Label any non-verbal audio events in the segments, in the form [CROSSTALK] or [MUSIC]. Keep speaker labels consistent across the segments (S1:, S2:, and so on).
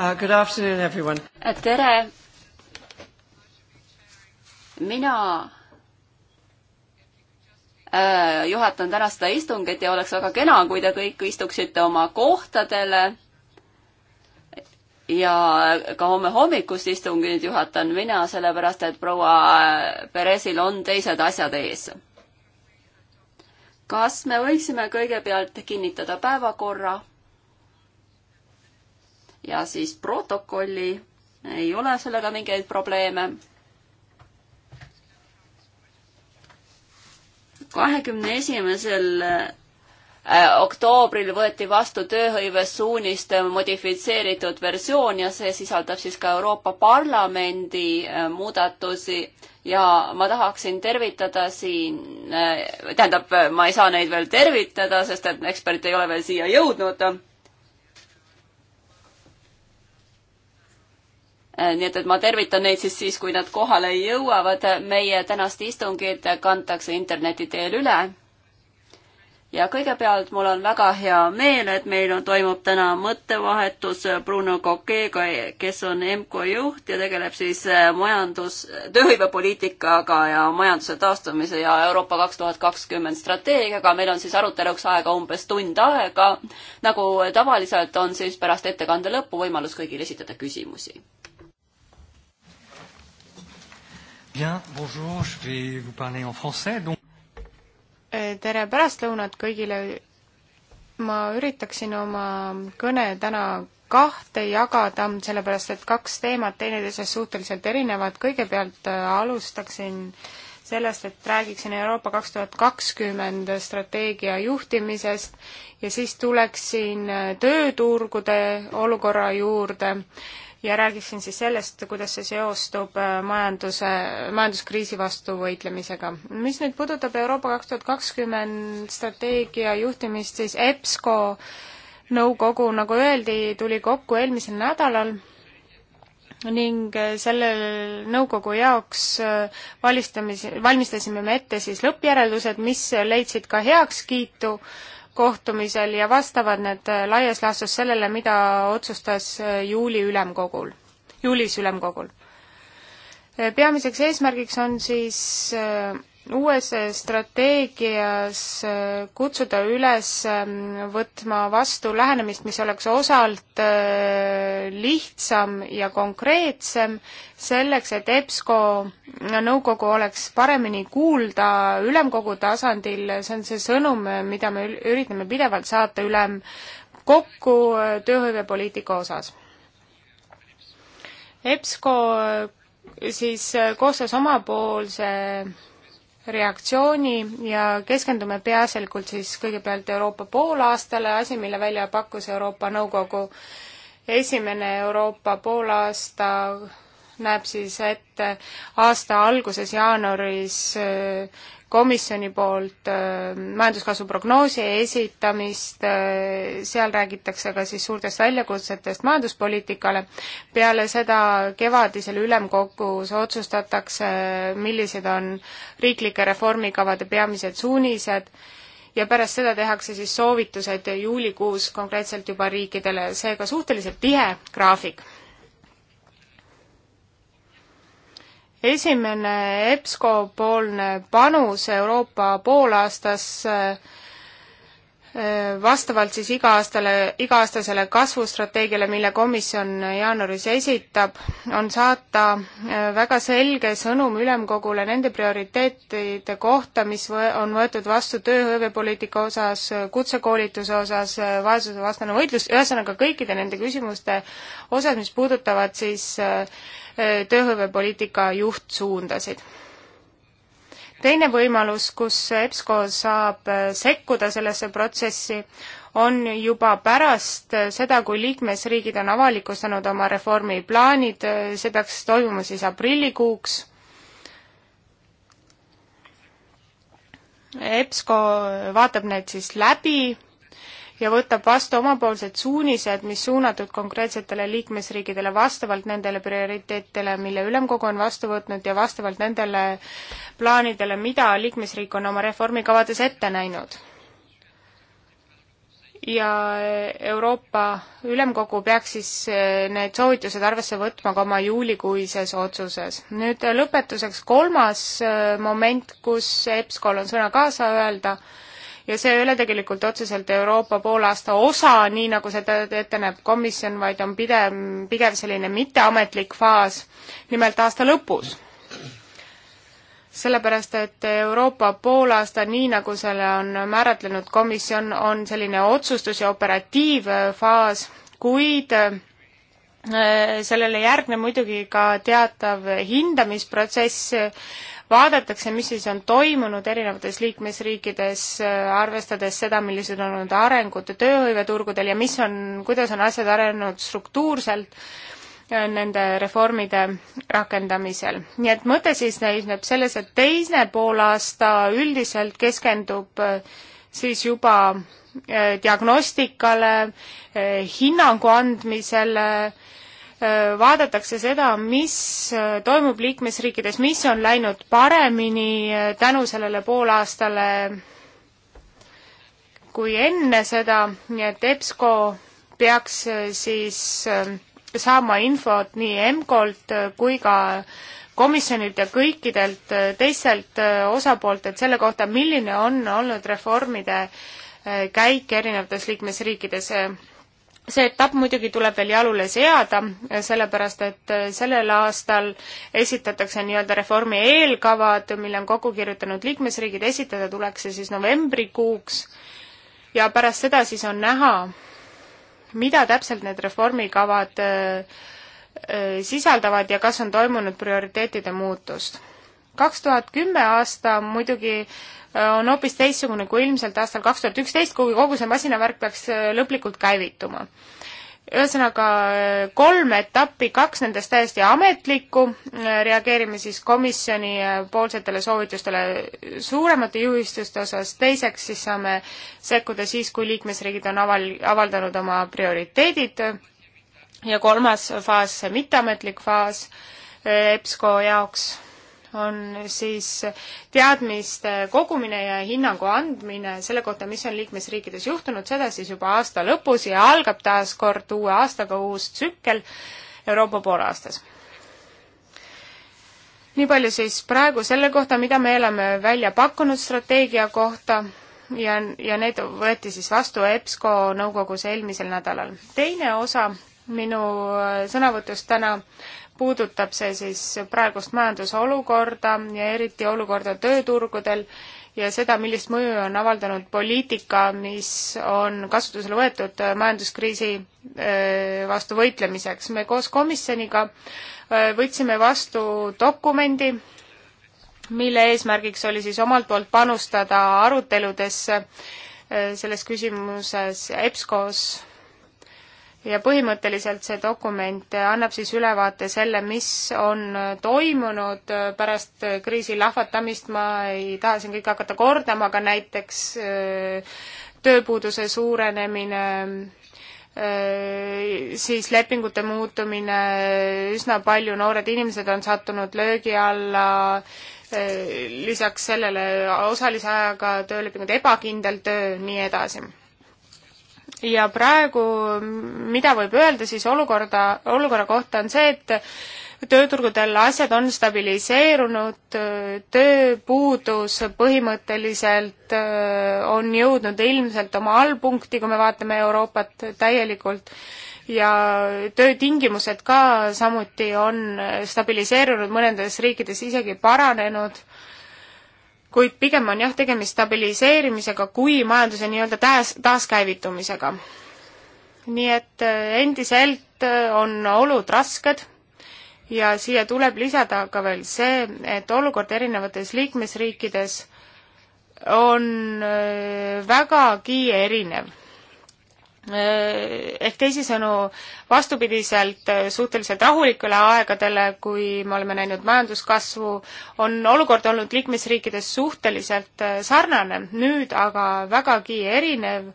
S1: Uh, good afternoon, everyone. Uh, tere. mina uh, juhatan tänast seda istungit ja oleks väga kena, kui te kõik istuksite oma kohtadele. ja ka homme hommikust istungit juhatan mina, sellepärast et proua äh, Peresil on teised asjad ees. kas me võiksime kõigepealt kinnitada päevakorra? ja siis protokolli ei ole sellega mingeid probleeme. kahekümne esimesel äh, oktoobril võeti vastu tööhõivesuuniste modifitseeritud versioon ja see sisaldab siis ka Euroopa Parlamendi äh, muudatusi ja ma tahaksin tervitada siin, äh, tähendab, ma ei saa neid veel tervitada, sest et ekspert ei ole veel siia jõudnud Äh, nii et, et ma tervitan neid siis siis, kui nad kohale jõuavad. meie tänast istungit kantakse interneti teel üle. ja kõigepealt mul on väga hea meel, et meil on, toimub täna mõttevahetus Bruno Coquega, kes on EMKO juht ja tegeleb siis äh, majandus, tööhõivepoliitikaga ja majanduse taastumise ja Euroopa kaks tuhat kakskümmend strateegiaga. meil on siis aruteluks aega umbes tund aega. nagu tavaliselt on siis pärast ettekande lõppu võimalus kõigil esitada küsimusi
S2: Bien, bonjour, je vais vous parler en français. Donc... Eh, tere pärastlõunat kõigile. ma üritaksin oma kõne täna kahte jagada, sellepärast et kaks teemat teineteisest suhteliselt erinevad. kõigepealt eh, alustaksin sellest, et räägiksin Euroopa kaks tuhat kakskümmend strateegia juhtimisest ja siis tuleksin eh, tööturgude olukorra juurde ja räägiksin siis sellest, kuidas see seostub äh, majanduse, majanduskriisi vastu võitlemisega. mis nüüd puudutab Euroopa kaks tuhat kakskümmend strateegia juhtimist, siis EBSCO nõukogu, nagu öeldi, tuli kokku eelmisel nädalal ning äh, selle nõukogu jaoks äh, valistamis, valmistasime me ette siis lõppjäreldused, mis leidsid ka heakskiitu äh, kohtumisel ja vastavad need laias laastus sellele, mida otsustas juuli ülemkogul, juulis ülemkogul. peamiseks eesmärgiks on siis uues strateegias eh, kutsuda üles eh, võtma vastu lähenemist, mis oleks osalt eh, lihtsam ja konkreetsem, selleks et EBSCO nõukogu oleks paremini kuulda ülemkogu tasandil, see on see sõnum, mida me üritame pidevalt saata ülemkokku tööhõivepoliitika osas. EBSCO siis koostas omapoolse reaktsiooni ja keskendume peaasjalikult siis kõigepealt Euroopa poolaastale, asi, mille välja pakkus Euroopa Nõukogu. esimene Euroopa poolaasta näeb siis ette aasta alguses jaanuaris komisjoni poolt äh, majanduskasvu prognoosi esitamist, äh, seal räägitakse ka siis suurtest väljakutsetest majanduspoliitikale. peale seda kevadisel ülemkogus otsustatakse, millised on riiklike reformikavade peamised suunised ja pärast seda tehakse siis soovitused juulikuus konkreetselt juba riikidele, seega suhteliselt tihe graafik esimene EBSCO poolne panus Euroopa poolaastas eh, vastavalt siis iga-aastale, iga-aastasele kasvustrateegiale, mille komisjon jaanuaris esitab, on saata eh, väga selge sõnum ülemkogule nende prioriteetide kohta, mis on võetud vastu tööhõivepoliitika osas, kutsekoolituse osas, eh, vaesusevastane võitlus, ühesõnaga kõikide nende küsimuste osas, mis puudutavad siis tööhõivepoliitika juhtsuundasid. teine võimalus, kus EBSCO saab äh, sekkuda sellesse protsessi, on juba pärast äh, seda, kui liikmesriigid on avalikustanud oma reformiplaanid, äh, see peaks toimuma siis aprillikuuks. EBSCO vaatab need siis läbi ja võtab vastu omapoolsed suunised, mis suunatud konkreetsetele liikmesriikidele vastavalt nendele prioriteetidele, mille ülemkogu on vastu võtnud ja vastavalt nendele plaanidele, mida liikmesriik on oma reformikavades ette näinud. ja Euroopa Ülemkogu peaks siis eh, need soovitused arvesse võtma ka oma juulikuises otsuses. nüüd lõpetuseks kolmas eh, moment, kus EBSCO-l on sõna kaasa öelda ja see ei ole tegelikult otseselt Euroopa poolaasta osa, nii nagu seda ette näeb komisjon, vaid on pidev, pigev selline mitteametlik faas, nimelt aasta lõpus. sellepärast, et Euroopa poolaasta, nii nagu selle on määratlenud komisjon, on selline otsustus- ja operatiivfaas, kuid äh, sellele järgneb muidugi ka teatav hindamisprotsess vaadatakse, mis siis on toimunud erinevates liikmesriikides, äh, arvestades seda, millised on olnud arengud tööhõiveturgudel ja mis on, kuidas on asjad arenenud struktuurselt äh, nende reformide rakendamisel. nii et mõte siis seisneb selles, et teine poolaasta üldiselt keskendub äh, siis juba diagnostikale, hinnangu andmisele, vaadatakse seda, mis toimub liikmesriikides, mis on läinud paremini tänu sellele poolaastale kui enne seda, nii et EBSCO peaks siis saama infot nii EMKO-lt kui ka komisjonilt ja kõikidelt teistelt osapooltelt selle kohta, milline on olnud reformide käik erinevates liikmesriikides see etapp muidugi tuleb veel jalule seada, sellepärast et äh, sellel aastal esitatakse nii-öelda reformi eelkavad, mille on kokku kirjutanud liikmesriigid, esitada tuleks see siis novembrikuuks ja pärast seda siis on näha, mida täpselt need reformikavad äh, äh, sisaldavad ja kas on toimunud prioriteetide muutust. kaks tuhat kümme aasta muidugi äh, on hoopis teistsugune kui ilmselt aastal kaks tuhat üksteist, kuigi kogu see masinavärk peaks äh, lõplikult käivituma. ühesõnaga äh, kolm etappi, kaks nendest täiesti ametlikku, äh, reageerime siis komisjoni poolsetele soovitustele suuremate juhistuste osas, teiseks siis saame sekkuda siis, kui liikmesriigid on aval-, avaldanud oma prioriteedid ja kolmas faas, see mitteametlik faas EBSCO jaoks on siis teadmiste kogumine ja hinnangu andmine selle kohta, mis on liikmesriikides juhtunud, seda siis juba aasta lõpus ja algab taas kord uue aastaga uus tsükkel Euroopa poolaastas. nii palju siis praegu selle kohta, mida me oleme välja pakkunud strateegia kohta ja, ja need võeti siis vastu EBSCO nõukogus eelmisel nädalal. teine osa minu äh, sõnavõtust täna äh, puudutab see siis praegust majanduse olukorda ja eriti olukorda tööturgudel ja seda, millist mõju on avaldanud poliitika, mis on kasutusele võetud äh, majanduskriisi äh, vastu võitlemiseks. me koos komisjoniga äh, võtsime vastu dokumendi, mille eesmärgiks oli siis omalt poolt panustada aruteludesse selles küsimuses EBSCO-s ja põhimõtteliselt see dokument annab siis ülevaate selle, mis on toimunud pärast kriisi lahvatamist, ma ei taha siin kõike hakata kordama, aga näiteks äh, tööpuuduse suurenemine, äh, siis lepingute muutumine, üsna palju noored inimesed on sattunud löögi alla, äh, lisaks sellele osalise ajaga töölepingud, ebakindel töö, nii edasi ja praegu, mida võib öelda siis olukorda, olukorra kohta, on see, et tööturgudel asjad on stabiliseerunud, tööpuudus põhimõtteliselt äh, on jõudnud ilmselt oma allpunkti, kui me vaatame Euroopat täielikult, ja töötingimused ka samuti on stabiliseerunud, mõnedes riikides isegi paranenud kuid pigem on jah, tegemist stabiliseerimisega kui majanduse nii-öelda taas, taaskäivitumisega. nii et äh, endiselt äh, on olud rasked ja siia tuleb lisada ka veel see, et olukord erinevates liikmesriikides on äh, vägagi erinev ehk teisisõnu, vastupidiselt eh, suhteliselt rahulikele aegadele, kui me oleme näinud majanduskasvu, on olukord olnud liikmesriikides suhteliselt eh, sarnane, nüüd aga vägagi erinev.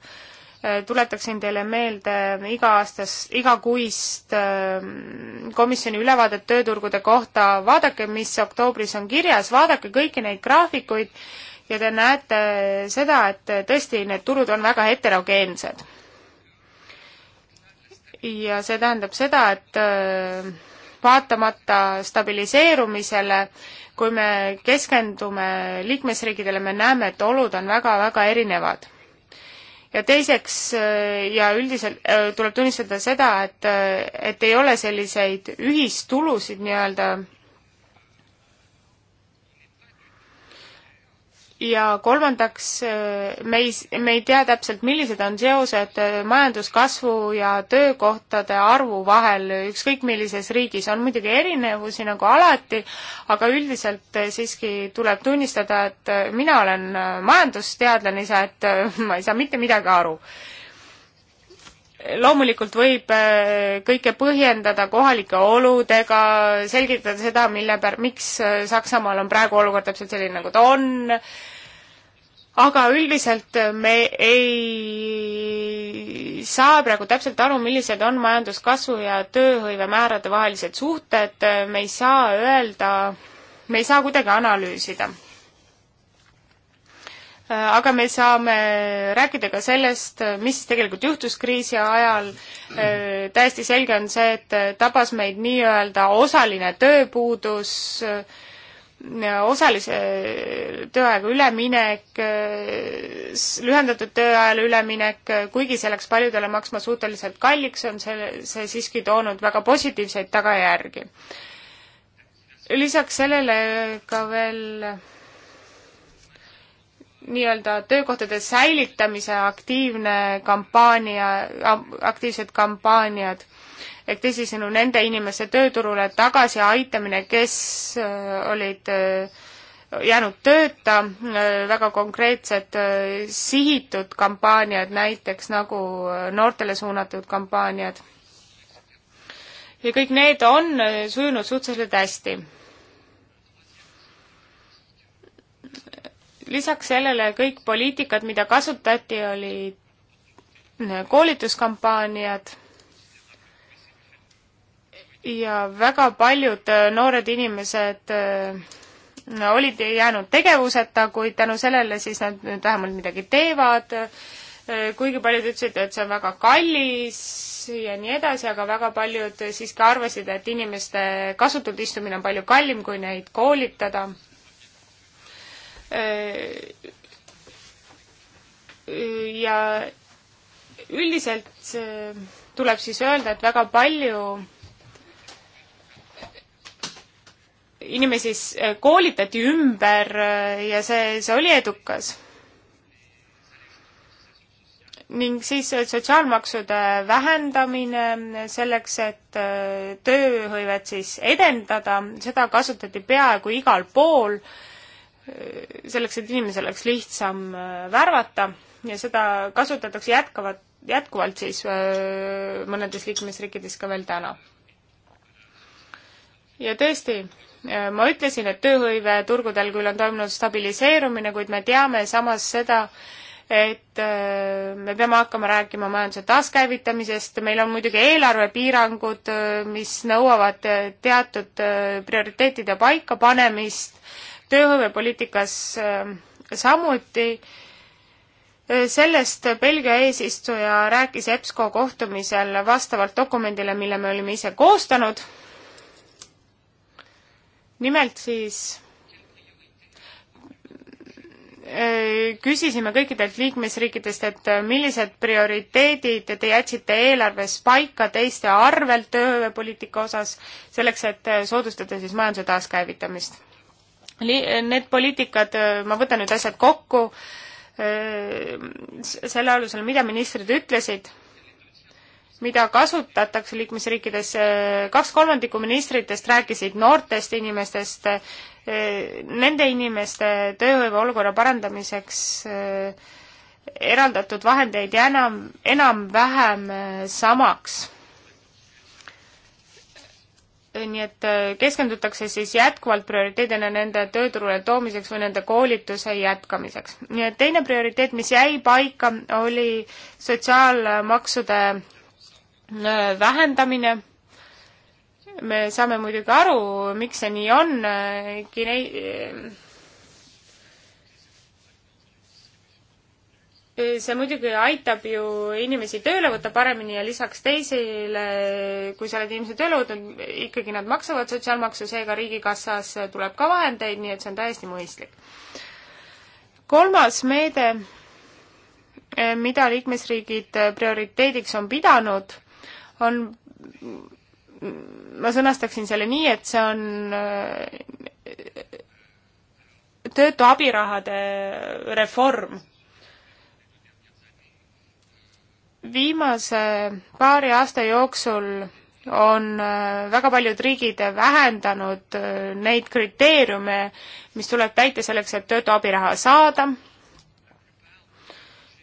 S2: Eh, tuletaksin teile meelde iga-aastas, igakuist komisjoni ülevaadet tööturgude kohta, vaadake, mis oktoobris on kirjas, vaadake kõiki neid graafikuid ja te näete seda, et tõesti, need turud on väga heterogeensed ja see tähendab seda, et äh, vaatamata stabiliseerumisele, kui me keskendume liikmesriikidele, me näeme, et olud on väga-väga erinevad. ja teiseks äh, ja üldiselt äh, tuleb tunnistada seda, et, et ei ole selliseid ühistulusid nii-öelda ja kolmandaks, äh, me ei, me ei tea täpselt, millised on seosed äh, majanduskasvu ja töökohtade arvu vahel ükskõik millises riigis. on muidugi erinevusi nagu alati, aga üldiselt äh, siiski tuleb tunnistada, et mina olen majandusteadlane ise, et [LAUGHS] ma ei saa mitte midagi aru loomulikult võib äh, kõike põhjendada kohalike oludega, selgitada seda, mille pär-, miks äh, Saksamaal on praegu olukord täpselt selline, nagu ta on, aga üldiselt me ei saa praegu täpselt aru, millised on majanduskasvu ja tööhõive määrade vahelised suhted, me ei saa öelda, me ei saa kuidagi analüüsida Äh, aga me saame rääkida ka sellest, äh, mis tegelikult juhtus kriisi ajal. Äh, täiesti selge on see, et tabas meid nii-öelda osaline tööpuudus, osalise tööajaga üleminek, lühendatud tööajale üleminek, kuigi see läks paljudele maksma suhteliselt kalliks, on see, see siiski toonud väga positiivseid tagajärgi. lisaks sellele ka veel nii-öelda töökohtade säilitamise aktiivne kampaania, aktiivsed kampaaniad, ehk teisisõnu nende inimeste tööturule tagasi aitamine, kes äh, olid äh, jäänud tööta, äh, väga konkreetsed sihitud kampaaniad näiteks nagu noortele suunatud kampaaniad. ja kõik need on sujunud suhteliselt hästi lisaks sellele kõik poliitikad, mida kasutati, olid koolituskampaaniad ja väga paljud noored inimesed olid jäänud tegevuseta, kuid tänu sellele siis nad nüüd vähemalt midagi teevad, kuigi paljud ütlesid, et see on väga kallis ja nii edasi, aga väga paljud siiski arvasid, et inimeste kasutult istumine on palju kallim, kui neid koolitada Äh, ja üldiselt äh, tuleb siis öelda, et väga palju inimesi äh, koolitati ümber ja see, see oli edukas. ning siis sotsiaalmaksude vähendamine selleks, et tööhõivet siis edendada, seda kasutati peaaegu igal pool äh, selleks, et inimesel oleks lihtsam äh, värvata ja seda kasutatakse jätkavat, jätkuvalt siis äh, mõnedes liikmesriikides ka veel täna. ja tõesti, äh, ma ütlesin, et tööhõive turgudel küll on toimunud stabiliseerumine, kuid me teame samas seda, et me peame hakkama rääkima majanduse taaskäivitamisest, meil on muidugi eelarvepiirangud, mis nõuavad teatud prioriteetide paikapanemist tööhõivepoliitikas äh, samuti. Äh, sellest Belgia eesistuja rääkis EBSCO kohtumisel vastavalt dokumendile, mille me olime ise koostanud. nimelt siis äh, küsisime kõikidelt liikmesriikidest, et millised prioriteedid te jätsite eelarves paika teiste arvelt tööpoliitika osas, selleks et soodustada siis majanduse taaskäivitamist. Need poliitikad, ma võtan nüüd asjad kokku, selle alusel, mida ministrid ütlesid, mida kasutatakse liikmesriikides, kaks kolmandikku ministritest rääkisid noortest inimestest, nende inimeste tööhõive olukorra parandamiseks eraldatud vahendeid ja enam, enam-vähem samaks nii et äh, keskendutakse siis jätkuvalt prioriteedina nende tööturule toomiseks või nende koolituse jätkamiseks. nii et teine prioriteet, mis jäi paika, oli sotsiaalmaksude äh, vähendamine. me saame muidugi aru, miks see nii on, äh, Kine-, see muidugi aitab ju inimesi tööle võtta paremini ja lisaks teisele, kui sa oled inimese tööle võtnud, ikkagi nad maksavad sotsiaalmaksu, seega Riigikassas tuleb ka vahendeid, nii et see on täiesti mõistlik. kolmas meede, mida liikmesriigid prioriteediks on pidanud, on, ma sõnastaksin selle nii, et see on töötu abirahade reform viimase paari aasta jooksul on äh, väga paljud riigid vähendanud äh, neid kriteeriume, mis tuleb täita selleks, et töötu abiraha saada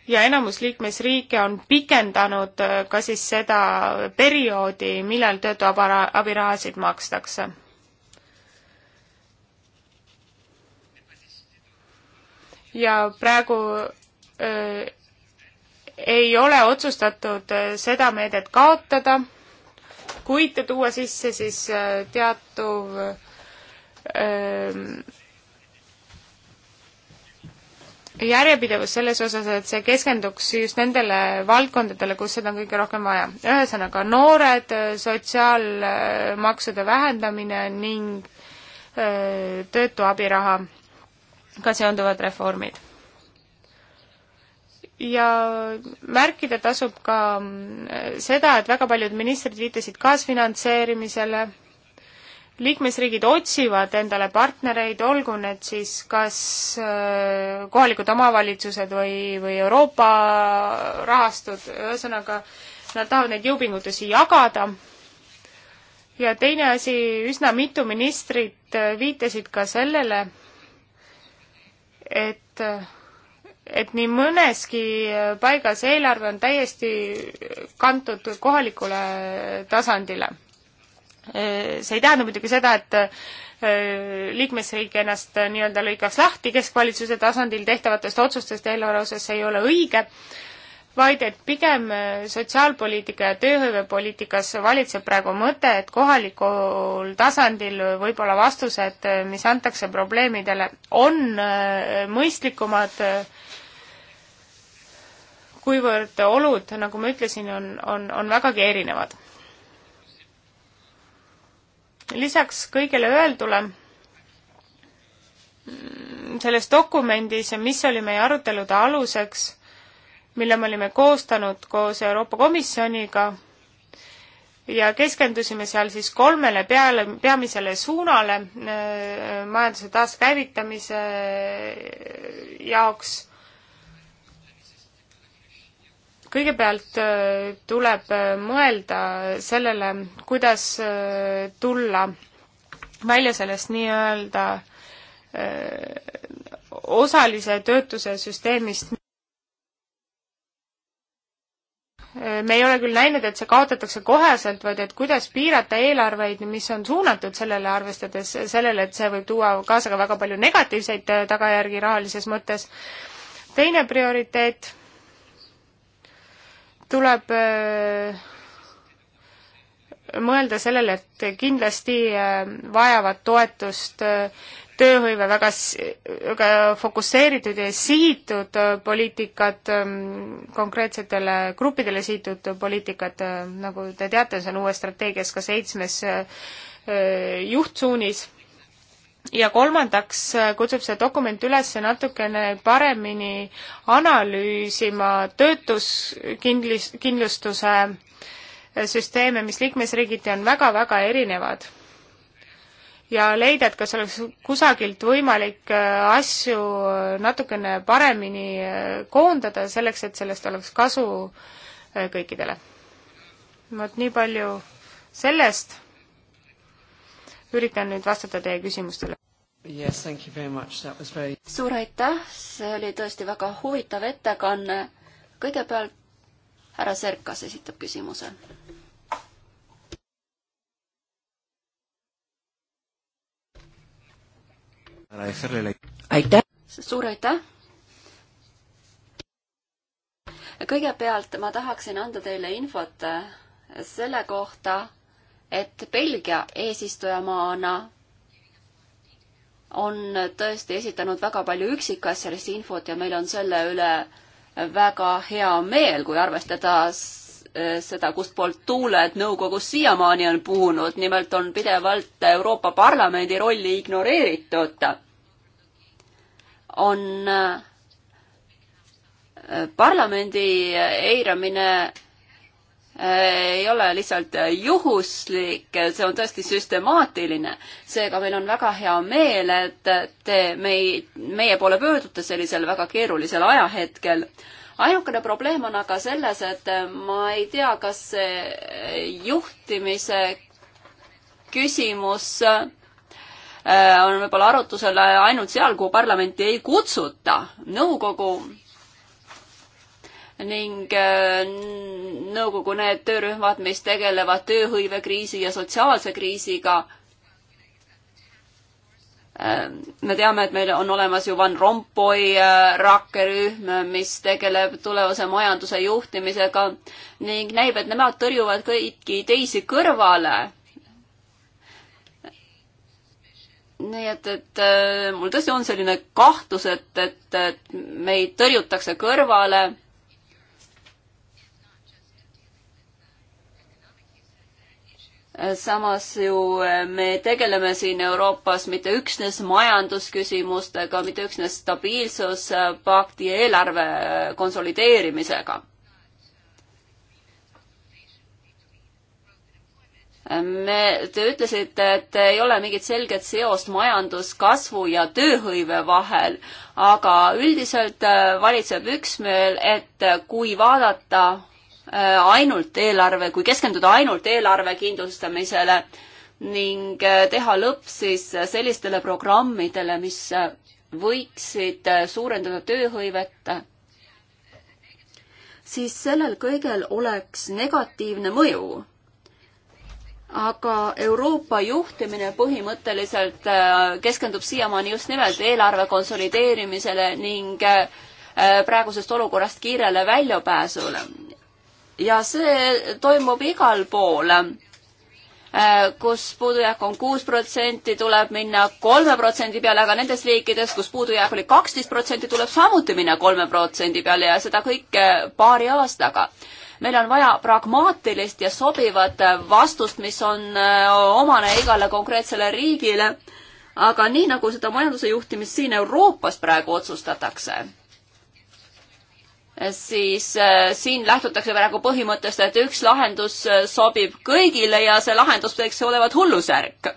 S2: ja enamus liikmesriike on pikendanud äh, ka siis seda perioodi, millal töötu abirahasid makstakse. ja praegu öö, ei ole otsustatud äh, seda meedet kaotada, kuid tuua sisse siis äh, teatuv äh, järjepidevus selles osas, et see keskenduks just nendele valdkondadele, kus seda on kõige rohkem vaja. ühesõnaga, noored, sotsiaalmaksude vähendamine ning töötu abirahaga seonduvad reformid ja märkida tasub ka mm, seda, et väga paljud ministrid viitasid kaasfinantseerimisele, liikmesriigid otsivad endale partnereid, olgu need siis kas äh, kohalikud omavalitsused või, või Euroopa rahastud, ühesõnaga nad tahavad neid jõupingutusi jagada ja teine asi, üsna mitu ministrit äh, viitasid ka sellele, et äh, et nii mõneski paigas eelarve on täiesti kantud kohalikule tasandile. see ei tähenda muidugi seda, et äh, liikmesriik ennast nii-öelda lõikaks lahti keskvalitsuse tasandil tehtavatest otsustest eelarve osas, see ei ole õige, vaid et pigem äh, sotsiaalpoliitika ja tööhõivepoliitikas valitseb praegu mõte, et kohalikul tasandil võib-olla vastused, äh, mis antakse probleemidele, on mõistlikumad äh, kuivõrd olud, nagu ma ütlesin, on, on, on vägagi erinevad. lisaks kõigele öeldule mm, selles dokumendis, mis oli meie arutelude aluseks, mille me olime koostanud koos Euroopa Komisjoniga ja keskendusime seal siis kolmele peale, peamisele suunale äh, majanduse taaskäivitamise jaoks kõigepealt äh, tuleb äh, mõelda sellele, kuidas äh, tulla välja sellest nii-öelda osalise töötuse süsteemist. me ei ole küll näinud, et see kaotatakse koheselt, vaid et kuidas piirata eelarveid, mis on suunatud sellele, arvestades sellele, et see võib tuua kaasa ka väga palju negatiivseid tagajärgi rahalises mõttes. teine prioriteet tuleb äh, mõelda sellele, et kindlasti äh, vajavad toetust äh, tööhõive väga, väga fokusseeritud ja sihitud poliitikad, ähm, konkreetsetele gruppidele sihitud poliitikad, nagu te teate, see on uues strateegias ka seitsmes juhtsuunis ja kolmandaks äh, kutsub see dokument üles natukene paremini analüüsima töötuskindlis-, kindlustuse äh, süsteeme, mis liikmesriigiti on väga-väga erinevad. ja leida, et kas oleks kusagilt võimalik äh, asju natukene paremini koondada, selleks et sellest oleks kasu kõikidele. vot nii palju sellest üritan nüüd vastata teie küsimustele.
S1: Yes, thank you very much, that was very suur
S2: aitäh, see
S1: oli tõesti väga huvitav ettekanne. kõigepealt härra Serkas esitab küsimuse. aitäh! suur aitäh! kõigepealt ma tahaksin anda teile infot selle kohta, et Belgia eesistujamaana on tõesti esitanud väga palju üksikasjalist infot ja meil on selle üle väga hea meel, kui arvestada seda, kustpoolt tuuled nõukogus siiamaani on puhunud, nimelt on pidevalt Euroopa Parlamendi rolli ignoreeritud. on äh, parlamendi eiramine Äh, ei ole lihtsalt äh, juhuslik, äh, see on tõesti süstemaatiline. seega meil on väga hea meel, et te meid, meie poole pöördute sellisel väga keerulisel ajahetkel. ainukene probleem on aga selles, et ma ei tea, kas see juhtimise küsimus on võib-olla arutusele ainult seal, kuhu parlamenti ei kutsuta. nõukogu ning äh, nõukogu need töörühmad, mis tegelevad tööhõivekriisi ja sotsiaalse kriisiga. Ähm, me teame, et meil on olemas ju Van Rompuy äh, rakkerühm, mis tegeleb tulevase majanduse juhtimisega ning näib, et nemad tõrjuvad kõiki teisi kõrvale. nii et, et äh, mul tõesti on selline kahtlus, et, et, et meid tõrjutakse kõrvale samas ju eh, me tegeleme siin Euroopas mitte üksnes majandusküsimustega, mitte üksnes stabiilsuspakti eelarve eh, konsolideerimisega. me, te ütlesite, et ei ole mingit selget seost majanduskasvu ja tööhõive vahel, aga üldiselt eh, valitseb üksmeel, et kui vaadata Äh, ainult eelarve, kui keskenduda ainult eelarve kindlustamisele ning äh, teha lõpp siis sellistele programmidele, mis äh, võiksid suurendada tööhõivet, siis sellel kõigel oleks negatiivne mõju. aga Euroopa juhtimine põhimõtteliselt keskendub siiamaani just nimelt eelarve konsolideerimisele ning praegusest olukorrast kiirele väljapääsule ja see toimub igal pool äh, kus puudujääk on kuus protsenti, tuleb minna kolme protsendi peale, aga nendes riikides, kus puudujääk oli kaksteist protsenti, tuleb samuti minna kolme protsendi peale ja seda kõike paari aastaga. meil on vaja pragmaatilist ja sobivat vastust, mis on äh, omane igale konkreetsele riigile, aga nii, nagu seda majanduse juhtimist siin Euroopas praegu otsustatakse siis äh, siin lähtutakse praegu põhimõttest, et üks lahendus äh, sobib kõigile ja see lahendus võiks olevat hullusärk.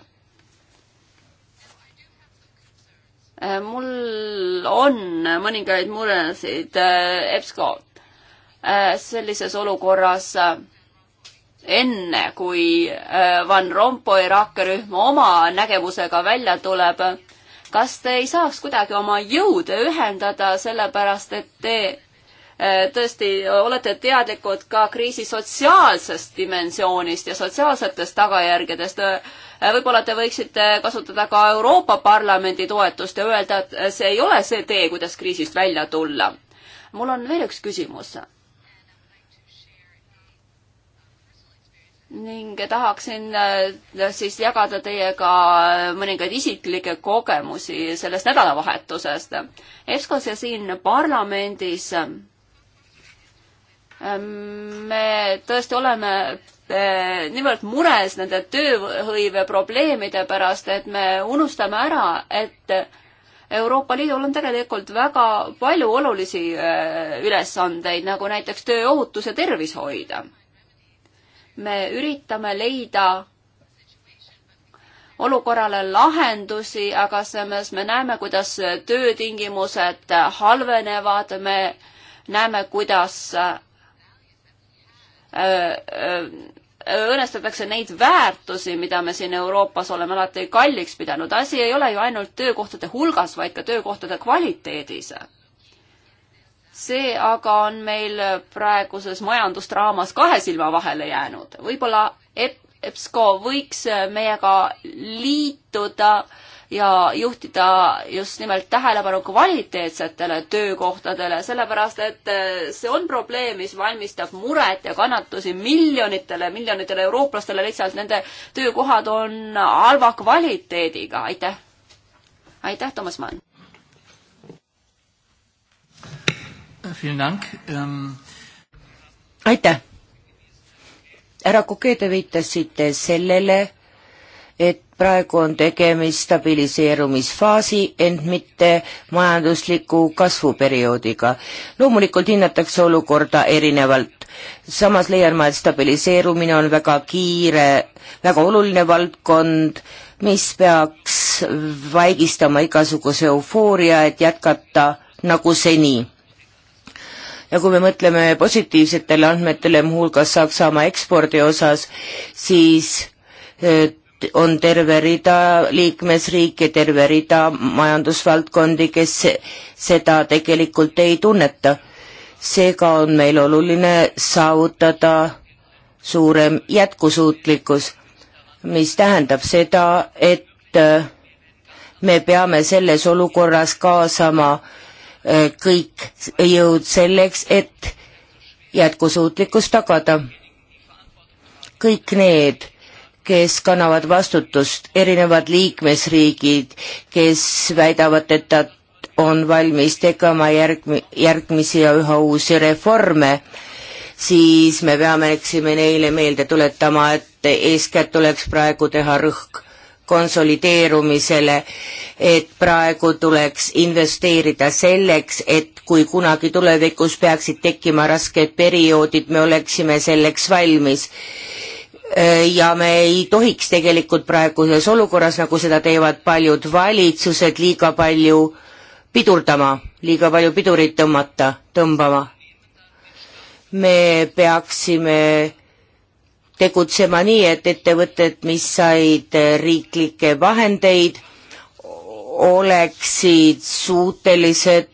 S1: Äh, mul on mõningaid muresid EBSCO sellises olukorras enne, kui Van Rompuy rakkerühm oma nägemusega välja tuleb, kas te ei saaks kuidagi oma jõude ühendada, sellepärast et te Äh, tõesti olete teadlikud ka kriisi sotsiaalsest dimensioonist ja sotsiaalsetest tagajärgedest. Äh, võib-olla te võiksite kasutada ka Euroopa Parlamendi toetust ja öelda, et see ei ole see tee, kuidas kriisist välja tulla. mul on veel üks küsimus. ning tahaksin äh, siis jagada teiega mõningaid isiklikke kogemusi sellest nädalavahetusest. EBSCO-s ja siin parlamendis Ehm, me tõesti oleme eh, niivõrd mures nende tööhõive probleemide pärast, et me unustame ära, et Euroopa Liidul on tegelikult väga palju olulisi eh, ülesandeid, nagu näiteks tööohutus ja tervishoid. me üritame leida olukorrale lahendusi, aga samas me näeme, kuidas töötingimused halvenevad, me näeme, kuidas Äh, äh, õõnestatakse neid väärtusi, mida me siin Euroopas oleme alati kalliks pidanud. asi ei ole ju ainult töökohtade hulgas, vaid ka töökohtade kvaliteedis. see aga on meil praeguses majandustraamas kahe silma vahele jäänud. võib-olla EBSCO võiks meiega liituda äh, ja juhtida just nimelt tähelepanu kvaliteetsetele töökohtadele, sellepärast et äh, see on probleem, mis valmistab muret ja kannatusi miljonitele, miljonitele eurooplastele, lihtsalt nende töökohad on halva kvaliteediga, aitäh. aitäh, Toomas Mann.
S3: Äh, ähm, aitäh. härra Koke, te viitasite sellele, praegu on tegemist stabiliseerumisfaasi, ent mitte majandusliku kasvuperioodiga. loomulikult hinnatakse olukorda erinevalt. samas leian ma, et stabiliseerumine on väga kiire, väga oluline valdkond, mis peaks vaigistama igasuguse eufooria, et jätkata nagu seni ja kui me mõtleme positiivsetele andmetele, muuhulgas Saksamaa ekspordi osas, siis eh, on terve rida liikmesriike, terve rida majandusvaldkondi, kes seda tegelikult ei tunneta. seega on meil oluline saavutada suurem jätkusuutlikkus, mis tähendab seda, et äh, me peame selles olukorras kaasama äh, kõik jõud selleks, et jätkusuutlikkus tagada. kõik need kes kannavad vastutust, erinevad liikmesriigid, kes väidavad, et nad on valmis tegema järgmi-, järgmisi ja üha uusi reforme, siis me peame, eksime neile meelde tuletama, et eeskätt tuleks praegu teha rõhk konsolideerumisele, et praegu tuleks investeerida selleks, et kui kunagi tulevikus peaksid tekkima rasked perioodid, me oleksime selleks valmis Äh, ja me ei tohiks tegelikult praeguses olukorras, nagu seda teevad paljud valitsused, liiga palju pidurdama, liiga palju pidurit tõmmata, tõmbama. me peaksime tegutsema nii, et ettevõtted, mis said riiklikke vahendeid, oleksid suutelised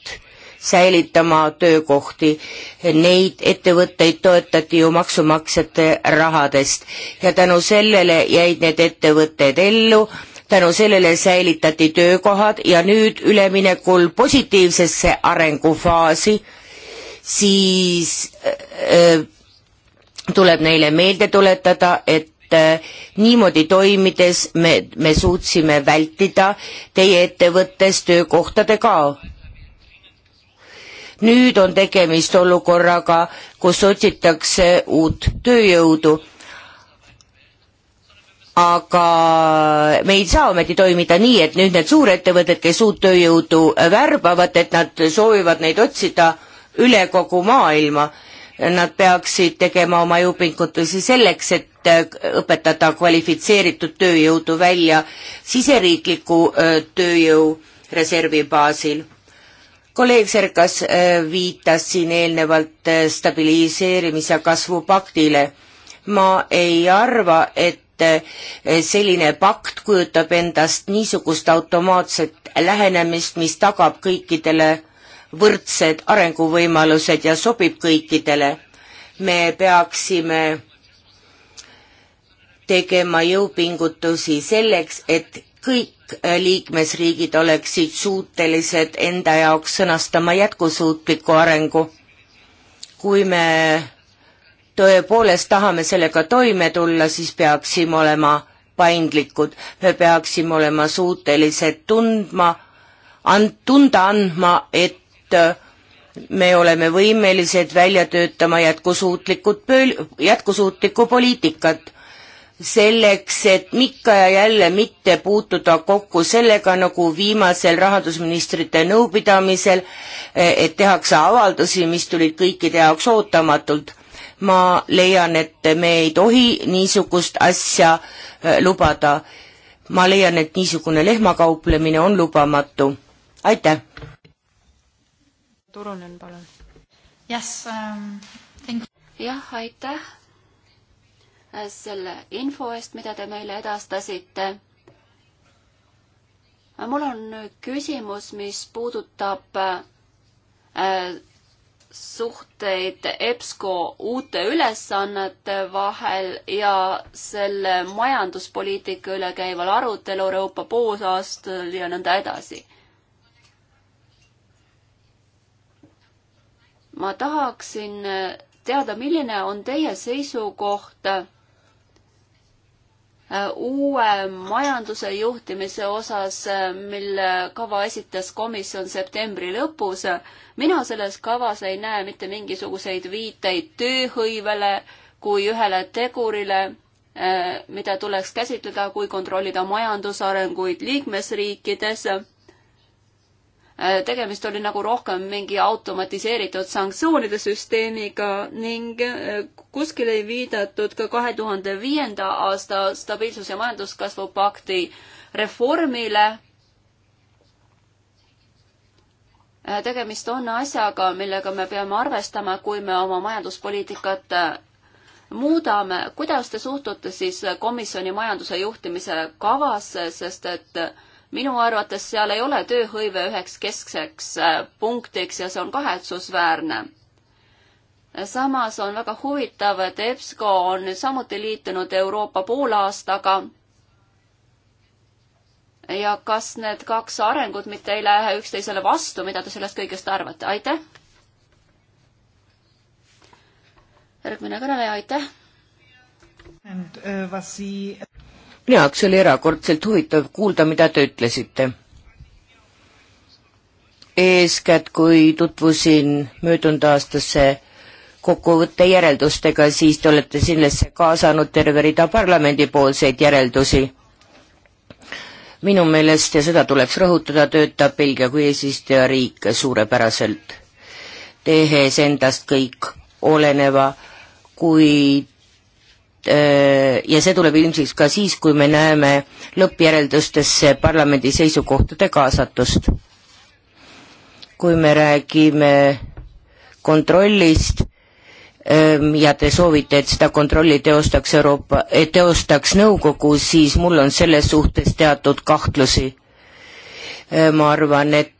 S3: säilitama töökohti. Neid ettevõtteid toetati ju maksumaksjate rahadest ja tänu sellele jäid need ettevõtted ellu, tänu sellele säilitati töökohad ja nüüd üleminekul positiivsesse arengufaasi, siis öö, äh, äh, tuleb neile meelde tuletada, et äh, niimoodi toimides me, me suutsime vältida teie ettevõttes töökohtade kao nüüd on tegemist olukorraga, kus otsitakse uut tööjõudu. aga me ei saa ometi toimida nii, et nüüd need suurettevõtted, kes uut tööjõudu värbavad, et nad soovivad neid otsida üle kogu maailma nad peaksid tegema oma jõupingutusi selleks, et õpetada kvalifitseeritud tööjõudu välja siseriikliku tööjõu reservi baasil kolleeg Serkas äh, viitas siin eelnevalt äh, stabiliseerimis- ja kasvupaktile. ma ei arva, et äh, selline pakt kujutab endast niisugust automaatset lähenemist, mis tagab kõikidele võrdsed arenguvõimalused ja sobib kõikidele. me peaksime tegema jõupingutusi selleks, et kõik kõik liikmesriigid oleksid suutelised enda jaoks sõnastama jätkusuutliku arengu. kui me tõepoolest tahame sellega toime tulla, siis peaksime olema paindlikud, me peaksime olema suutelised tundma, and-, tunda andma, et me oleme võimelised välja töötama jätkusuutlikud pööl-, jätkusuutlikku poliitikat selleks, et ikka ja jälle mitte puutuda kokku sellega, nagu viimasel rahandusministrite nõupidamisel, et tehakse avaldusi, mis tulid kõikide jaoks ootamatult. ma leian, et me ei tohi niisugust asja äh, lubada. ma leian, et niisugune lehmakauplemine on lubamatu. aitäh!
S2: Turunen, palun.
S1: Um, jah, aitäh selle info eest, mida te meile edastasite. mul on küsimus, mis puudutab äh, suhteid EBSCO uute ülesannete vahel ja selle majanduspoliitika üle käival arutelu Euroopa poolaastal ja nõnda edasi. ma tahaksin teada, milline on teie seisukoht Äh, uue majanduse juhtimise osas, äh, mille kava esitas komisjon septembri lõpus. Äh, mina selles kavas ei näe mitte mingisuguseid viiteid tööhõivele kui ühele tegurile, mida tuleks käsitleda, kui kontrollida majandusarenguid liikmesriikides Äh, tegemist oli nagu rohkem mingi automatiseeritud sanktsioonide süsteemiga ning äh, kuskil ei viidatud ka kahe tuhande viienda aasta stabiilsus- ja majanduskasvu pakti reformile. Äh, tegemist on asjaga, millega me peame arvestama, kui me oma majanduspoliitikat muudame. kuidas te suhtute siis komisjoni majanduse juhtimise kavasse, sest et äh, minu arvates seal ei ole tööhõive üheks keskseks äh, punktiks ja see on kahetsusväärne. samas on väga huvitav, et EBSCO on nüüd samuti liitunud Euroopa poolaastaga. ja kas need kaks arengut mitte ei lähe üksteisele vastu, mida te sellest kõigest arvate, aitäh! järgmine kõneleja, aitäh!
S3: And, uh, was Sie minu jaoks oli erakordselt huvitav kuulda, mida te ütlesite. eeskätt, kui tutvusin möödunud aastasse kokkuvõtte järeldustega, siis te olete sellesse kaasanud terve rida parlamendipoolseid järeldusi. minu meelest, ja seda tuleks rõhutada, töötab Belgia kui eesistujariik suurepäraselt, tehes endast kõik oleneva, kuid Äh, ja see tuleb ilmsiks ka siis, kui me näeme lõppjäreldustesse parlamendi seisukohtade kaasatust. kui me räägime kontrollist ähm, ja te soovite, et seda kontrolli teostaks Euroopa, teostaks nõukogu, siis mul on selles suhtes teatud kahtlusi. Äh, ma arvan, et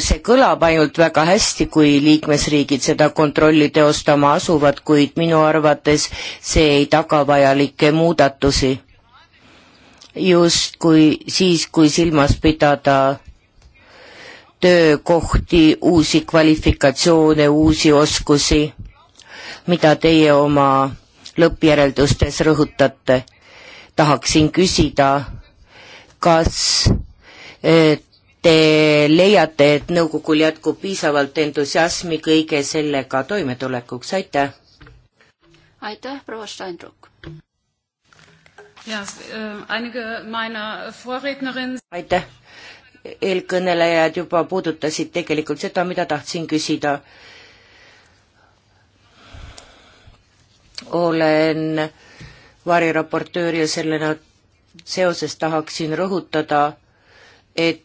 S3: see kõlab ainult väga hästi, kui liikmesriigid seda kontrolli teostama asuvad, kuid minu arvates see ei taga vajalikke muudatusi. just kui, siis kui silmas pidada töökohti, uusi kvalifikatsioone, uusi oskusi, mida teie oma lõppjäreldustes rõhutate. tahaksin küsida, kas eh, te leiate, et nõukogul jätkub piisavalt entusiasmi kõige sellega toimetulekuks, aitäh!
S1: aitäh, proua Steinruck! Ähm,
S3: aitäh! eelkõnelejad juba puudutasid tegelikult seda, mida tahtsin küsida. olen variraportöör ja sellena seoses tahaksin rõhutada, et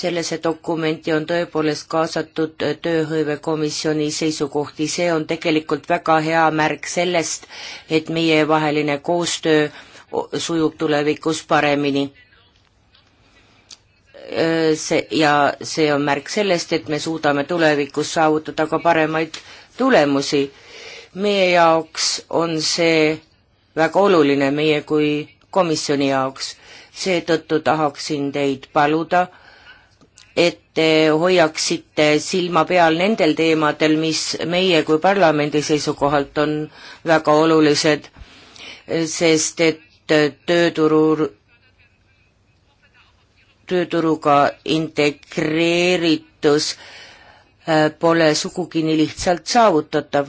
S3: sellesse dokumenti on tõepoolest kaasatud tööhõivekomisjoni seisukohti, see on tegelikult väga hea märk sellest, et meievaheline koostöö sujub tulevikus paremini. see ja see on märk sellest, et me suudame tulevikus saavutada ka paremaid tulemusi. meie jaoks on see väga oluline, meie kui komisjoni jaoks. seetõttu tahaksin teid paluda et te hoiaksite silma peal nendel teemadel, mis meie kui parlamendi seisukohalt on väga olulised, sest et tööturu, tööturuga integreeritus äh, pole sugugi nii lihtsalt saavutatav.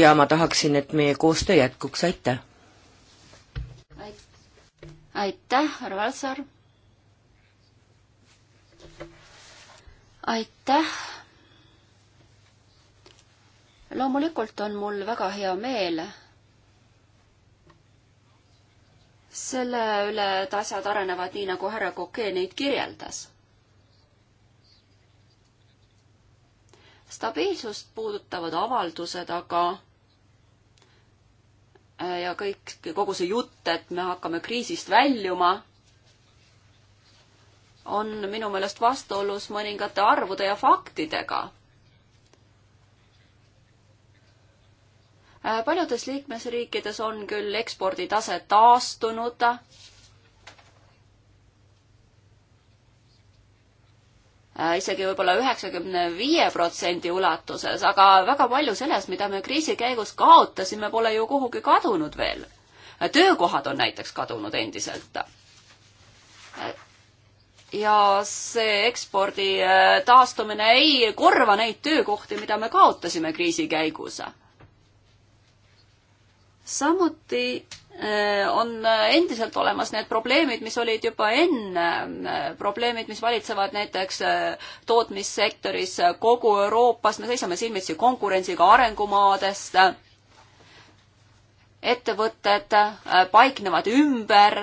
S3: ja ma tahaksin, et meie koostöö jätkuks, aitäh!
S1: aitäh, härra Valsar! aitäh! loomulikult on mul väga hea meel selle üle, et asjad arenevad nii, nagu härra Kokee neid kirjeldas. stabiilsust puudutavad avaldused aga ja kõik, kogu see jutt, et me hakkame kriisist väljuma on minu meelest vastuolus mõningate arvude ja faktidega. Äh, paljudes liikmesriikides on küll eksporditase taastunud, äh, isegi võib-olla üheksakümne viie protsendi ulatuses, aga väga palju sellest, mida me kriisi käigus kaotasime, pole ju kuhugi kadunud veel. Äh, töökohad on näiteks kadunud endiselt ja see ekspordi äh, taastumine ei korva neid töökohti, mida me kaotasime kriisi käigus. samuti äh, on äh, endiselt olemas need probleemid, mis olid juba enne, probleemid, mis valitsevad näiteks tootmissektoris kogu Euroopas, me seisame silmitsi konkurentsiga arengumaadest, ettevõtted paiknevad ümber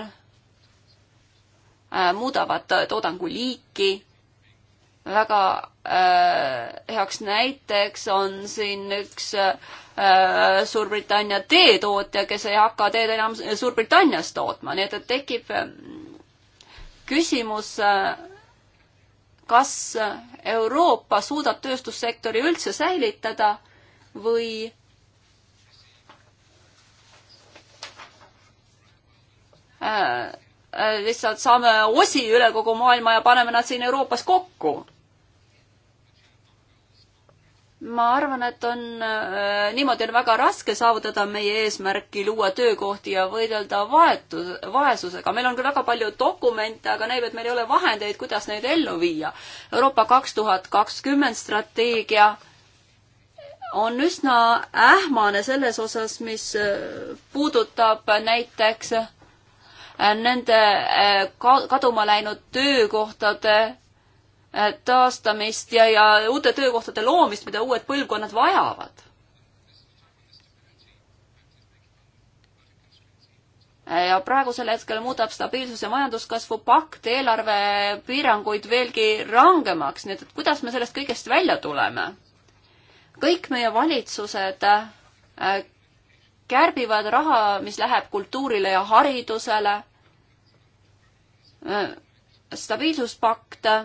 S1: Äh, muudavad toodangu liiki. väga äh, heaks näiteks on siin üks äh, Suurbritannia teetootja, kes ei hakka teed enam Suurbritannias tootma, nii et, et tekib küsimus, kas Euroopa suudab tööstussektori üldse säilitada või äh, Äh, lihtsalt saame osi üle kogu maailma ja paneme nad siin Euroopas kokku. ma arvan, et on, äh, niimoodi on väga raske saavutada meie eesmärki luua töökohti ja võidelda vaetu-, vaesusega. meil on küll väga palju dokumente, aga näib, et meil ei ole vahendeid, kuidas neid ellu viia. Euroopa kaks tuhat kakskümmend strateegia on üsna ähmane selles osas, mis äh, puudutab näiteks nende eh, kaduma läinud töökohtade eh, taastamist ja, ja uute töökohtade loomist, mida uued põlvkonnad vajavad. ja praegusel hetkel muudab stabiilsuse majanduskasvu pakt eelarvepiiranguid veelgi rangemaks, nii et, et kuidas me sellest kõigest välja tuleme? kõik meie valitsused eh, kärbivad raha, mis läheb kultuurile ja haridusele Äh, stabiilsuspakt äh,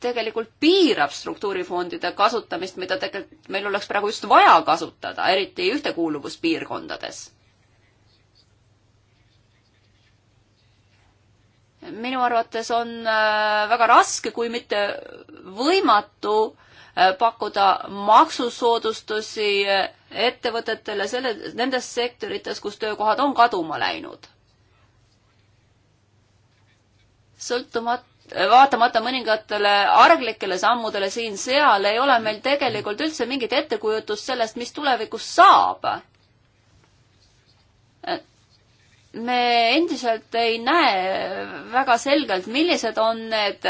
S1: tegelikult piirab struktuurifondide kasutamist, mida tegelikult meil oleks praegu just vaja kasutada, eriti ühtekuuluvuspiirkondades. minu arvates on äh, väga raske, kui mitte võimatu pakkuda maksusoodustusi ettevõtetele selle, nendes sektorites, kus töökohad on kaduma läinud. sõltumata vaatamata mõningatele arglikele sammudele siin-seal, ei ole meil tegelikult üldse mingit ettekujutust sellest, mis tulevikus saab. me endiselt ei näe väga selgelt, millised on need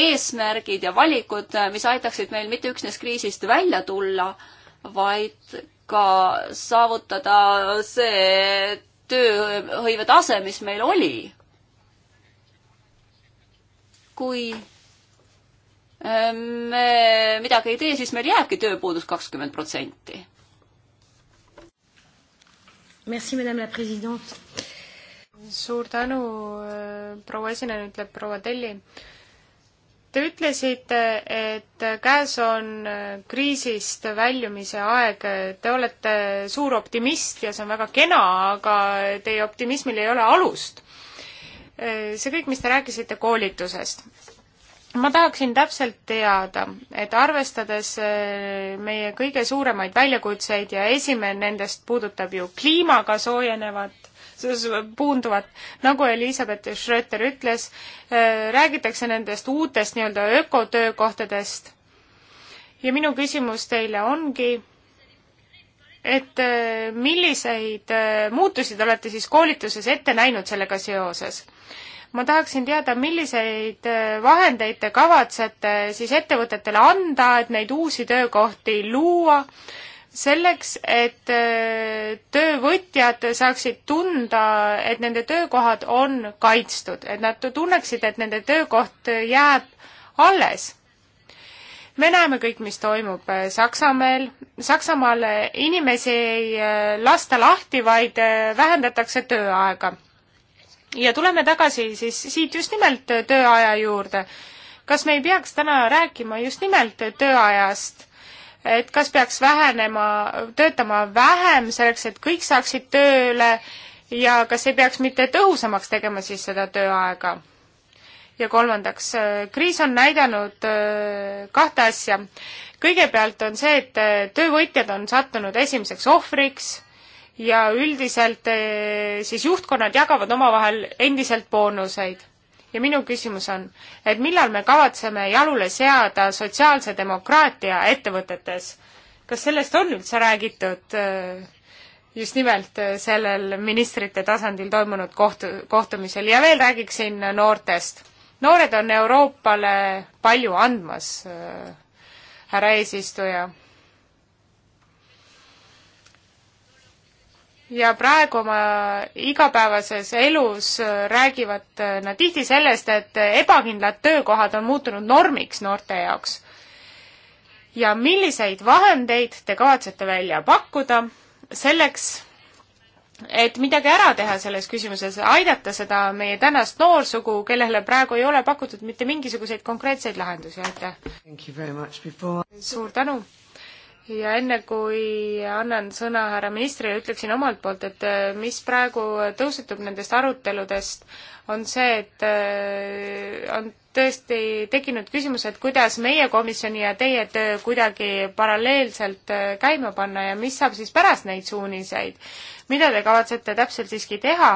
S1: eesmärgid ja valikud, mis aitaksid meil mitte üksnes kriisist välja tulla, vaid ka saavutada see tööhõive tase, mis meil oli. kui ähm,
S2: me midagi ei tee,
S1: siis meil jääbki tööpuudus kakskümmend protsenti.
S2: Merci, madame la présidente. suur tänu, äh, proua esineja, ütleb proua Telli Te ütlesite, et käes on äh, kriisist väljumise aeg, te olete suur optimist ja see on väga kena, aga teie optimismil ei ole alust. Äh, see kõik, mis te rääkisite koolitusest. ma tahaksin täpselt teada, et arvestades äh, meie kõige suuremaid väljakutseid ja esimene nendest puudutab ju kliimaga soojenevat puunduvat. nagu Elizabeth Schröter ütles, äh, räägitakse nendest uutest nii-öelda ökotöökohtadest. ja minu küsimus teile ongi, et äh, milliseid äh, muutusi te olete siis koolituses ette näinud sellega seoses? ma tahaksin teada, milliseid vahendeid te kavatsete siis ettevõtetele anda, et neid uusi töökohti luua selleks, et äh, töövõtjad saaksid tunda, et nende töökohad on kaitstud, et nad tunneksid, et nende töökoht jääb alles. me näeme kõik, mis toimub äh, Saksamaal, Saksamaal äh, inimesi ei lasta lahti, vaid vähendatakse tööaega. ja tuleme tagasi siis siit just nimelt tööaja juurde. kas me ei peaks täna rääkima just nimelt tööajast? et kas peaks vähenema, töötama vähem selleks, et kõik saaksid tööle ja kas ei peaks mitte tõhusamaks tegema siis seda tööaega? ja kolmandaks, kriis on näidanud äh, kahte asja. kõigepealt on see, et äh, töövõtjad on sattunud esimeseks ohvriks ja üldiselt äh, siis juhtkonnad jagavad omavahel endiselt boonuseid ja minu küsimus on, et millal me kavatseme jalule seada sotsiaalse demokraatia ettevõtetes? kas sellest on üldse räägitud äh, just nimelt äh, sellel ministrite tasandil toimunud kohtu, kohtumisel ja veel räägiksin noortest. noored on Euroopale palju andmas, äh, härra eesistuja ja praegu oma igapäevases elus äh, räägivad äh, nad tihti sellest, et äh, ebakindlad töökohad on muutunud normiks noorte jaoks. ja milliseid vahendeid te kavatsete välja pakkuda selleks, et midagi ära teha selles küsimuses, aidata seda meie tänast noorsugu, kellele praegu ei ole pakutud mitte mingisuguseid konkreetseid lahendusi, aitäh! suur tänu! ja enne, kui annan sõna härra ministrile, ütleksin omalt poolt, et äh, mis praegu tõusetub nendest aruteludest, on see, et äh, on tõesti tekkinud küsimus, et kuidas meie komisjoni ja teie töö kuidagi paralleelselt äh, käima panna ja mis saab siis pärast neid suuniseid. mida te kavatsete täpselt siiski teha?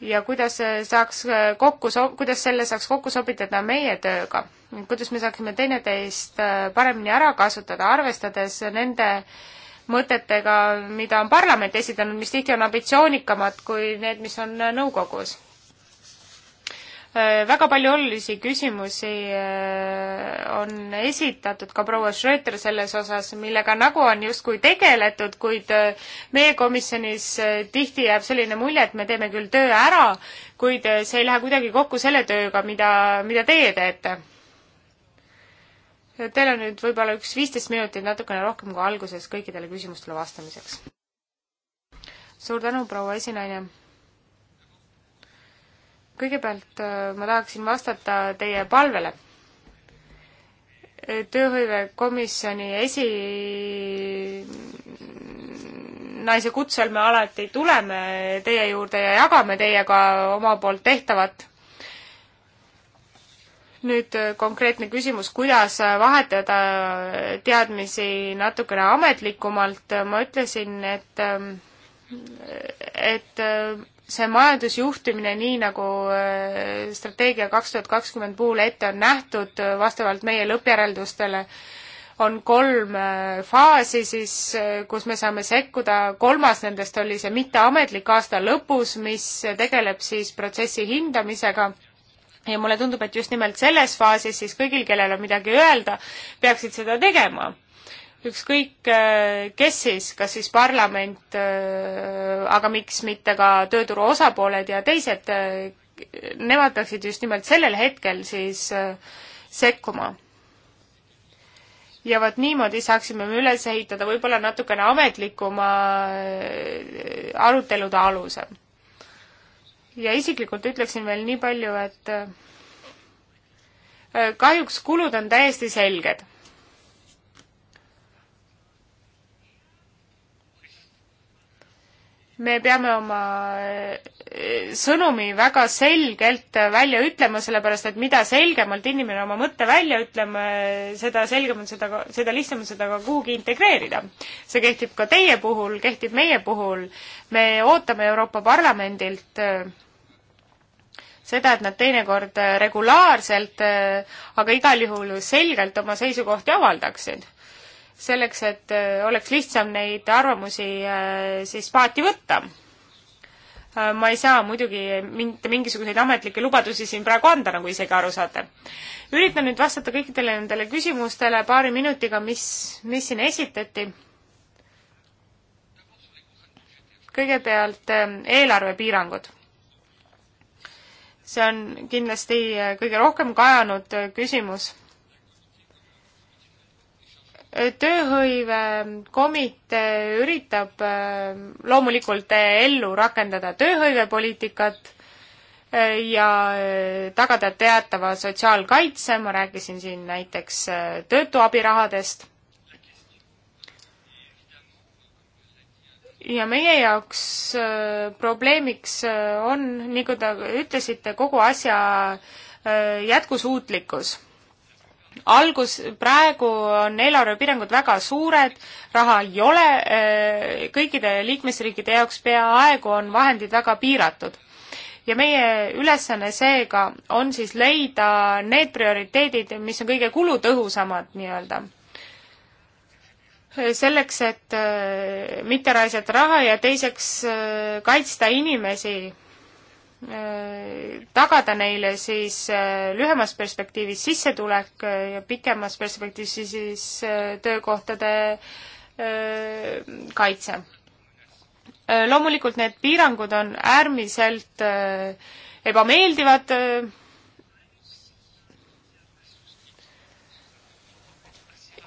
S2: ja kuidas saaks kokku so-, kuidas selle saaks kokku sobitada meie tööga? kuidas me saaksime teineteist äh, paremini ära kasutada, arvestades nende mõtetega, mida on parlament esitanud, mis tihti on ambitsioonikamad kui need, mis on äh, nõukogus. Äh, väga palju olulisi küsimusi on esitatud ka proua Schröter selles osas, millega nagu on justkui tegeletud, kuid meie komisjonis tihti jääb selline mulje, et me teeme küll töö ära, kuid see ei lähe kuidagi kokku selle tööga, mida, mida teie teete Teil on nüüd võib-olla üks viisteist minutit, natukene rohkem kui alguses, kõikidele küsimustele vastamiseks. suur tänu, proua esinaine! kõigepealt äh, ma tahaksin vastata teie palvele. tööhõivekomisjoni esi naise kutsel me alati tuleme teie juurde ja jagame teiega oma poolt tehtavat nüüd äh, konkreetne küsimus, kuidas äh, vahetada äh, teadmisi natukene ametlikumalt, ma ütlesin, et ähm, et see majandusjuhtimine, nii nagu strateegia kaks tuhat kakskümmend puhul ette on nähtud, vastavalt meie lõppjäreldustele, on kolm faasi siis, kus me saame sekkuda, kolmas nendest oli see mitteametlik aasta lõpus, mis tegeleb siis protsessi hindamisega ja mulle tundub, et just nimelt selles faasis siis kõigil, kellel on midagi öelda, peaksid seda tegema. ükskõik äh, kes siis, kas siis parlament, äh, aga miks mitte ka tööturu osapooled ja teised, äh, nemad peaksid just nimelt sellel hetkel siis sekkuma ja vot niimoodi saaksime me üles ehitada võib-olla natukene ametlikuma arutelude aluse ja isiklikult ütleksin veel nii palju, et äh, kahjuks kulud on täiesti selged. me peame oma eh, sõnumi väga selgelt välja ütlema, sellepärast et mida selgemalt inimene oma mõtte välja ütlema, seda selgem on seda, seda lihtsam on seda ka kuhugi integreerida. see kehtib ka teie puhul, kehtib meie puhul. me ootame Euroopa Parlamendilt eh, seda, et nad teinekord eh, regulaarselt, aga igal juhul selgelt oma seisukohti avaldaksid selleks, et äh, oleks lihtsam neid arvamusi äh, siis paati võtta. Äh, ma ei saa muidugi mitte mingisuguseid ametlikke lubadusi siin praegu anda, nagu isegi aru saate. üritan nüüd vastata kõikidele nendele küsimustele paari minutiga, mis, mis siin esitati. kõigepealt eelarvepiirangud see on kindlasti kõige rohkem kajanud küsimus tööhõivekomitee üritab äh, loomulikult äh, ellu rakendada tööhõivepoliitikat äh, ja tagada teatava sotsiaalkaitse, ma rääkisin siin näiteks töötu abirahadest. ja meie jaoks probleemiks on, nagu te ütlesite, kogu asja jätkusuutlikkus algus, praegu on eelarvepiirangud väga suured, raha ei ole, eh, kõikide liikmesriikide jaoks peaaegu on vahendid väga piiratud. ja meie ülesanne seega on siis leida need prioriteedid, mis on kõige kulutõhusamad nii-öelda selleks, et eh, mitte raisata raha ja teiseks eh, kaitsta inimesi Äh, tagada neile siis äh, lühemas perspektiivis sissetulek äh, ja pikemas perspektiivis siis töökohtade kaitse. loomulikult need piirangud on äärmiselt ebameeldivad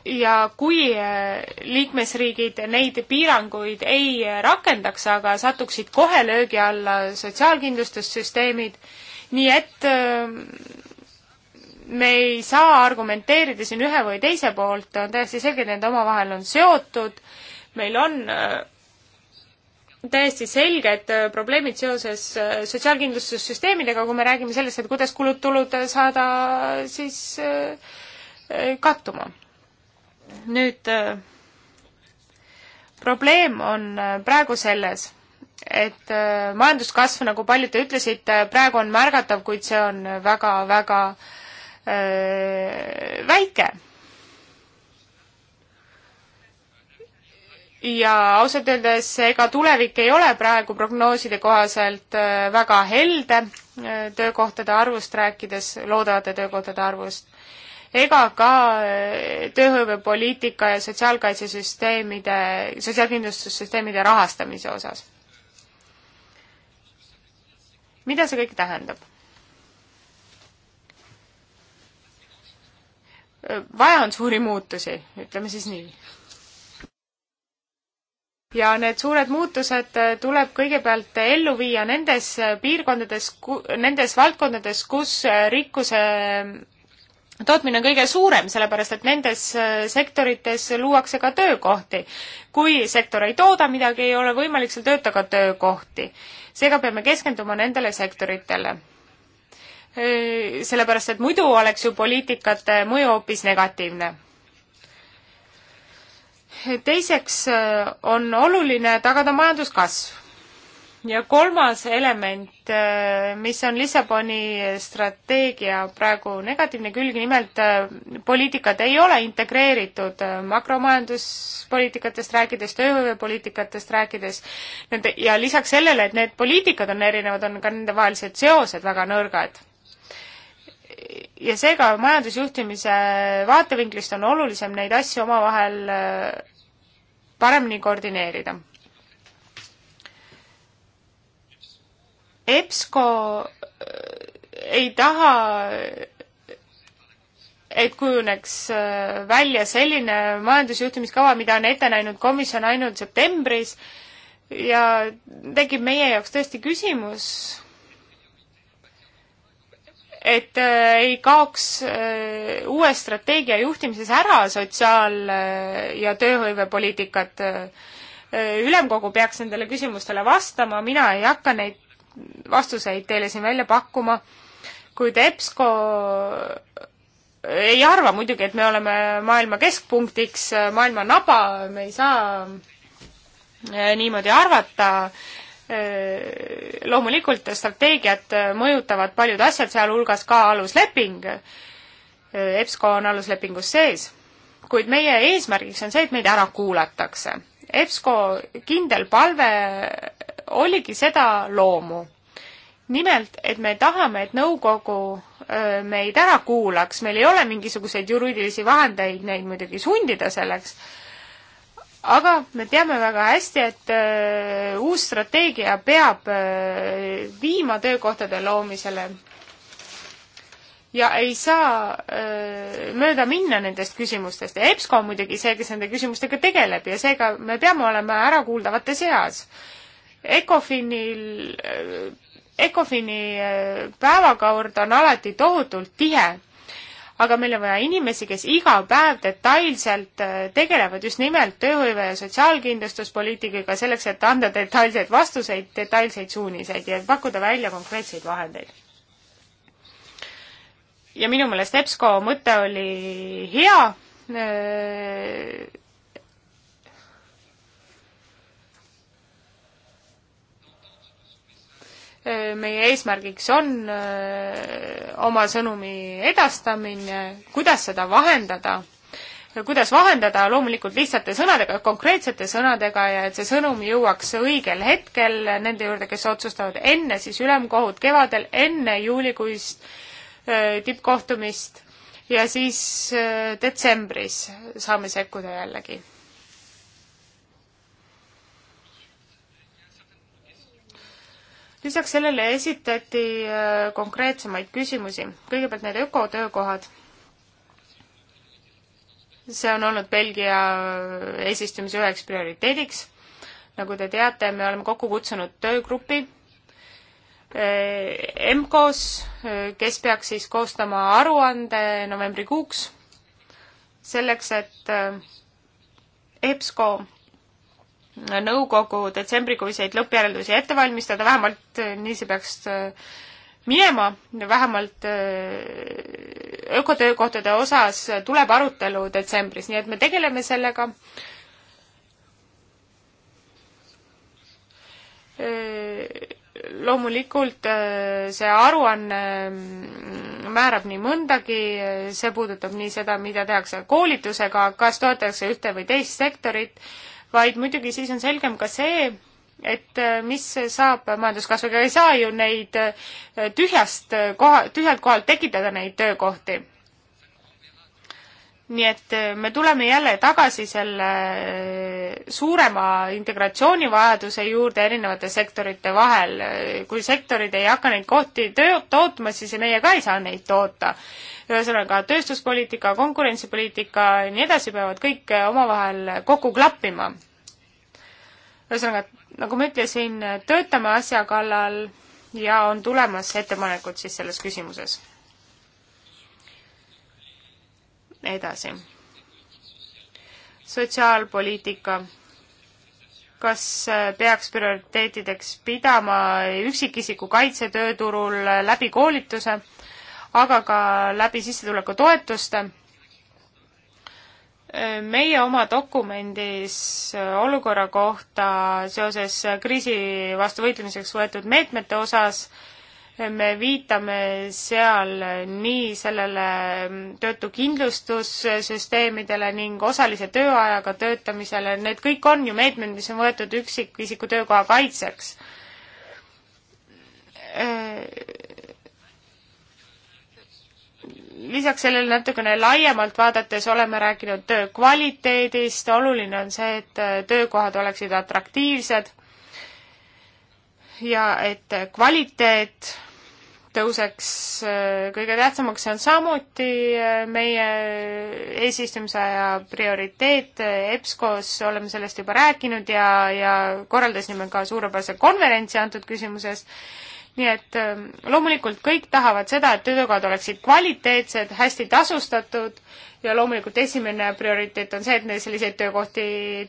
S2: ja kui eh, liikmesriigid neid piiranguid ei rakendaks, aga satuksid kohe löögi alla sotsiaalkindlustussüsteemid, nii et eh, me ei saa argumenteerida siin ühe või teise poolt, on täiesti selge, et need omavahel on seotud, meil on eh, täiesti selged probleemid seoses sotsiaalkindlustussüsteemidega, kui me räägime sellest, et kuidas kulud-tulud saada siis kattuma nüüd äh, probleem on äh, praegu selles, et äh, majanduskasv, nagu paljud te ütlesite, praegu on märgatav, kuid see on väga-väga väike. ja ausalt öeldes ega tulevik ei ole praegu prognooside kohaselt väga helde töökohtade arvust rääkides, loodavate töökohtade arvust ega ka eh, tööhõivepoliitika ja sotsiaalkaitsesüsteemide, sotsiaalkindlustussüsteemide rahastamise osas. mida see kõik tähendab? vaja on suuri muutusi, ütleme siis nii ja need suured muutused eh, tuleb kõigepealt ellu viia nendes piirkondades, nendes valdkondades, kus eh, rikkuse tootmine on kõige suurem, sellepärast et nendes äh, sektorites luuakse ka töökohti. kui sektor ei tooda midagi, ei ole võimalik seal tööta ka töökohti. seega peame keskenduma nendele sektoritele. Äh, sellepärast, et muidu oleks ju poliitikate mõju hoopis negatiivne. teiseks äh, on oluline tagada majanduskasv ja kolmas element, äh, mis on Lissaboni strateegia praegu negatiivne külg, nimelt äh, poliitikad ei ole integreeritud äh, makromajanduspoliitikatest rääkides, tööhõivepoliitikatest rääkides, nende ja lisaks sellele, et need poliitikad on erinevad, on ka nendevahelised seosed väga nõrgad ja seega majandusjuhtimise vaatevinklist on olulisem neid asju omavahel paremini koordineerida EBSCO äh, ei taha, et kujuneks äh, välja selline majandusjuhtimiskava, mida on ette näinud komisjon ainult septembris ja tekib meie jaoks tõesti küsimus, et äh, ei kaoks uue strateegia juhtimises ära sotsiaal- ja tööhõivepoliitikat. ülemkogu peaks nendele küsimustele vastama, mina ei hakka neid vastuseid teile siin välja pakkuma, kuid EBSCO ei arva muidugi, et me oleme maailma keskpunktiks, maailma naba, me ei saa äh, niimoodi arvata. Äh, loomulikult strateegiat mõjutavad paljud asjad, sealhulgas ka alusleping. Äh, EBSCO on aluslepingus sees, kuid meie eesmärgiks on see, et meid ära kuulatakse EBSCO kindel palve oligi seda loomu. nimelt, et me tahame, et nõukogu meid ära kuulaks, meil ei ole mingisuguseid juriidilisi vahendeid neid muidugi sundida selleks, aga me teame väga hästi, et uus strateegia peab viima töökohtade loomisele ja ei saa öö, mööda minna nendest küsimustest ja EBSCO on muidugi see, kes nende küsimustega tegeleb ja seega me peame olema ärakuuldavate seas. Ecofinil, Ecofini äh, päevakord on alati tohutult tihe, aga meil on vaja inimesi, kes iga päev detailselt äh, tegelevad just nimelt tööhõive ja sotsiaalkindlustuspoliitikaga selleks, et anda detailseid vastuseid, detailseid suuniseid ja pakkuda välja konkreetseid vahendeid ja minu meelest EBSCO mõte oli hea. Äh, meie eesmärgiks on äh, oma sõnumi edastamine, kuidas seda vahendada, kuidas vahendada loomulikult lihtsate sõnadega, konkreetsete sõnadega ja et see sõnum jõuaks õigel hetkel nende juurde, kes otsustavad enne siis ülemkohut kevadel, enne juulikuist äh, tippkohtumist ja siis äh, detsembris saame sekkuda jällegi lisaks sellele esitati äh, konkreetsemaid küsimusi. kõigepealt need ökotöökohad. see on olnud Belgia äh, eesistumise üheks prioriteediks. nagu te teate, me oleme kokku kutsunud töögrupi EMKOs, äh, kes peaks siis koostama aruande novembrikuuks, selleks et EBSCO nõukogu detsembrikuiseid lõppjäreldusi ette valmistada, vähemalt äh, nii see peaks äh, minema, vähemalt äh, ökotöökohtade osas tuleb arutelu detsembris, nii et me tegeleme sellega. loomulikult see aruanne mm, määrab nii mõndagi, see puudutab nii seda, mida tehakse koolitusega, kas toetatakse ühte või teist sektorit vaid muidugi siis on selgem ka see, et äh, mis saab majanduskasvuga, ei saa ju neid äh, tühjast koha, tühjalt kohalt tekitada neid töökohti nii et äh, me tuleme jälle tagasi selle äh, suurema integratsioonivajaduse juurde erinevate sektorite vahel. Äh, kui sektorid ei hakka neid kohti töö, tootma, siis meie ka ei saa neid toota. ühesõnaga, tööstuspoliitika, konkurentsipoliitika ja nii edasi peavad kõik omavahel kokku klappima. ühesõnaga, nagu ma ütlesin, töötame asja kallal ja on tulemas ettepanekud siis selles küsimuses edasi. sotsiaalpoliitika. kas äh, peaks prioriteetideks pidama üksikisiku kaitse tööturul äh, läbi koolituse, aga ka läbi sissetulekutoetuste? Äh, meie oma dokumendis olukorra kohta seoses kriisi vastu võitlemiseks võetud meetmete osas äh, me viitame seal nii sellele töötukindlustussüsteemidele ning osalise tööajaga töötamisele, need kõik on ju meetmed, mis on võetud üksikisiku töökoha kaitseks. lisaks sellele natukene laiemalt vaadates oleme rääkinud töö kvaliteedist, oluline on see, et töökohad oleksid atraktiivsed ja et kvaliteet tõuseks äh, kõige tähtsamaks, see on samuti äh, meie eesistumise aja prioriteet, EBSCO-s oleme sellest juba rääkinud ja, ja korraldasime ka suurepärase konverentsi antud küsimuses, nii et äh, loomulikult kõik tahavad seda, et töökohad oleksid kvaliteetsed, hästi tasustatud ja loomulikult esimene prioriteet on see, et neil selliseid töökohti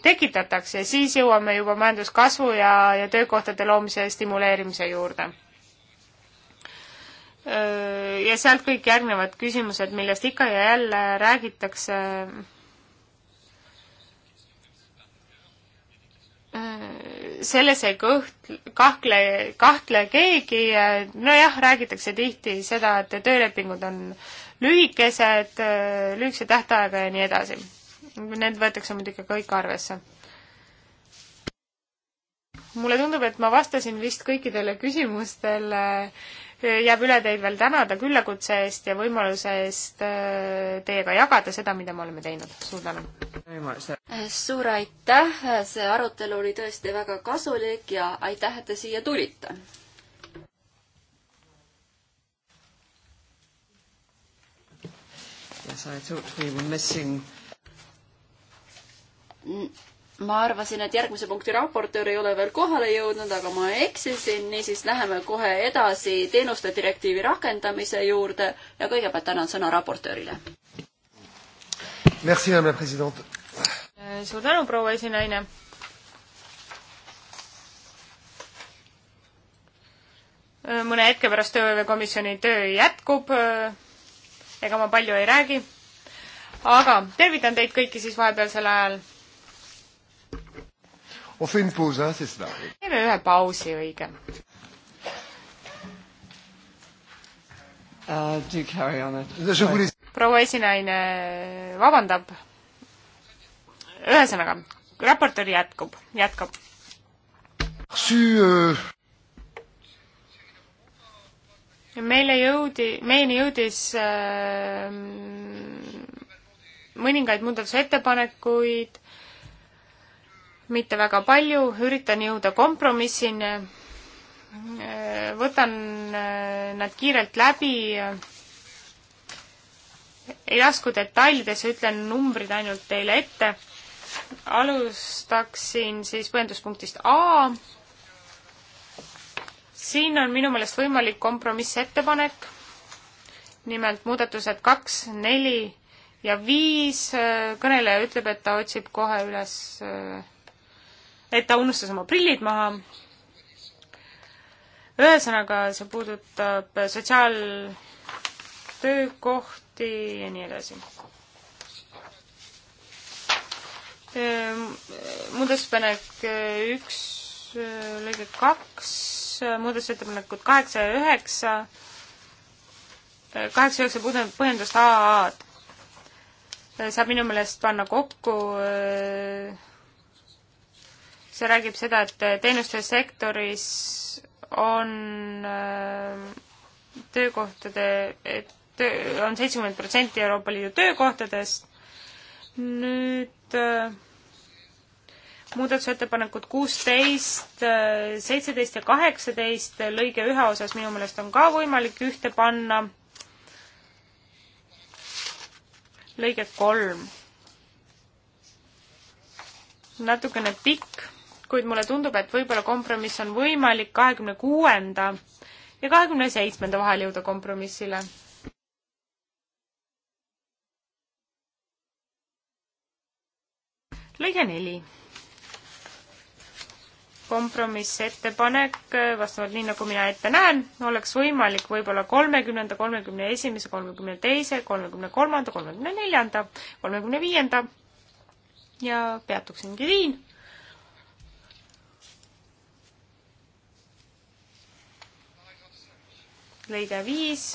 S2: tekitatakse, siis jõuame juba majanduskasvu ja, ja töökohtade loomise stimuleerimise juurde ja sealt kõik järgnevad küsimused, millest ikka ja jälle räägitakse. selles ei kõht-, kahtle, kahtle keegi, nojah, räägitakse tihti seda, et töölepingud on lühikesed, äh, lühikese tähtaega ja nii edasi. Need võetakse muidugi kõik arvesse. mulle tundub, et ma vastasin vist kõikidele küsimustele, jääb üle teid veel tänada küllakutse eest ja võimaluse eest äh, teiega jagada seda, mida me oleme teinud. suur tänu! suur aitäh, see arutelu oli tõesti
S1: väga kasulik ja aitäh, et te siia tulite!
S2: Yes, I thought we were missing.
S1: ma arvasin, et järgmise punkti raportöör ei ole veel kohale jõudnud, aga ma eksisin, niisiis läheme kohe edasi teenuste direktiivi rakendamise juurde ja kõigepealt annan sõna raportöörile.
S2: suur tänu, proua esinaine mõne hetke pärast töökomisjoni töö jätkub, ega ma palju ei räägi. aga tervitan teid kõiki siis vahepealsel ajal.
S3: teeme
S2: ühe pausi õige.
S3: Uh,
S2: proua esinaine vabandab. ühesõnaga, raportöör jätkub, jätkab meile jõudi, meieni jõudis äh, mõningaid muudatusettepanekuid, mitte väga palju, üritan jõuda kompromissini äh,, võtan äh, nad kiirelt läbi, ei lasku detailidesse, ütlen numbrid ainult teile ette. alustaksin siis põhjenduspunktist A siin on minu meelest võimalik kompromissettepanek, nimelt muudatused kaks, neli ja viis, kõneleja ütleb, et ta otsib kohe üles, et ta unustas oma prillid maha. ühesõnaga, see puudutab sotsiaaltöökohti ja nii edasi ehm, muudatusettepanek eh, üks, eh, lõige kaks, muudatusettepanekud kaheksa ja üheksa, kaheksa ja üheksa põhjendust AA-d saab minu meelest panna kokku. Äh, see räägib seda, et teenuste sektoris on äh, töökohtade, et on seitsekümmend protsenti Euroopa Liidu töökohtadest. nüüd äh, muudatusettepanekud kuusteist, seitseteist ja kaheksateist lõige ühe osas minu meelest on ka võimalik ühte panna. lõige kolm. natukene pikk, kuid mulle tundub, et võib-olla kompromiss on võimalik kahekümne kuuenda ja kahekümne seitsmenda vahel jõuda kompromissile lõige neli kompromissettepanek, vastavalt nii, nagu mina ette näen, oleks võimalik võib-olla kolmekümnenda, kolmekümne esimese, kolmekümne teise, kolmekümne kolmanda, kolmekümne neljanda, kolmekümne viienda ja peatuksingi siin lõige viis,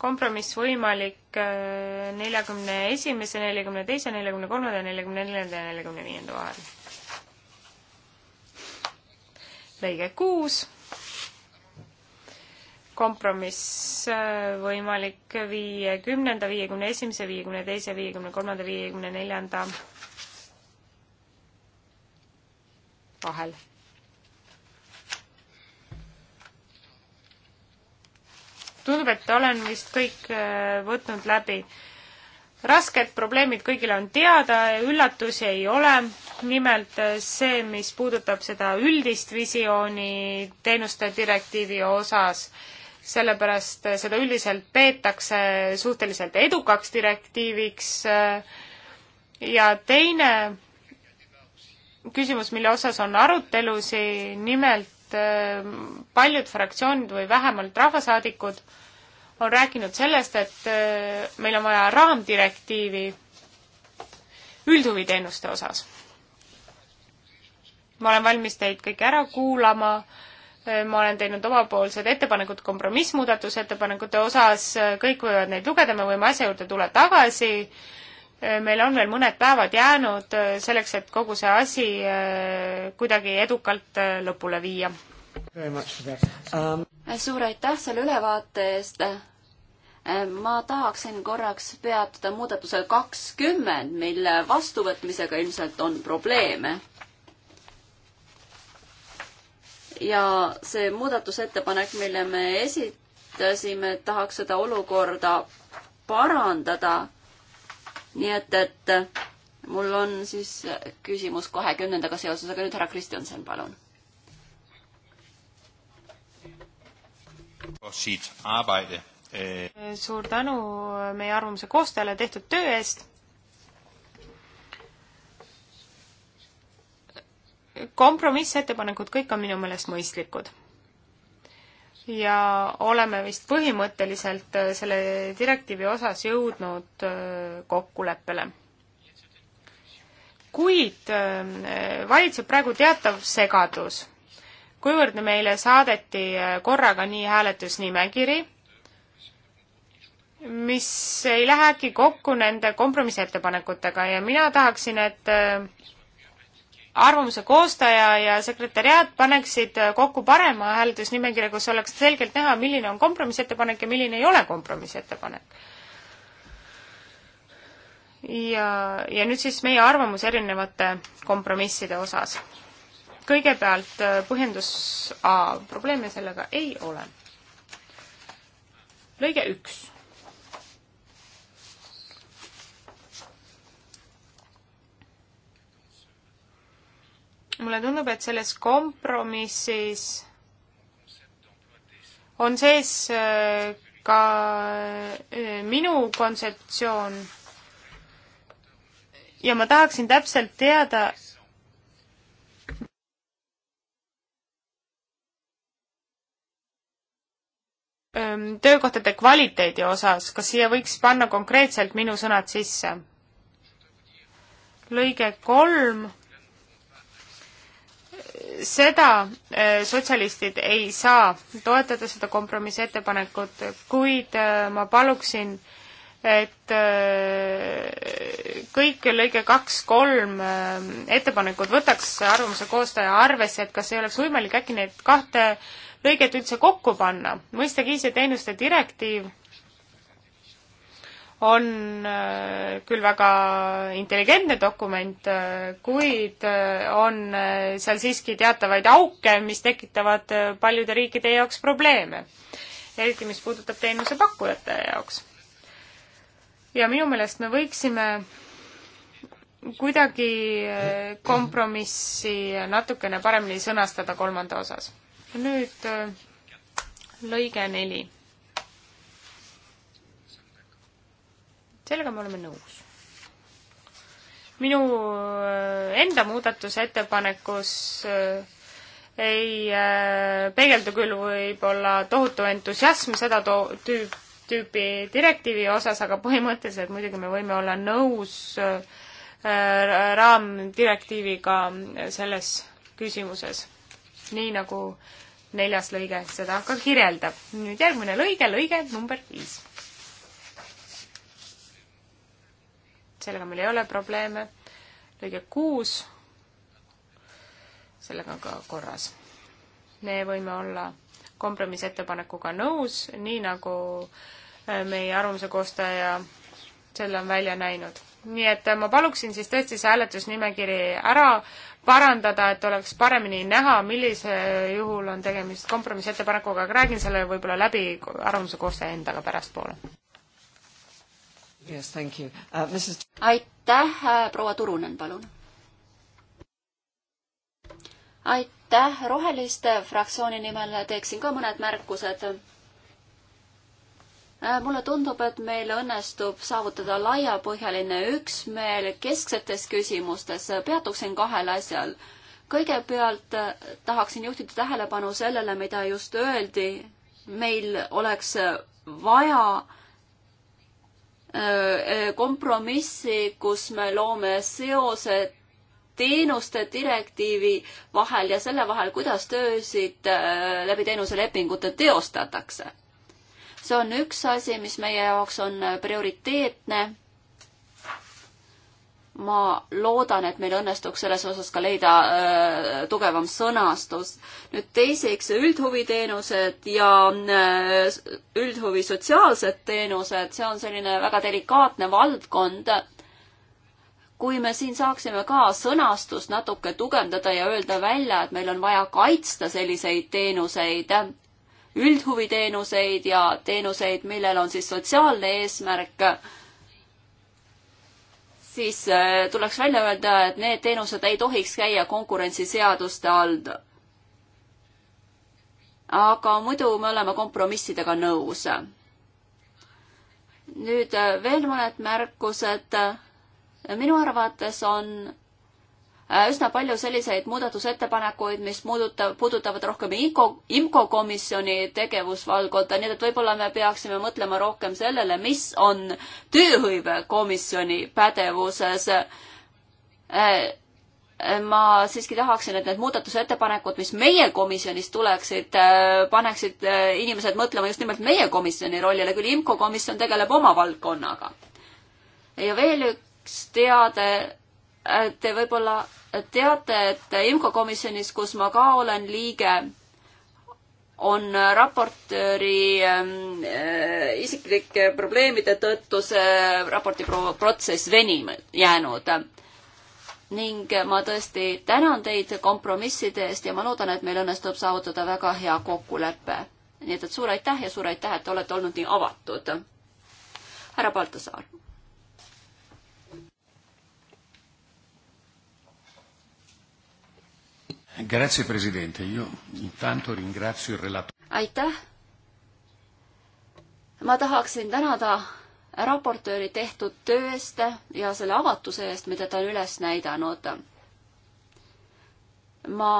S2: kompromiss võimalik äh, neljakümne esimese, neljakümne teise, neljakümne kolmanda, neljakümne neljanda ja neljakümne viienda vahel. lõige kuus, kompromiss äh, võimalik viiekümnenda, viiekümne esimese, viiekümne teise, viiekümne kolmanda, viiekümne neljanda vahel. tundub, et olen vist kõik äh, võtnud läbi rasked probleemid kõigile on teada, üllatusi ei ole. nimelt eh, see, mis puudutab seda üldist visiooni teenuste direktiivi osas, sellepärast eh, seda üldiselt peetakse suhteliselt edukaks direktiiviks. Eh, ja teine küsimus, mille osas on arutelusi, nimelt paljud fraktsioonid või vähemalt rahvasaadikud on rääkinud sellest, et äh, meil on vaja raamdirektiivi üldhuviteenuste osas. ma olen valmis teid kõiki ära kuulama, äh, ma olen teinud omapoolsed ettepanekud kompromissmuudatusettepanekute osas, äh, kõik võivad neid lugeda, me võime asja juurde tulla tagasi, meil on veel mõned päevad jäänud selleks, et kogu see asi kuidagi edukalt lõpule viia Um... suur aitäh
S1: selle ülevaate eest. Äh, ma tahaksin korraks peatuda muudatusel kakskümmend, mille vastuvõtmisega ilmselt on probleeme ja see muudatusettepanek, mille me esitasime, tahaks seda olukorda parandada. nii et, et mul on siis küsimus kahekümnendaga seoses, aga nüüd härra
S2: Kristjanson, palun.
S3: Øh,
S2: suur tänu meie arvamuse koostajale tehtud töö eest. kompromissettepanekud kõik on minu meelest mõistlikud ja oleme vist põhimõtteliselt äh, selle direktiivi osas jõudnud äh, kokkuleppele. kuid äh, valitseb praegu teatav segadus kuivõrd meile saadeti äh, korraga nii hääletusnimekiri, mis ei lähe äkki kokku nende kompromissettepanekutega ja mina tahaksin, et äh, arvamuse koostaja ja sekretäriaat paneksid äh, kokku parema hääletusnimekirja, kus oleks selgelt näha, milline on kompromissettepanek ja milline ei ole kompromissettepanek ja, ja nüüd siis meie arvamus erinevate kompromisside osas kõigepealt äh, põhjendus A, probleeme sellega ei ole. lõige üks. mulle tundub, et selles kompromissis on sees äh, ka äh, minu kontseptsioon ja ma tahaksin täpselt teada, töökohtade kvaliteedi osas, kas siia võiks panna konkreetselt minu sõnad sisse? lõige kolm, seda sotsialistid ei saa toetada, seda kompromissettepanekut, kuid ma paluksin, et kõik lõige kaks-kolm ettepanekud võtaks arvamuse koostaja arvesse, et kas ei oleks võimalik äkki need kahte lõiget üldse kokku panna. mõistagi see teenuste direktiiv on äh, küll väga intelligentne dokument, äh, kuid äh, on seal siiski teatavaid auke, mis tekitavad paljude riikide jaoks probleeme. eriti, mis puudutab teenusepakkujate jaoks. ja minu meelest me võiksime kuidagi kompromissi natukene paremini sõnastada kolmanda osas nüüd äh, lõige neli. sellega me oleme nõus. minu äh, enda muudatusettepanekus äh, ei peegeldu küll võib-olla tohutu entusiasm seda to-, tüüp, tüüpi direktiivi osas, aga põhimõtteliselt muidugi me võime olla nõus raamdirektiiviga selles küsimuses nii nagu neljas lõige seda ka kirjeldab. nüüd järgmine lõige, lõige number viis. sellega meil ei ole probleeme. lõige kuus, sellega on ka korras. me võime olla kompromissettepanekuga nõus, nii nagu äh, meie arvamuse koostaja selle on välja näinud. nii et äh, ma paluksin siis tõesti see hääletusnimekiri ära parandada, et oleks paremini näha, millise juhul on tegemist kompromissettepanekuga, aga räägin selle võib-olla läbi arvamuse koostaja endaga pärastpoole.
S3: Yes, thank you. Uh,
S1: Mrs... aitäh, äh, proua Turunen, palun. aitäh, Roheliste fraktsiooni nimel teeksin ka mõned märkused Äh, mulle tundub, et meil õnnestub saavutada laiapõhjaline üksmeel kesksetes küsimustes. peatuksin kahel asjal. kõigepealt äh, tahaksin juhtida tähelepanu sellele, mida just öeldi. meil oleks vaja äh, kompromissi, kus me loome seosed teenuste direktiivi vahel ja selle vahel, kuidas töösid läbi teenuselepingute teostatakse see on üks asi, mis meie jaoks on äh, prioriteetne. ma loodan, et meil õnnestuks selles osas ka leida äh, tugevam sõnastus. nüüd teiseks üldhuviteenused ja äh, üldhuvi sotsiaalsed teenused, see on selline väga delikaatne valdkond kui me siin saaksime ka sõnastust natuke tugevdada ja öelda välja, et meil on vaja kaitsta selliseid teenuseid, üldhuviteenuseid ja teenuseid, millel on siis sotsiaalne eesmärk, siis äh, tuleks välja öelda, et need teenused ei tohiks käia konkurentsiseaduste all. aga muidu me oleme kompromissidega nõus. nüüd äh, veel mõned märkused. minu arvates on Äh, üsna palju selliseid muudatusettepanekuid, mis muudutab, puudutavad rohkem IMCO, IMCO komisjoni tegevusvaldkonda, nii et võib-olla me peaksime mõtlema rohkem sellele, mis on tööhõivekomisjoni pädevuses. Äh, äh, ma siiski tahaksin, et need muudatusettepanekud, mis meie komisjonist tuleksid, paneksid inimesed mõtlema just nimelt meie komisjoni rollile, küll IMCO komisjon tegeleb oma valdkonnaga. ja veel üks teade te võib-olla teate, et IMCO komisjonis, kus ma ka olen liige, on raportööri ähm, äh, isiklike probleemide tõttu see raporti pro protsess venima jäänud. ning ma tõesti tänan teid kompromisside eest ja ma loodan, et meil õnnestub saavutada väga hea kokkulepe. nii et, et suur aitäh ja suur aitäh, et olete olnud nii avatud. härra Baltasaar Grazie, president, io intanto ringrazio il relator. aitäh. ma tahaksin tänada raportööri tehtud töö eest ja selle avatuse eest, mida ta on üles näidanud. ma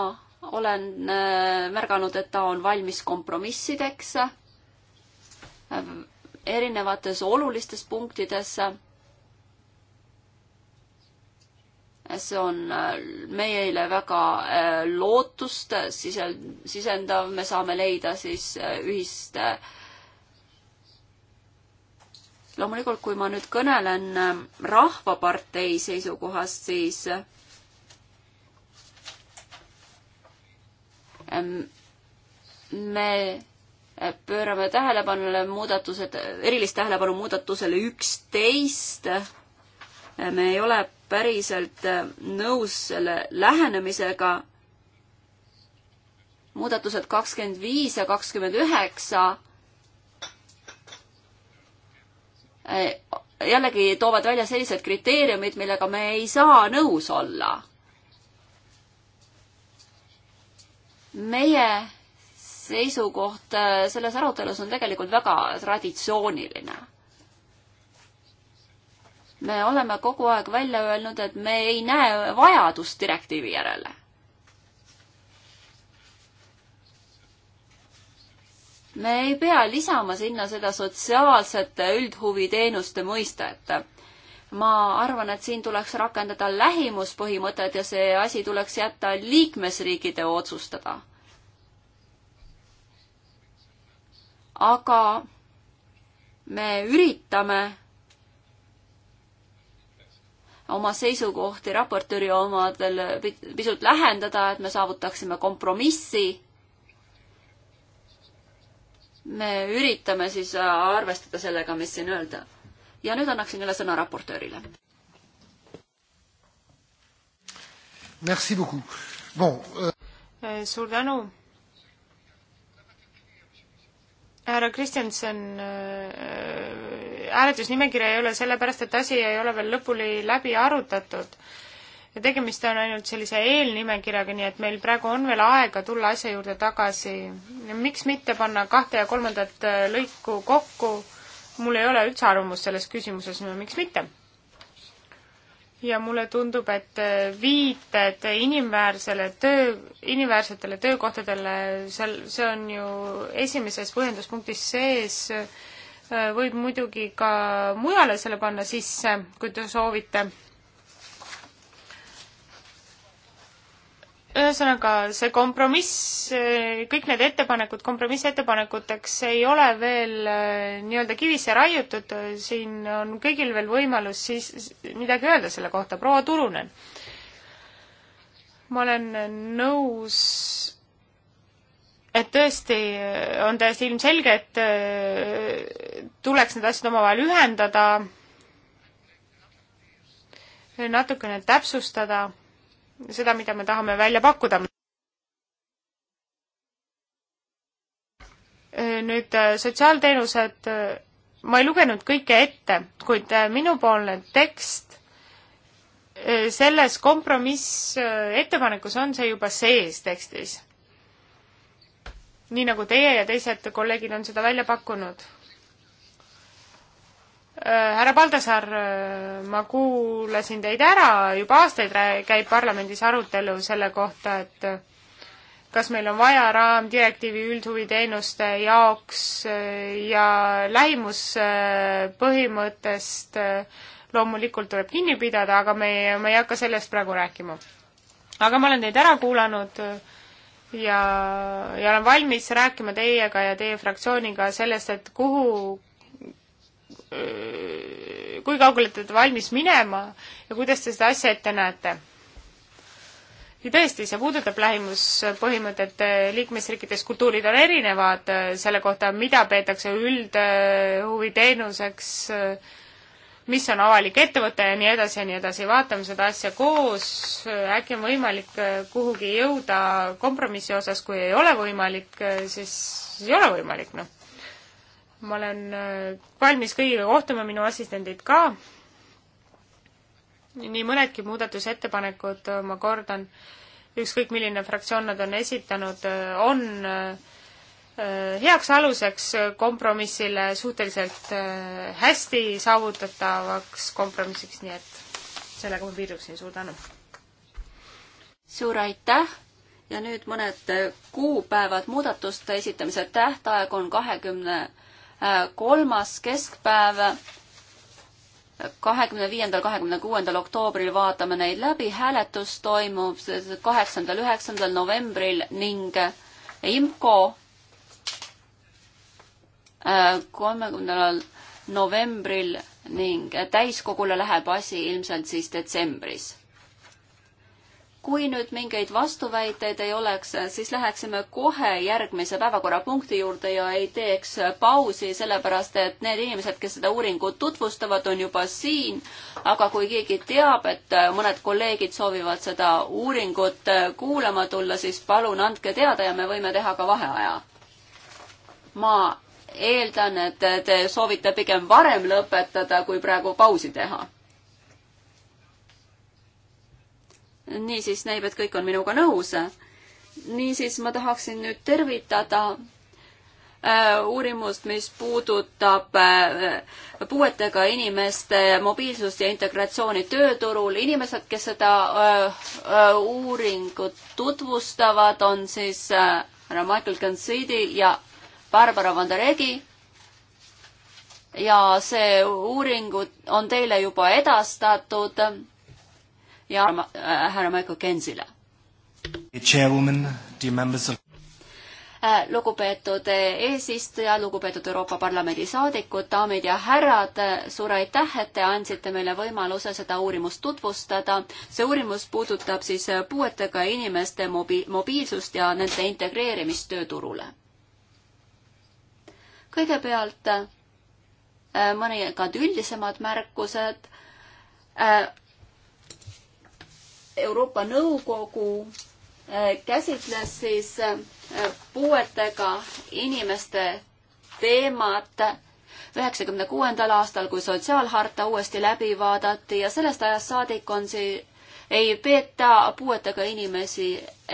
S1: olen äh, märganud, et ta on valmis kompromissideks äh, erinevates olulistes punktides see on äh, meile väga äh, lootust sisel-, sisendav, me saame leida siis äh, ühist loomulikult, kui ma nüüd kõnelen Rahvapartei seisukohast, siis ähm, me pöörame tähelepanule muudatused, erilist tähelepanu muudatusele üksteist. me ei ole päriselt äh, nõus selle lähenemisega. muudatused kakskümmend viis ja kakskümmend üheksa äh, jällegi toovad välja sellised kriteeriumid, millega me ei saa nõus olla. meie seisukoht äh, selles arutelus on tegelikult väga traditsiooniline me oleme kogu aeg välja öelnud, et me ei näe vajadust direktiivi järele. me ei pea lisama sinna seda sotsiaalsete üldhuviteenuste mõistet. ma arvan, et siin tuleks rakendada lähimuspõhimõtet ja see asi tuleks jätta liikmesriikide otsustada. aga me üritame oma seisukohti raportööri omadel pisut lähendada, et me saavutaksime kompromissi. me üritame siis arvestada sellega, mis siin öelda. ja nüüd annaksin jälle sõna raportöörile.
S3: Merci beaucoup. Bon, euh...
S2: Eh, suur tänu. härra Kristjanson äh, hääletusnimekirja ei ole sellepärast, et asi ei ole veel lõpuni läbi arutatud. ja tegemist on ainult sellise eelnimekirjaga, nii et meil praegu on veel aega tulla asja juurde tagasi. miks mitte panna kahte ja kolmandat äh, lõiku kokku? mul ei ole üldse arvamust selles küsimuses, miks mitte? ja mulle tundub, et äh, viited inimväärsele töö, inimväärsetele töökohtadele, seal, see on ju esimeses põhjenduspunktis sees äh, Äh, võib muidugi ka mujale selle panna sisse, kui te soovite. ühesõnaga, see kompromiss, äh, kõik need ettepanekud kompromissettepanekuteks ei ole veel äh, nii-öelda kivisse raiutud, siin on kõigil veel võimalus siis midagi öelda selle kohta, proua Turunen. ma olen nõus et tõesti eh, on täiesti ilmselge, et eh, tuleks need asjad omavahel ühendada, natukene täpsustada seda, mida me tahame välja pakkuda. Eh, nüüd sotsiaalteenused, ma ei lugenud kõike ette, kuid minupoolne tekst selles kompromissettepanekus on see juba sees tekstis nii nagu teie ja teised kolleegid on seda välja pakkunud. Äh, härra Paldasar, äh, ma kuulasin teid ära, juba aastaid käib parlamendis arutelu selle kohta, et äh, kas meil on vaja raamdirektiivi üldhuviteenuste jaoks ja lähimuspõhimõttest loomulikult tuleb kinni pidada, aga me, ma ei hakka sellest praegu rääkima. aga ma olen teid ära kuulanud äh, ja, ja olen valmis rääkima teiega ja teie fraktsiooniga sellest, et kuhu, kui kaugele te olete valmis minema ja kuidas te seda asja ette näete. ja tõesti, see puudutab lähimuspõhimõtet, liikmesriikides kultuurid on erinevad selle kohta, mida peetakse üldhuviteenuseks äh, mis on avalik ettevõte ja nii edasi ja nii edasi, vaatame seda asja koos, äkki on võimalik äh, kuhugi jõuda kompromissi osas, kui ei ole võimalik, äh, siis ei ole võimalik, noh. ma olen äh, valmis kõigiga kohtuma, minu assistendid ka. nii mõnedki muudatusettepanekud, ma kordan, ükskõik milline fraktsioon nad on esitanud, on äh, Äh, heaks aluseks kompromissile suhteliselt äh, hästi saavutatavaks kompromissiks, nii et sellega ma piirduksin, suur tänu! suur aitäh
S1: ja nüüd mõned äh, kuupäevad, muudatuste esitamise tähtaeg on kahekümne kolmas keskpäev, kahekümne viiendal, kahekümne kuuendal oktoobril vaatame neid läbi, hääletus toimub kaheksandal, üheksandal novembril ning IMCO kolmekümnendal novembril ning täiskogule läheb asi ilmselt siis detsembris. kui nüüd mingeid vastuväiteid ei oleks, siis läheksime kohe järgmise päevakorrapunkti juurde ja ei teeks pausi, sellepärast et need inimesed, kes seda uuringut tutvustavad, on juba siin, aga kui keegi teab, et mõned kolleegid soovivad seda uuringut kuulama tulla, siis palun andke teada ja me võime teha ka vaheaja. ma eeldan, et te soovite pigem varem lõpetada, kui praegu pausi teha. niisiis näib, et kõik on minuga nõus. niisiis ma tahaksin nüüd tervitada äh, uurimust, mis puudutab äh, puuetega inimeste mobiilsust ja integratsiooni tööturul. inimesed, kes seda äh, uuringut tutvustavad, on siis härra Michael Conceidi ja Barbara Vanderegi ja see uuring on teile juba edastatud ja äh, härra Michael Kensile. Äh, lugupeetud äh, eesistuja, lugupeetud Euroopa Parlamendi saadikud, daamid ja härrad, suur aitäh, et te andsite meile võimaluse seda uurimust tutvustada. see uurimus puudutab siis puuetega inimeste mobi-, mobiilsust ja nende integreerimist tööturule kõigepealt äh, mõningad üldisemad märkused. Äh, Euroopa Nõukogu äh, käsitles siis puuetega inimeste teemat üheksakümne kuuendal aastal, kui sotsiaalharta uuesti läbi vaadati ja sellest ajast saadik on see ei peeta puuetega inimesi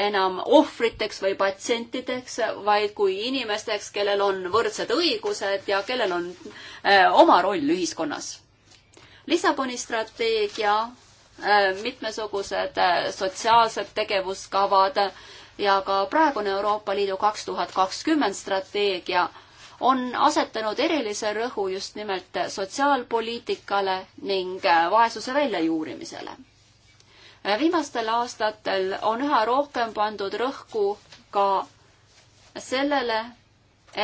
S1: enam ohvriteks või patsientideks, vaid kui inimesteks, kellel on võrdsed õigused ja kellel on äh, oma roll ühiskonnas. Lissaboni strateegia äh,, mitmesugused äh, sotsiaalsed tegevuskavad ja ka praegune Euroopa Liidu kaks tuhat kakskümmend strateegia on asetanud erilise rõhu just nimelt sotsiaalpoliitikale ning äh, vaesuse väljajuurimisele viimastel aastatel on üha rohkem pandud rõhku ka sellele,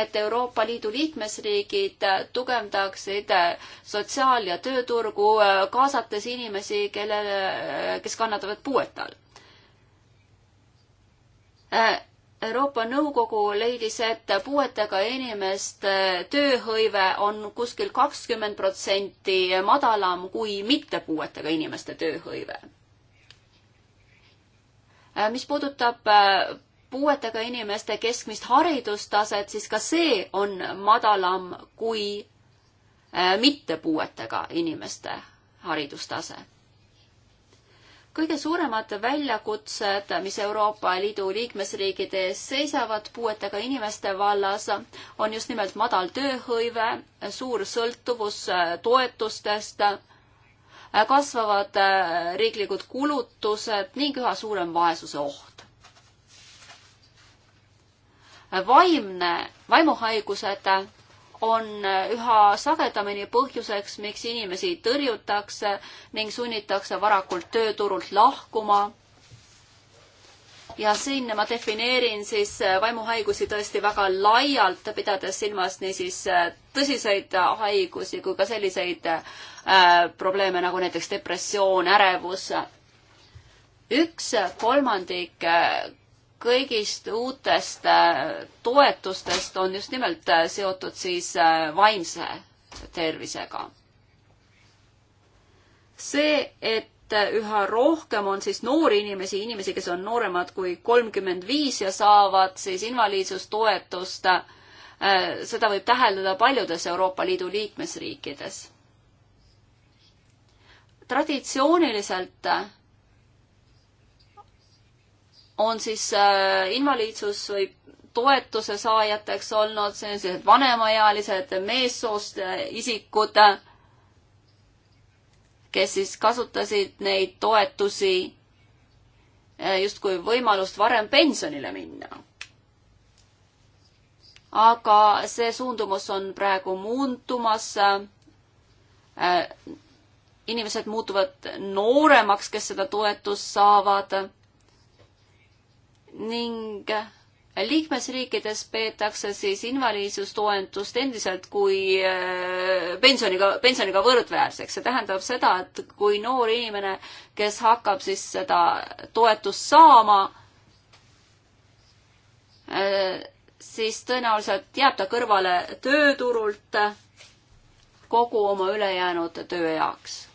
S1: et Euroopa Liidu liikmesriigid tugevdaksid sotsiaal- ja tööturgu, kaasates inimesi, kellele, kes kannatavad puuet all. Euroopa Nõukogu leidis, et puuetega inimeste tööhõive on kuskil kakskümmend protsenti madalam kui mitte puuetega inimeste tööhõive Äh, mis puudutab äh, puuetega inimeste keskmist haridustaset, siis ka see on madalam kui äh, mitte puuetega inimeste haridustase. kõige suuremad väljakutsed, mis Euroopa Liidu liikmesriigide ees seisavad puuetega inimeste vallas, on just nimelt madal tööhõive, suur sõltuvus toetustest Äh, kasvavad äh, riiklikud kulutused ning üha suurem vaesuse oht. Äh, vaimne, vaimuhaigused on üha sagedamini põhjuseks, miks inimesi tõrjutakse ning sunnitakse varakult tööturult lahkuma ja siin ma defineerin siis äh, vaimuhaigusi tõesti väga laialt, pidades silmas niisiis äh, tõsiseid äh, haigusi kui ka selliseid äh, probleeme nagu näiteks depressioon, ärevus. üks kolmandik kõigist uutest toetustest on just nimelt seotud siis vaimse tervisega. see, et et üha rohkem on siis noori inimesi, inimesi, kes on nooremad kui kolmkümmend viis ja saavad siis invaliidsustoetust. seda võib täheldada paljudes Euroopa Liidu liikmesriikides. traditsiooniliselt on siis äh, invaliidsus või toetuse saajateks olnud sellised vanemaealised meessoost äh, isikud kes siis kasutasid neid toetusi eh, justkui võimalust varem pensionile minna. aga see suundumus on praegu muutumas. Eh, inimesed muutuvad nooremaks, kes seda toetust saavad ning liikmesriikides peetakse siis invaliidsustoetust endiselt kui äh, pensioniga, pensioniga võrdväärseks. see tähendab seda, et kui noor inimene, kes hakkab siis seda toetust saama, äh, siis tõenäoliselt jääb ta kõrvale tööturult kogu oma ülejäänud töö jaoks.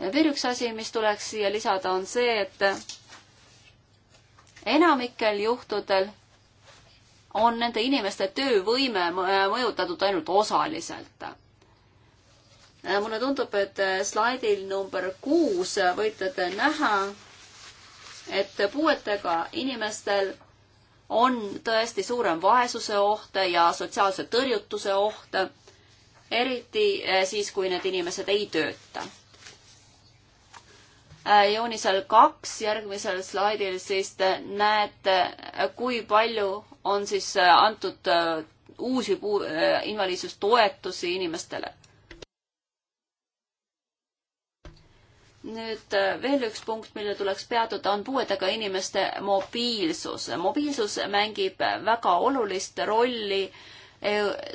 S1: veel üks asi, mis tuleks siia lisada, on see, et enamikel juhtudel on nende inimeste töövõime mõjutatud ainult osaliselt. Äh, mulle tundub, et äh, slaidil number kuus võite te näha, et puuetega inimestel on tõesti suurem vaesuse oht ja sotsiaalse tõrjutuse oht, eriti äh, siis, kui need inimesed ei tööta Äh, joonisel kaks, järgmisel slaidil siis te näete, äh, kui palju on siis äh, antud uusi puu-, invaliidsustoetusi inimestele. nüüd veel üks punkt, millele tuleks peatuda, on puuetega inimeste mobiilsus. mobiilsus mängib väga olulist rolli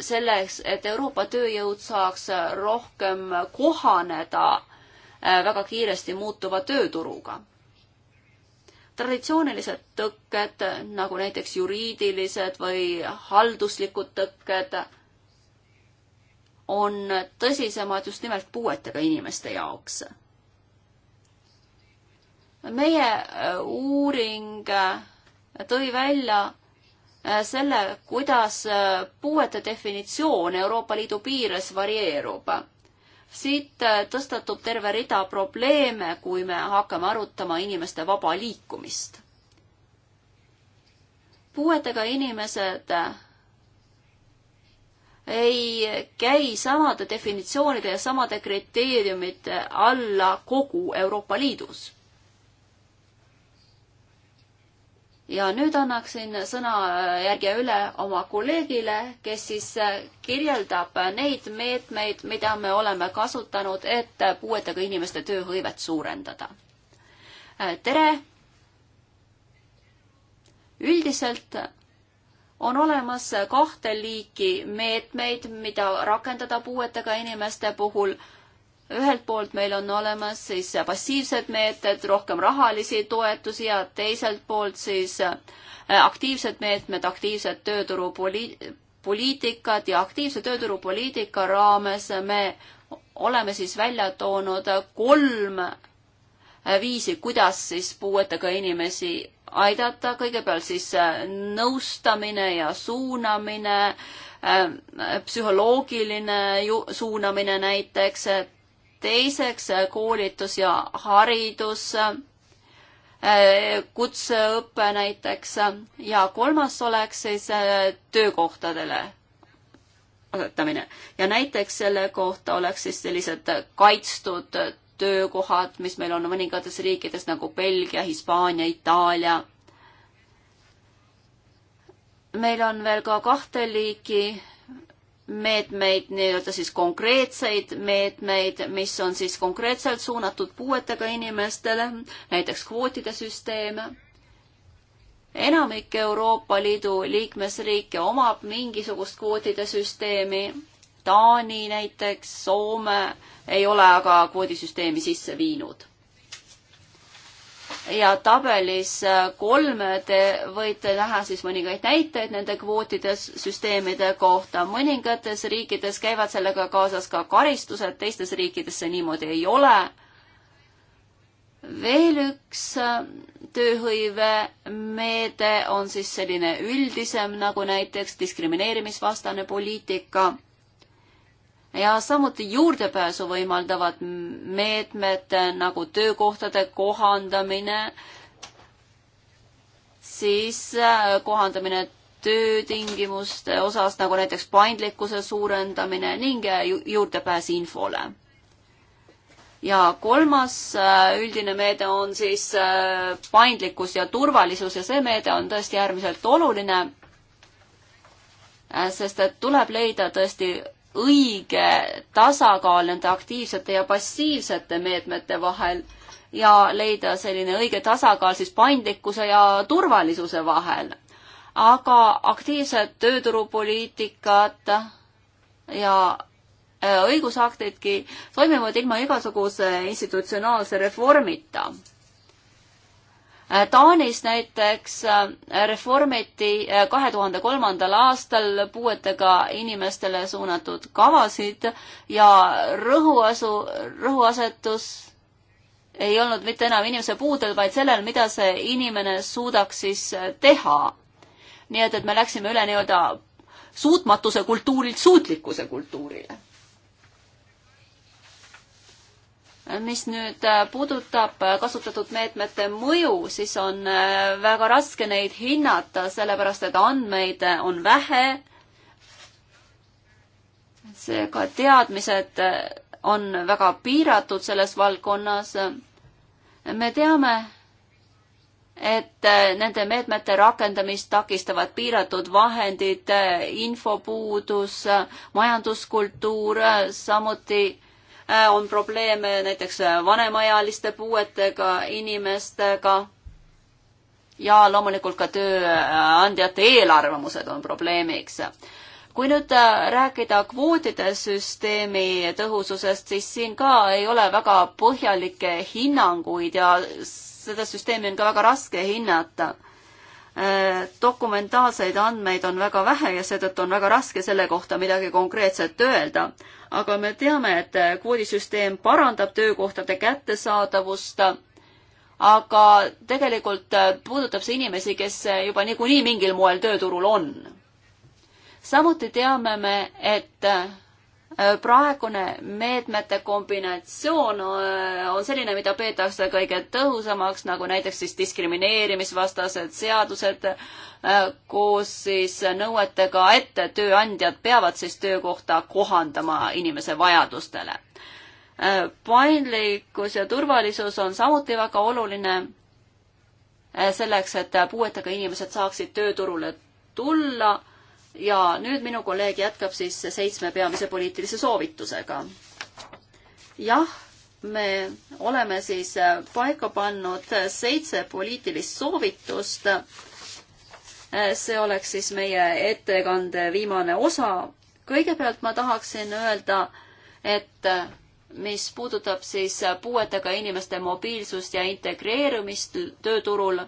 S1: selleks, et Euroopa tööjõud saaks rohkem kohaneda äh, Äh, väga kiiresti muutuva tööturuga. traditsioonilised tõkked, nagu näiteks juriidilised või halduslikud tõkked, on tõsisemad just nimelt puuetega inimeste jaoks. meie äh, uuring äh, tõi välja selle, kuidas puuete definitsioon Euroopa Liidu piires varieerub siit äh, tõstatub terve rida probleeme, kui me hakkame arutama inimeste vaba liikumist. puuetega inimesed äh, ei käi samade definitsioonide ja samade kriteeriumite alla kogu Euroopa Liidus. ja nüüd annaksin sõna äh, järje üle oma kolleegile, kes siis äh, kirjeldab neid meetmeid, mida me oleme kasutanud, et puuetega inimeste tööhõivet suurendada. Äh, tere! üldiselt on olemas kahte liiki meetmeid, mida rakendada puuetega inimeste puhul ühelt poolt meil on olemas siis passiivsed meetmed, rohkem rahalisi toetusi ja teiselt poolt siis äh, aktiivsed meetmed, aktiivsed tööturupoliitikad ja aktiivse tööturupoliitika raames me oleme siis välja toonud kolm äh, viisi, kuidas siis puuetega inimesi aidata, kõigepealt siis äh, nõustamine ja suunamine, psühholoogiline ju-, suunamine näiteks, et teiseks koolitus ja haridus, eh, kutseõpe näiteks ja kolmas oleks siis eh, töökohtadele asetamine. ja näiteks selle kohta oleks siis sellised kaitstud töökohad, mis meil on mõningates riikides nagu Belgia, Hispaania, Itaalia. meil on veel ka kahte liiki meetmeid, nii-öelda siis konkreetseid meetmeid, mis on siis konkreetselt suunatud puuetega inimestele, näiteks kvootide süsteem. enamik Euroopa Liidu liikmesriike omab mingisugust kvootide süsteemi. Taani näiteks, Soome ei ole aga kvoodisüsteemi sisse viinud ja tabelis kolm te võite näha siis mõningaid näiteid nende kvootide süsteemide kohta. mõningates riikides käivad sellega kaasas ka karistused, teistes riikides see niimoodi ei ole. veel üks äh, tööhõivemeede on siis selline üldisem, nagu näiteks diskrimineerimisvastane poliitika ja samuti juurdepääsu võimaldavad meetmed nagu töökohtade kohandamine, siis äh, kohandamine töötingimuste osas, nagu näiteks paindlikkuse suurendamine ning äh, juurdepääs infole. ja kolmas äh, üldine meede on siis paindlikkus ja turvalisus ja see meede on tõesti äärmiselt oluline, sest et tuleb leida tõesti õige tasakaal nende aktiivsete ja passiivsete meetmete vahel ja leida selline õige tasakaal siis paindlikkuse ja turvalisuse vahel. aga aktiivsed tööturupoliitikad ja äh, õigusaktidki toimivad ilma igasuguse institutsionaalse reformita Äh, Taanis näiteks äh, reformiti äh, kahe tuhande kolmandal aastal puuetega inimestele suunatud kavasid ja rõhuasu, rõhuasetus ei olnud mitte enam inimese puudel, vaid sellel, mida see inimene suudaks siis teha. nii et, et me läksime üle nii-öelda suutmatuse kultuurilt suutlikkuse kultuurile mis nüüd äh, puudutab äh, kasutatud meetmete mõju, siis on äh, väga raske neid hinnata, sellepärast et andmeid on vähe. seega teadmised on väga piiratud selles valdkonnas. me teame, et nende meetmete rakendamist takistavad piiratud vahendid, infopuudus, majanduskultuur, samuti Äh, on probleeme näiteks vanemaealiste puuetega inimestega ja loomulikult ka tööandjate eelarvamused on probleemiks. kui nüüd äh, rääkida kvootide süsteemi tõhususest, siis siin ka ei ole väga põhjalikke hinnanguid ja seda süsteemi on ka väga raske hinnata dokumentaalseid andmeid on väga vähe ja seetõttu on väga raske selle kohta midagi konkreetset öelda. aga me teame, et kvoodisüsteem parandab töökohtade kättesaadavust, aga tegelikult puudutab see inimesi, kes juba niikuinii mingil moel tööturul on. samuti teame me, et praegune meetmete kombinatsioon äh, on selline, mida peetakse kõige tõhusamaks, nagu näiteks siis diskrimineerimisvastased seadused, äh, koos siis nõuetega, et tööandjad peavad siis töökohta kohandama inimese vajadustele. Äh, paindlikkus ja turvalisus on samuti väga oluline selleks, et puuetega inimesed saaksid tööturule tulla ja nüüd minu kolleeg jätkab siis seitsme peamise poliitilise soovitusega. jah, me oleme siis paika pannud seitse poliitilist soovitust. see oleks siis meie ettekande viimane osa. kõigepealt ma tahaksin öelda, et mis puudutab siis puuetega inimeste mobiilsust ja integreerumist tööturul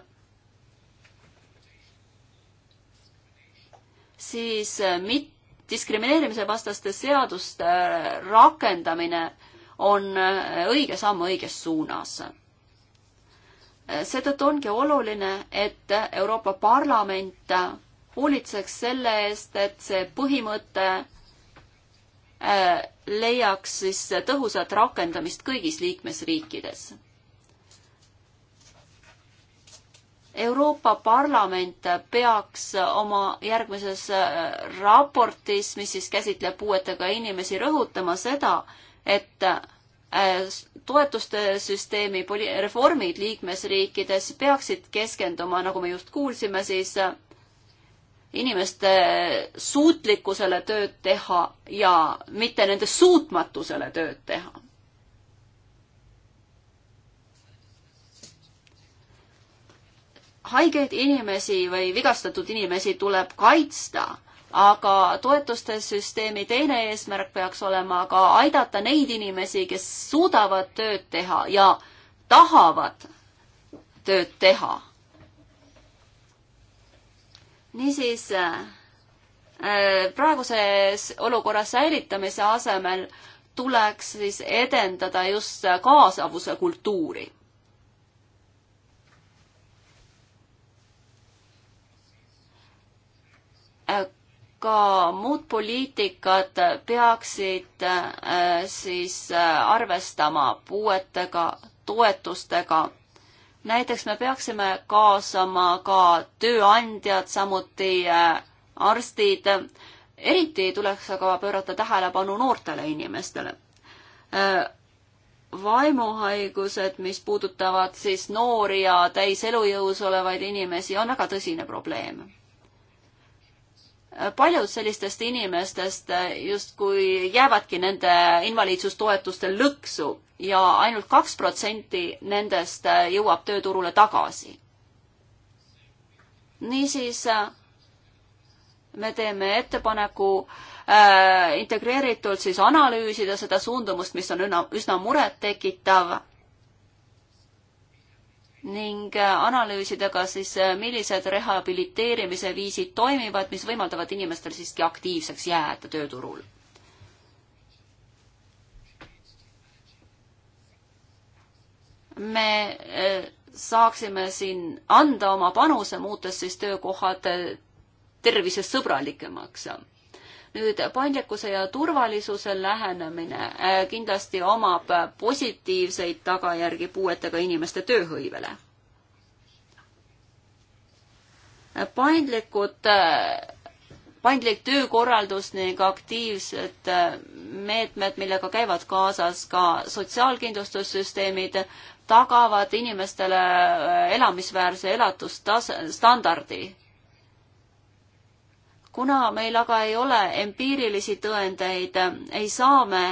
S1: siis äh, mit-, diskrimineerimise vastaste seaduste äh, rakendamine on äh, õige samm õiges suunas. seetõttu ongi oluline, et Euroopa Parlament hoolitseks selle eest, et see põhimõte leiaks siis tõhusat rakendamist kõigis liikmesriikides Euroopa Parlament peaks oma järgmises äh, raportis, mis siis käsitleb puuetega inimesi, rõhutama seda, et äh, toetuste süsteemi reformid liikmesriikides peaksid keskenduma, nagu me just kuulsime, siis äh, inimeste suutlikkusele tööd teha ja mitte nende suutmatusele tööd teha haigeid inimesi või vigastatud inimesi tuleb kaitsta, aga toetuste süsteemi teine eesmärk peaks olema ka aidata neid inimesi, kes suudavad tööd teha ja tahavad tööd teha. niisiis äh, praeguses olukorras säilitamise asemel tuleks siis edendada just kaasavuse kultuuri ka muud poliitikad peaksid äh, siis äh, arvestama puuetega, toetustega. näiteks me peaksime kaasama ka tööandjad, samuti äh, arstid. eriti tuleks aga pöörata tähelepanu noortele inimestele vaimuhaigused, mis puudutavad siis noori ja täis elujõus olevaid inimesi, on väga tõsine probleem paljud sellistest inimestest justkui jäävadki nende invaliidsustoetuste lõksu ja ainult kaks protsenti nendest jõuab tööturule tagasi. niisiis me teeme ettepaneku äh, integreeritult siis analüüsida seda suundumust, mis on üna, üsna murettekitav ning äh, analüüsida ka siis, äh, millised rehabiliteerimise viisid toimivad, mis võimaldavad inimestel siiski aktiivseks jääda tööturul. me äh, saaksime siin anda oma panuse, muutes siis töökohad tervisesõbralikemaks nüüd paindlikkuse ja turvalisuse lähenemine äh, kindlasti omab positiivseid tagajärgi puuetega inimeste tööhõivele. paindlikud, äh, paindlik töökorraldus ning aktiivsed äh, meetmed, millega käivad kaasas ka sotsiaalkindlustussüsteemid, tagavad inimestele elamisväärse elatustase, standardi kuna meil aga ei ole empiirilisi tõendeid, ei saa me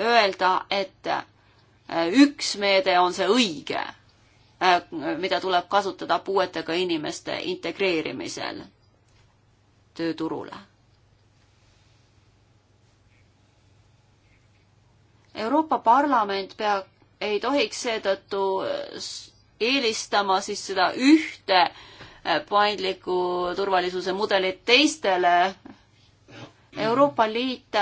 S1: öelda, et äh, üks meede on see õige, äh, mida tuleb kasutada puuetega inimeste integreerimisel tööturule. Euroopa Parlament pea, ei tohiks seetõttu eelistama siis seda ühte äh, paindliku turvalisuse mudelit teistele. Euroopa Liit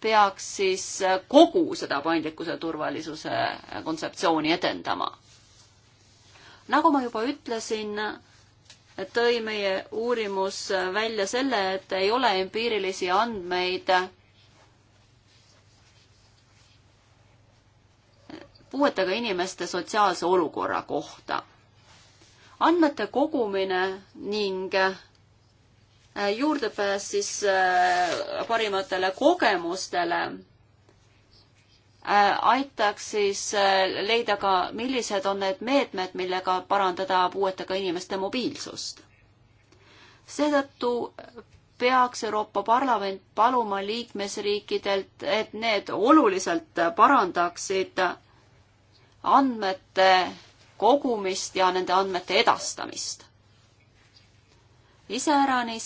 S1: peaks siis kogu seda paindlikkuse turvalisuse kontseptsiooni edendama. nagu ma juba ütlesin, tõi meie uurimus välja selle, et ei ole empiirilisi andmeid puuetega inimeste sotsiaalse olukorra kohta andmete kogumine ning äh, juurdepääs siis äh, parimatele kogemustele äh, aitaks siis leida ka, millised on need meetmed, millega parandada puuetega inimeste mobiilsust. seetõttu peaks Euroopa Parlament paluma liikmesriikidelt, et need oluliselt parandaksid andmete kogumist ja nende andmete edastamist. iseäranis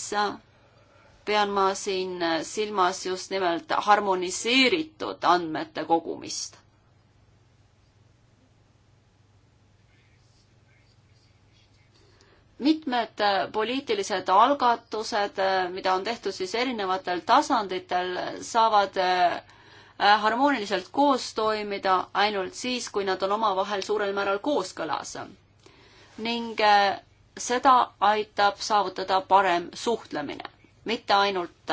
S1: pean ma siin silmas just nimelt harmoniseeritud andmete kogumist. mitmed poliitilised algatused, mida on tehtud siis erinevatel tasanditel, saavad Äh, harmooniliselt koos toimida ainult siis, kui nad on omavahel suurel määral kooskõlas. ning äh, seda aitab saavutada parem suhtlemine, mitte ainult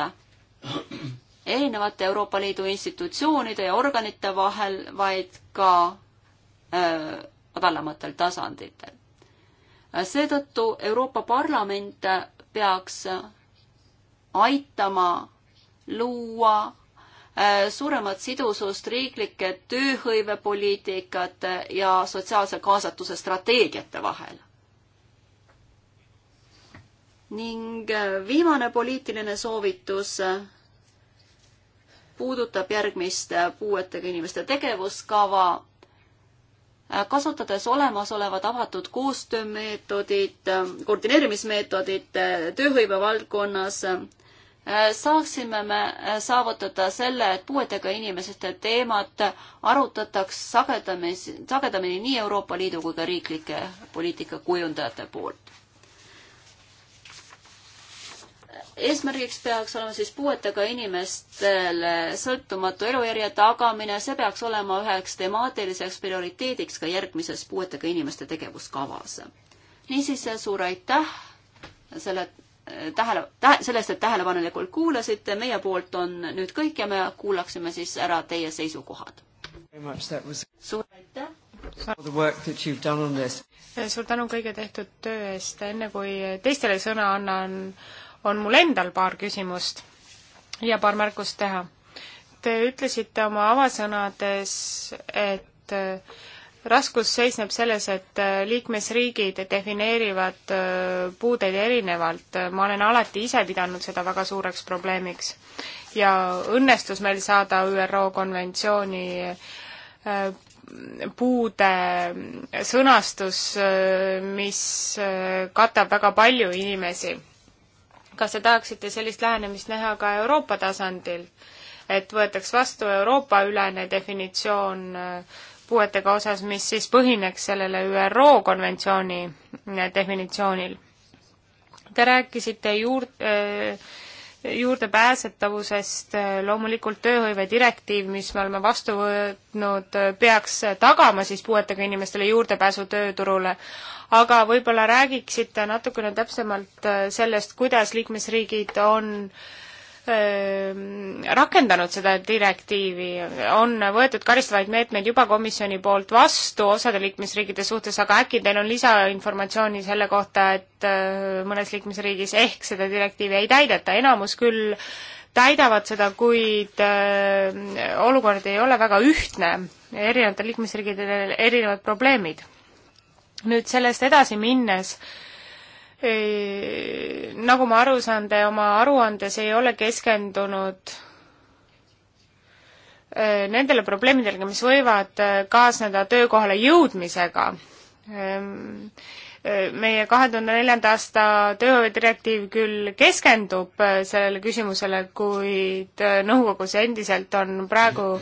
S1: erinevate Euroopa Liidu institutsioonide ja organite vahel, vaid ka madalamatel äh, tasanditel. seetõttu Euroopa Parlament peaks aitama luua Äh, suuremat sidusust riiklike tööhõivepoliitikate ja sotsiaalse kaasatuse strateegiate vahel. ning äh, viimane poliitiline soovitus äh, puudutab järgmist puuetega inimeste tegevuskava, kasutades olemasolevad avatud koostöömeetodid, koordineerimismeetodid tööhõive valdkonnas saaksime me saavutada selle, et puuetega inimeste teemat arutataks sagedamini, sagedamini nii Euroopa Liidu kui ka riiklike poliitikakujundajate poolt. eesmärgiks peaks olema siis puuetega inimestele sõltumatu elujärje tagamine, see peaks olema üheks temaatiliseks prioriteediks ka järgmises puuetega inimeste tegevuskavas. niisiis, suur aitäh selle tähele tähe,, sellest, et tähelepanelikult kuulasite, meie poolt on nüüd kõik ja me kuulaksime siis ära teie seisukohad.
S3: suur
S2: aitäh! suur tänu kõige tehtud töö eest, enne kui teistele sõna annan, on mul endal paar küsimust ja paar märkust teha. Te ütlesite oma avasõnades, et raskus seisneb selles, et äh, liikmesriigid defineerivad äh, puudeid erinevalt. ma olen alati ise pidanud seda väga suureks probleemiks ja õnnestus meil saada ÜRO konventsiooni äh, puude sõnastus, mis katab väga palju inimesi. kas te tahaksite sellist lähenemist näha ka Euroopa tasandil, et võetaks vastu Euroopa-ülene definitsioon äh, puuetega osas, mis siis põhineks sellele ÜRO konventsiooni eh, definitsioonil. Te rääkisite juurde, eh, juurdepääsetavusest, eh, loomulikult tööhõive direktiiv, mis me oleme vastu võtnud, peaks tagama siis puuetega inimestele juurdepääsu tööturule, aga võib-olla räägiksite natukene täpsemalt sellest, kuidas liikmesriigid on äh, Äh, rakendanud seda direktiivi, on võetud karistavaid meetmeid juba komisjoni poolt vastu osade liikmesriikide suhtes, aga äkki teil on lisainformatsiooni selle kohta, et äh, mõnes liikmesriigis ehk seda direktiivi ei täideta, enamus küll täidavad seda, kuid äh, olukord ei ole väga ühtne, erinevatel liikmesriikidel erinevad probleemid. nüüd sellest edasi minnes äh, nagu ma aru saan, te oma aruandes ei ole keskendunud eh, nendele probleemidele, mis võivad eh, kaasneda töökohale jõudmisega. Ehm, eh, meie kahe tuhande neljanda aasta töödirektiiv küll keskendub sellele küsimusele, kuid nõukogus endiselt on praegu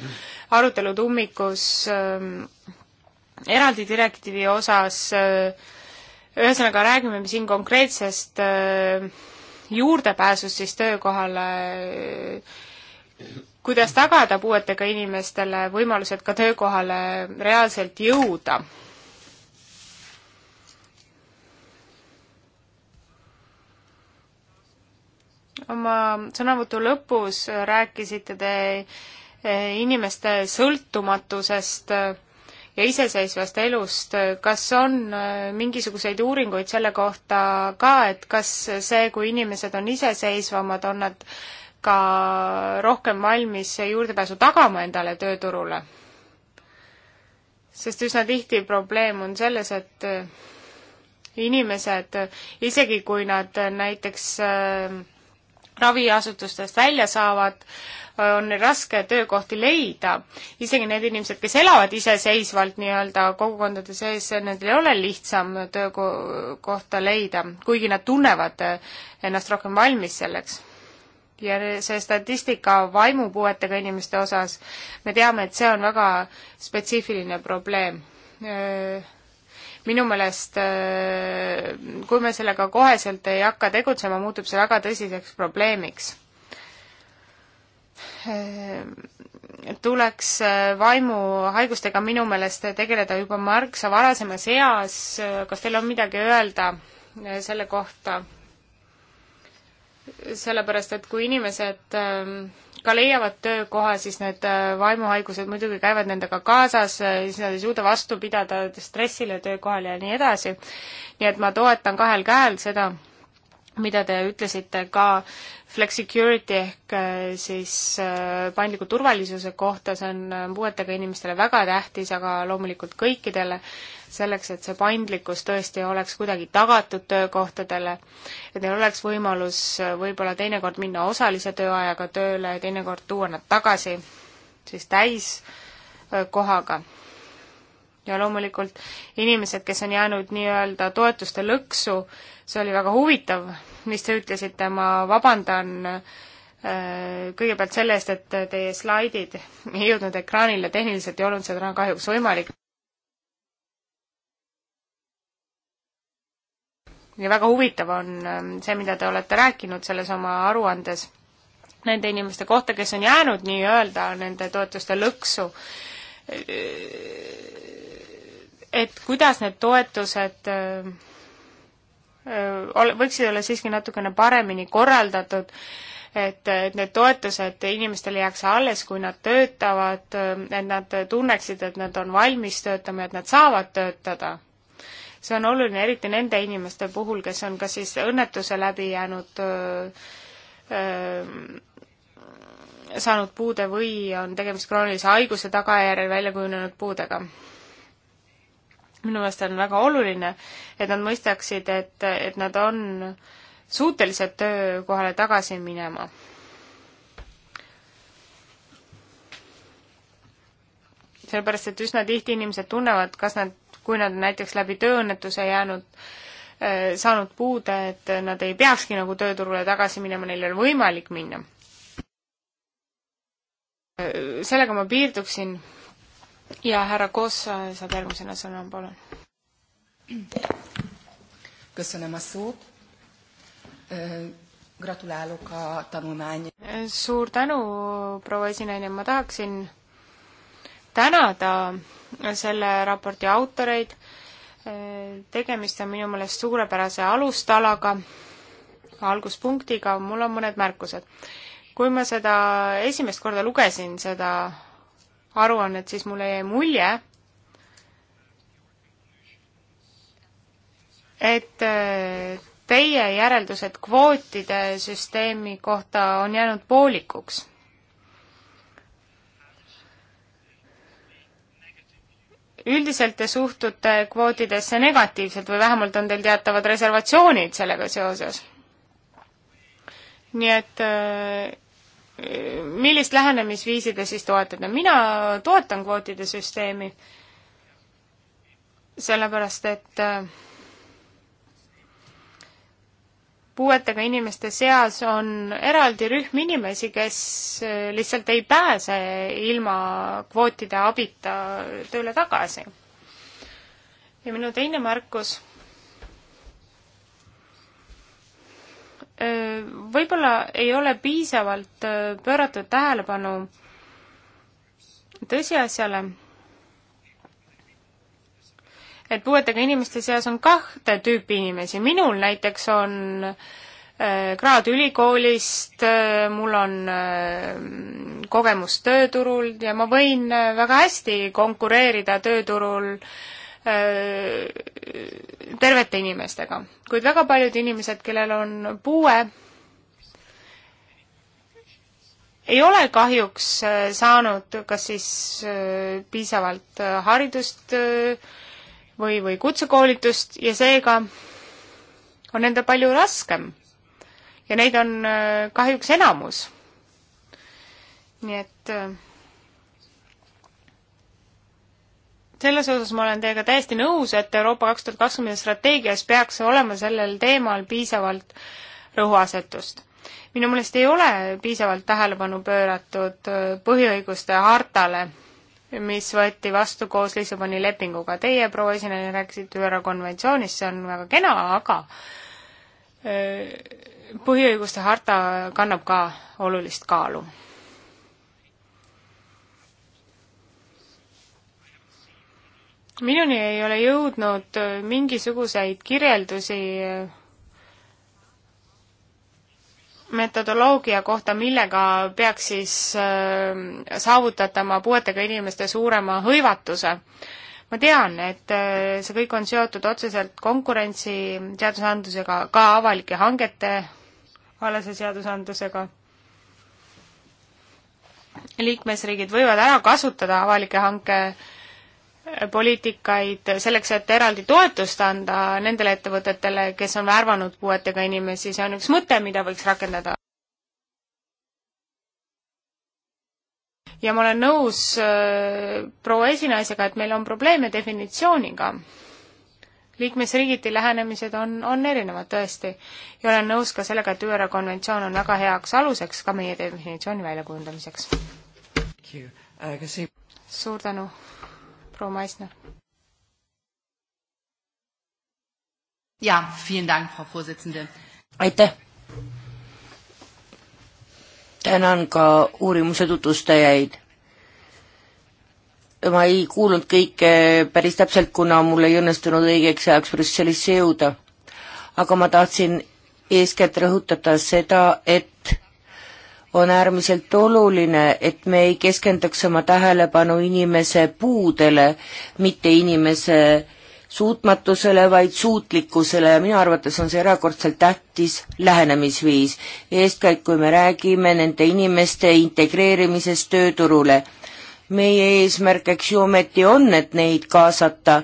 S2: arutelud ummikus ehm, eraldi direktiivi osas äh, ühesõnaga, räägime siin konkreetsest äh, juurdepääsust siis töökohale, äh, kuidas tagada puuetega inimestele võimalused ka töökohale reaalselt jõuda oma sõnavõtu lõpus rääkisite te äh, inimeste sõltumatusest ja iseseisvast elust, kas on äh, mingisuguseid uuringuid selle kohta ka, et kas see, kui inimesed on iseseisvamad, on nad ka rohkem valmis juurdepääsu tagama endale tööturule? sest üsna tihti probleem on selles, et äh, inimesed, isegi kui nad näiteks äh, raviasutustest välja saavad, on raske töökohti leida. isegi need inimesed, kes elavad iseseisvalt nii-öelda kogukondade sees, nendel ei ole lihtsam töökohta leida, kuigi nad tunnevad ennast rohkem valmis selleks. ja see statistika vaimupuuetega inimeste osas, me teame, et see on väga spetsiifiline probleem minu meelest äh, kui me sellega koheselt ei hakka tegutsema, muutub see väga tõsiseks probleemiks äh, tuleks äh, vaimuhaigustega minu meelest tegeleda juba märksa varasemas eas. kas teil on midagi öelda selle kohta? sellepärast et kui inimesed ähm, ka leiavad töökoha, siis need äh, vaimuhaigused muidugi käivad nendega kaasas, äh, siis nad ei suuda vastu pidada stressile töökohal ja nii edasi. nii et ma toetan kahel käel seda, mida te ütlesite ka flexicurity ehk äh, siis äh, paindliku turvalisuse kohta, see on äh, puuetega inimestele väga tähtis, aga loomulikult kõikidele, selleks, et see paindlikkus tõesti oleks kuidagi tagatud töökohtadele, et neil oleks võimalus võib-olla teinekord minna osalise tööajaga tööle ja teinekord tuua nad tagasi siis täiskohaga ja loomulikult inimesed, kes on jäänud nii-öelda toetuste lõksu, see oli väga huvitav, mis te ütlesite, ma vabandan äh, kõigepealt selle eest, et teie slaidid ei jõudnud ekraanile, tehniliselt ei olnud see täna kahjuks võimalik. ja väga huvitav on ähm, see, mida te olete rääkinud selles oma aruandes nende inimeste kohta, kes on jäänud nii-öelda nende toetuste lõksu äh, et kuidas need toetused äh, äh, võiksid olla siiski natukene paremini korraldatud, et, et need toetused inimestele jääks alles, kui nad töötavad, et nad tunneksid, et nad on valmis töötama ja et nad saavad töötada. see on oluline eriti nende inimeste puhul, kes on kas siis õnnetuse läbi jäänud öö, äh, öö, saanud puude või on tegemist kroonilise haiguse tagajärjel välja kujunenud puudega minu meelest on väga oluline, et nad mõistaksid, et, et nad on suutelised töökohale tagasi minema. sellepärast, et üsna tihti inimesed tunnevad, kas nad, kui nad on näiteks läbi tööõnnetuse jäänud äh, saanud puude, et nad ei peakski nagu tööturule tagasi minema, neil ei ole võimalik minna. Äh, sellega ma piirduksin ja härra Kossa äh, saab järgmisena sõna, palun. köszönöm a szót. Gratulálok a tanulmány. suur tänu, proua esinaine, ma tahaksin tänada selle raporti autoreid. tegemist on minu meelest suurepärase alustalaga, alguspunktiga, mul on mõned märkused. kui ma seda esimest korda lugesin, seda aruannet, siis mulle jäi mulje, et äh, teie järeldused kvootide süsteemi kohta on jäänud poolikuks. üldiselt te suhtute kvootidesse negatiivselt või vähemalt on teil teatavad reservatsioonid sellega seoses. nii et äh, millist lähenemisviisi te siis toetate? mina toetan kvootide süsteemi, sellepärast et äh, puuetega inimeste seas on eraldi rühm inimesi, kes äh, lihtsalt ei pääse ilma kvootide abita tööle tagasi. ja minu teine märkus võib-olla ei ole piisavalt äh, pööratud tähelepanu tõsiasjale, et puuetega inimeste seas on kahte tüüpi inimesi, minul näiteks on äh, kraad ülikoolist, äh, mul on kogemus tööturul ja ma võin väga hästi konkureerida tööturul äh, Äh, tervete inimestega, kuid väga paljud inimesed, kellel on puue, ei ole kahjuks äh, saanud kas siis äh, piisavalt haridust või, või kutsekoolitust ja seega on nendel palju raskem. ja neid on kahjuks enamus. nii et äh, selles osas ma olen teiega täiesti nõus, et Euroopa kaks tuhat kakskümmend strateegias peaks olema sellel teemal piisavalt rõhuasetust. minu meelest ei ole piisavalt tähelepanu pööratud põhiõiguste hartale, mis võeti vastu koos Lissaboni lepinguga. Teie, proua esineja, rääkisite ÜRO konventsioonist, see on väga kena, aga põhiõiguste harta kannab ka olulist kaalu minuni ei ole jõudnud äh, mingisuguseid kirjeldusi äh, metodoloogia kohta, millega peaks siis äh, saavutatama puuetega inimeste suurema hõivatuse. ma tean, et see kõik on seotud otseselt konkurentsi seadusandlusega, ka avalike hangete alase seadusandlusega liikmesriigid võivad ära kasutada avalike hanke poliitikaid selleks, et eraldi toetust anda nendele ettevõtetele, kes on värvanud puuetega inimesi, see on üks mõte, mida võiks rakendada. ja ma olen nõus äh, proua esinaisega, et meil on probleeme definitsiooniga. liikmesriigiti lähenemised on, on erinevad tõesti. ja olen nõus ka sellega, et ÜRO konventsioon on väga heaks aluseks ka meie definitsiooni väljakujundamiseks. Äh, suur tänu! proua Maisner. jaa, aitäh!
S3: tänan ka uurimuse tutvustajaid. ma ei kuulnud kõike päris täpselt, kuna mul ei õnnestunud õigeks ajaks Brüsselisse jõuda. aga ma tahtsin eeskätt rõhutada seda, et on äärmiselt oluline, et me ei keskenduks oma tähelepanu inimese puudele, mitte inimese suutmatusele, vaid suutlikkusele ja minu arvates on see erakordselt tähtis lähenemisviis. eeskätt, kui me räägime nende inimeste integreerimisest tööturule. meie eesmärk, eks ju ometi on, et neid kaasata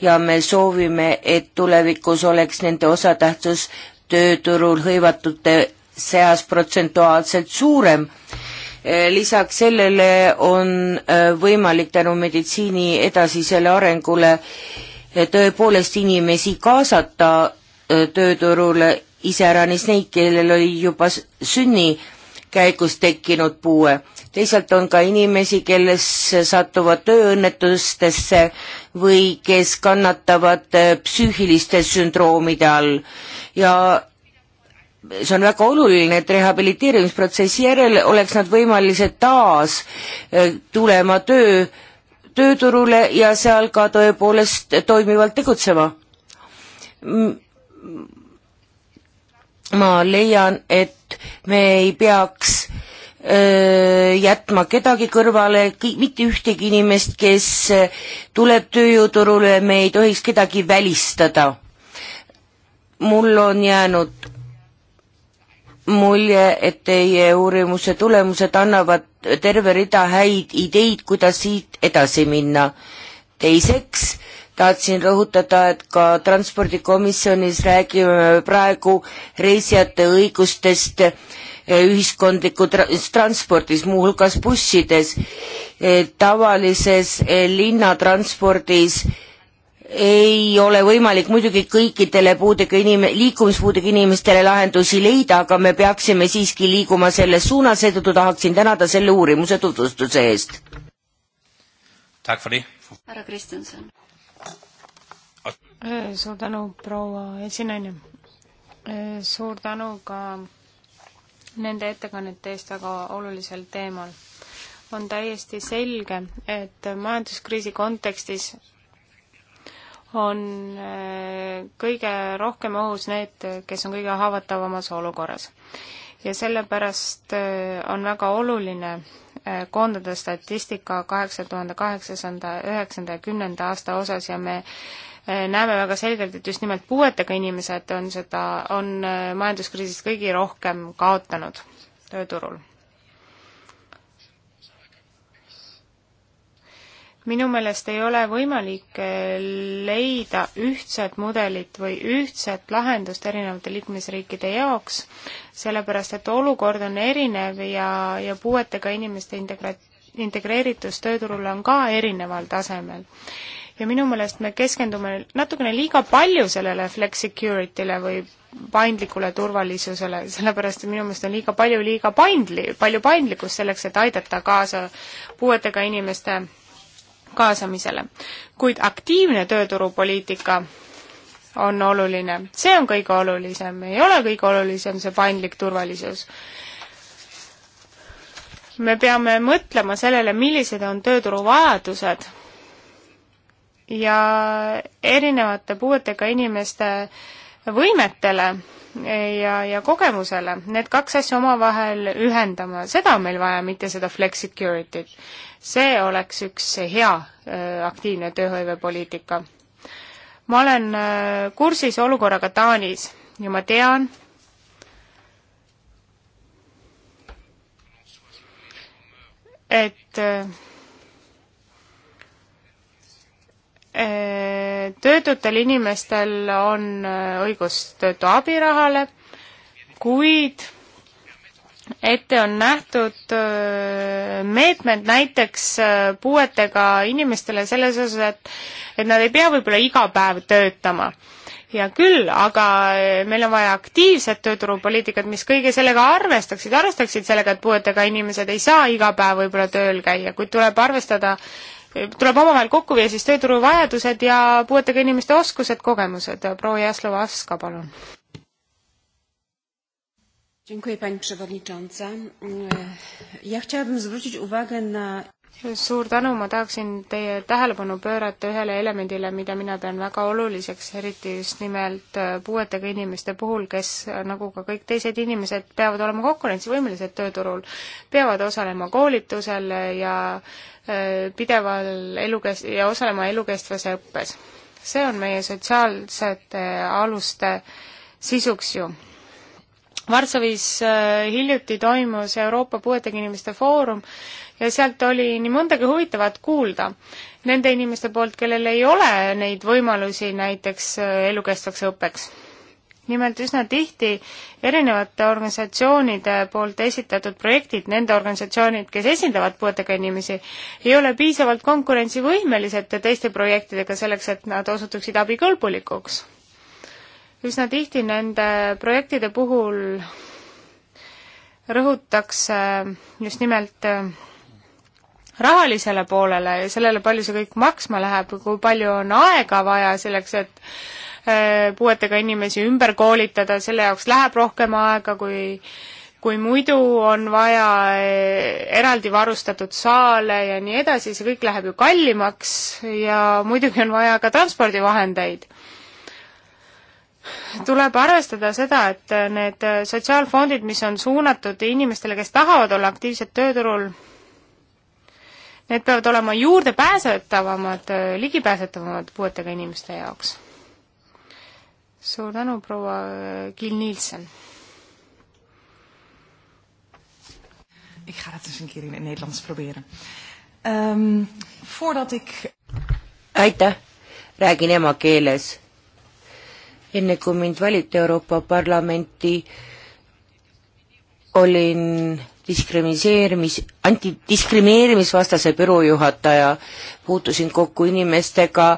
S3: ja me soovime, et tulevikus oleks nende osatähtsus tööturul hõivatute seas protsentuaalselt suurem. Eh, lisaks sellele on eh, võimalik tänu meditsiini edasisele arengule eh, tõepoolest inimesi kaasata tööturule, iseäranis neid, kellel oli juba sünni käigus tekkinud puue. teisalt on ka inimesi, kes satuvad tööõnnetustesse või kes kannatavad psüühiliste sündroomide all ja see on väga oluline, et rehabiliteerimisprotsessi järel oleks nad võimelised taas eh, tulema töö, tööturule ja seal ka tõepoolest toimivalt tegutsema. ma leian, et me ei peaks eh, jätma kedagi kõrvale, mitte ühtegi inimest, kes eh, tuleb tööjõuturule, me ei tohiks kedagi välistada. mul on jäänud mulje, et teie uurimuse tulemused annavad terve rida häid ideid, kuidas siit edasi minna. teiseks tahtsin rõhutada, et ka transpordikomisjonis räägime praegu reisijate õigustest ühiskondliku tra transpordis, muuhulgas bussides, tavalises linnatranspordis ei ole võimalik muidugi kõikidele puudega inim-, liikumispuudega inimestele lahendusi leida, aga me peaksime siiski liiguma selles suunas, seetõttu tahaksin tänada selle uurimuse tutvustuse eest.
S2: härra Kristjanson. Äh, suur tänu, proua esinaine. Äh, suur tänu ka nende ettekannete eest väga olulisel teemal on täiesti selge, et majanduskriisi kontekstis on äh, kõige rohkem ohus need, kes on kõige haavatavamas olukorras. ja sellepärast äh, on väga oluline äh, koondada statistika kaheksa tuhande kaheksasanda, üheksanda ja kümnenda aasta osas ja me näeme väga selgelt, et just nimelt puuetega inimesed on seda, on majanduskriisist kõige rohkem kaotanud tööturul. minu meelest ei ole võimalik eh, leida ühtset mudelit või ühtset lahendust erinevate liikmesriikide jaoks, sellepärast et olukord on erinev ja, ja puuetega inimeste integra-, integreeritus tööturule on ka erineval tasemel. ja minu meelest me keskendume natukene liiga palju sellele flexicurity'le või paindlikule turvalisusele, sellepärast et minu meelest on liiga palju liiga paindli-, palju paindlikkust selleks, et aidata kaasa puuetega inimeste kaasamisele. kuid aktiivne tööturupoliitika on oluline, see on kõige olulisem, ei ole kõige olulisem see paindlik turvalisus. me peame mõtlema sellele, millised on tööturu vajadused ja erinevate puuetega inimeste võimetele ja, ja kogemusele, need kaks asja omavahel ühendama, seda on meil vaja, mitte seda flex security't see oleks üks hea äh, aktiivne tööhõivepoliitika. ma olen äh, kursis olukorraga Taanis ja ma tean, et äh, töötutel inimestel on õigus töötu abirahale, kuid ette on nähtud meetmed näiteks puuetega inimestele selles osas, et, et nad ei pea võib-olla iga päev töötama. hea küll, aga meil on vaja aktiivset tööturupoliitikat, mis kõige sellega arvestaksid, arvestaksid sellega, et puuetega inimesed ei saa iga päev võib-olla tööl käia, kuid tuleb arvestada, tuleb omavahel kokku viia siis tööturu vajadused ja puuetega inimeste oskused, kogemused. proua Jaslova Aska, palun Dziękuję pani przewodnicząca. E, ja chciałabym zwrócić uwagę na suur tänu, ma tahaksin teie tähelepanu pöörata ühele elemendile, mida mina pean väga oluliseks, eriti just nimelt e, puuetega inimeste puhul, kes e, nagu ka kõik teised inimesed peavad olema konkurentsivõimelised tööturul, peavad osalema koolitusel ja pideval elukest- ja osalema elukestvas õppes. see on meie sotsiaalsete aluste sisuks ju Varssavis äh, hiljuti toimus Euroopa Puuetega Inimeste Foorum ja sealt oli nii mõndagi huvitavat kuulda nende inimeste poolt, kellel ei ole neid võimalusi näiteks äh, elukestvaks õppeks. nimelt üsna tihti erinevate organisatsioonide poolt esitatud projektid, nende organisatsioonid, kes esindavad puuetega inimesi, ei ole piisavalt konkurentsivõimelised teiste projektidega selleks, et nad osutuksid abikõlbulikuks üsna tihti nende projektide puhul rõhutakse just nimelt äh, rahalisele poolele ja sellele, palju see kõik maksma läheb, kui palju on aega vaja selleks, et äh, puuetega inimesi ümber koolitada, selle jaoks läheb rohkem aega, kui kui muidu on vaja äh, eraldi varustatud saale ja nii edasi, see kõik läheb ju kallimaks ja muidugi on vaja ka transpordivahendeid tuleb arvestada seda, et äh, need äh, sotsiaalfondid, mis on suunatud inimestele, kes tahavad olla aktiivsed tööturul, need peavad olema juurdepääsetavamad, äh, ligipääsetavamad puuetega inimeste jaoks. suur tänu, proua Kill Nielsen. Ik ga dat eens een keer in het Nederlands proberen. Um, voordat ik.
S3: Aitäh, räägin emakeeles enne kui mind valiti Euroopa Parlamenti, olin diskrimiseerimis, antidiskrimineerimisvastase büroo juhataja, puutusin kokku inimestega,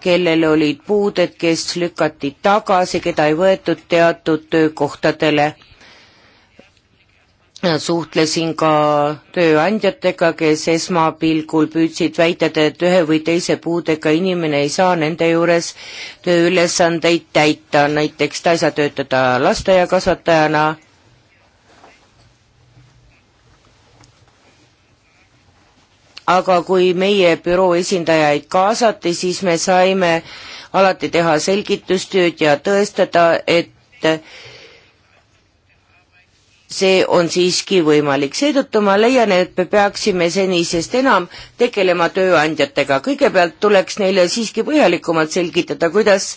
S3: kellel olid puuded, kes lükati tagasi, keda ei võetud teatud töökohtadele suhtlesin ka tööandjatega, kes esmapilgul püüdsid väitada, et ühe või teise puudega inimene ei saa nende juures tööülesandeid täita, näiteks ta ei saa töötada lasteaiakasvatajana. aga kui meie büroo esindajaid kaasati, siis me saime alati teha selgitustööd ja tõestada, et see on siiski võimalik, seetõttu ma leian, et me peaksime senisest enam tegelema tööandjatega, kõigepealt tuleks neile siiski põhjalikumalt selgitada, kuidas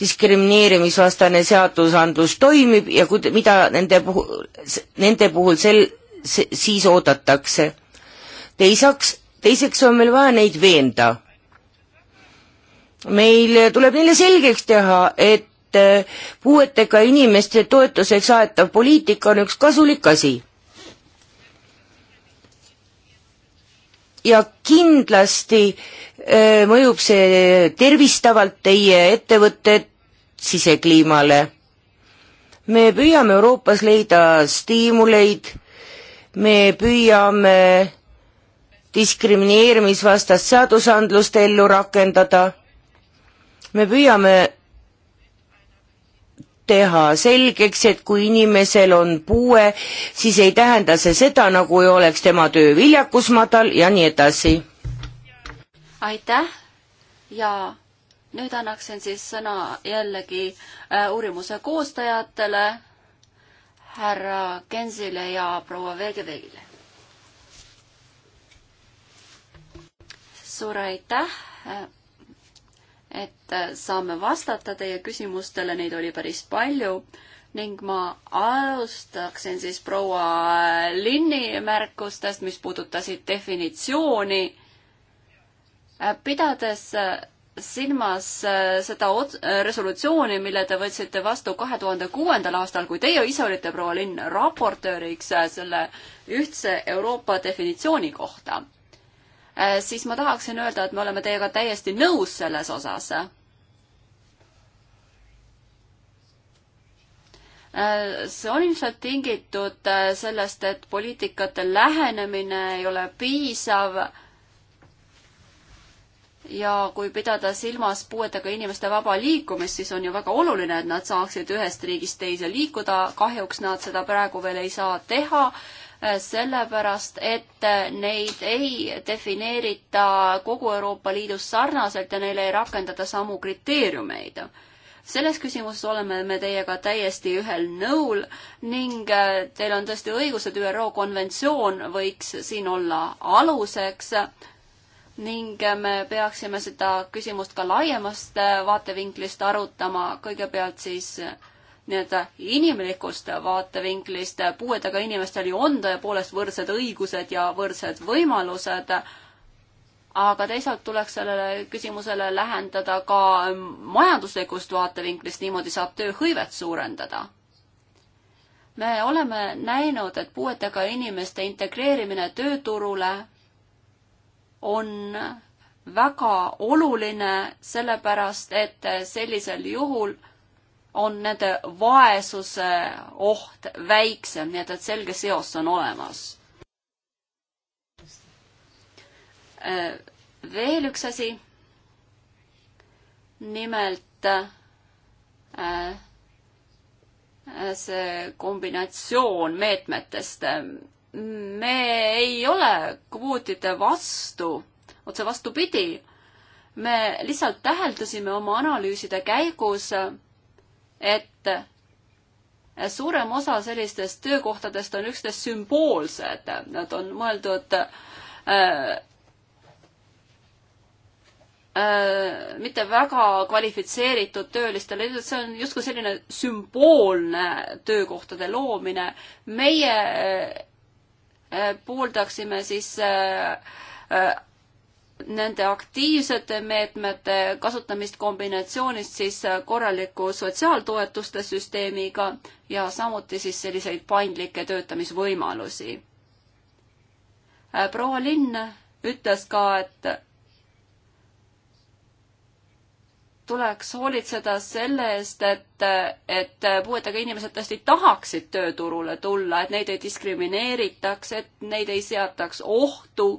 S3: diskrimineerimisvastane seadusandlus toimib ja kud, mida nende puhul, nende puhul sel, siis oodatakse. teisaks, teiseks on meil vaja neid veenda meil tuleb neile selgeks teha, et et äh, puuetega inimeste toetuseks aetav poliitika on üks kasulik asi. ja kindlasti äh, mõjub see tervistavalt teie ettevõtte sisekliimale. me püüame Euroopas leida stiimuleid, me püüame diskrimineerimisvastast seadusandlust ellu rakendada. me püüame teha selgeks, et kui inimesel on puue, siis ei tähenda see seda, nagu ei oleks tema töö viljakus madal ja nii edasi.
S1: aitäh ja nüüd annaksin siis sõna jällegi äh, uurimuse koostajatele, härra Gensile ja proua Veegevegile. suur aitäh et äh, saame vastata teie küsimustele, neid oli päris palju ning ma alustaksin siis proua äh, Linni märkustest, mis puudutasid definitsiooni, äh, pidades silmas seda resolutsiooni, mille te võtsite vastu kahe tuhande kuuendal aastal, kui teie ise olite, proua Linn, raportööriks selle ühtse Euroopa definitsiooni kohta Äh, siis ma tahaksin öelda, et me oleme teiega täiesti nõus selles osas. Äh, see on ilmselt tingitud äh, sellest, et poliitikate lähenemine ei ole piisav ja kui pidada silmas puuetega inimeste vaba liikumist, siis on ju väga oluline, et nad saaksid ühest riigist teise liikuda, kahjuks nad seda praegu veel ei saa teha Äh, sellepärast et äh, neid ei defineerita kogu Euroopa Liidus sarnaselt ja neile ei rakendata samu kriteeriumeid. selles küsimuses oleme me teiega täiesti ühel nõul ning äh, teil on tõesti õigus, et ÜRO konventsioon võiks siin olla aluseks ning me peaksime seda küsimust ka laiemast vaatevinklist arutama, kõigepealt siis nii-öelda inimlikust vaatevinklist puuetega inimestel ju on tõepoolest võrdsed õigused ja võrdsed võimalused, aga teisalt tuleks sellele küsimusele lähendada ka majanduslikust vaatevinklist, niimoodi saab tööhõivet suurendada. me oleme näinud, et puuetega inimeste integreerimine tööturule on väga oluline, sellepärast et sellisel juhul on nende vaesuse oht väiksem, nii et, et selge seos on olemas. Äh, veel üks asi. nimelt äh, äh, see kombinatsioon meetmetest. me ei ole kvootide vastu, otse vastupidi. me lihtsalt täheldasime oma analüüside käigus, et suurem osa sellistest töökohtadest on üksteist sümboolsed, nad on mõeldud äh, äh, mitte väga kvalifitseeritud töölistele, see on justkui selline sümboolne töökohtade loomine. meie äh, äh pooldaksime siis äh, äh nende aktiivsete meetmete kasutamist kombinatsioonist siis korraliku sotsiaaltoetuste süsteemiga ja samuti siis selliseid paindlikke töötamisvõimalusi. Äh, proua Linn ütles ka, et tuleks hoolitseda selle eest, et, et puuetega inimesed tõesti tahaksid tööturule tulla, et neid ei diskrimineeritaks, et neid ei seataks ohtu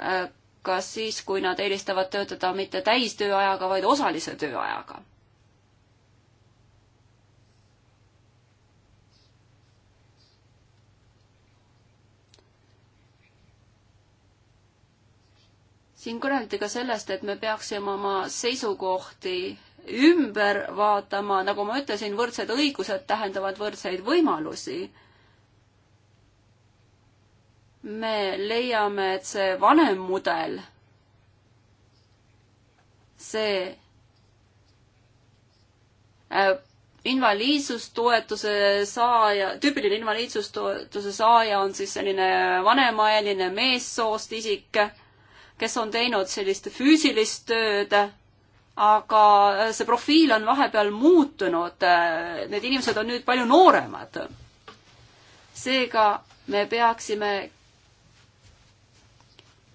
S1: Äh, kas siis, kui nad eelistavad töötada mitte täistööajaga, vaid osalise tööajaga. siin kõneldi ka sellest, et me peaksime oma seisukohti ümber vaatama, nagu ma ütlesin, võrdsed õigused tähendavad võrdseid võimalusi me leiame, et see vanem mudel, see äh, invaliidsustoetuse saaja, tüüpiline invaliidsustoetuse saaja on siis selline vanemaealine meessoost isik, kes on teinud sellist füüsilist tööd, aga see profiil on vahepeal muutunud. Need inimesed on nüüd palju nooremad. seega me peaksime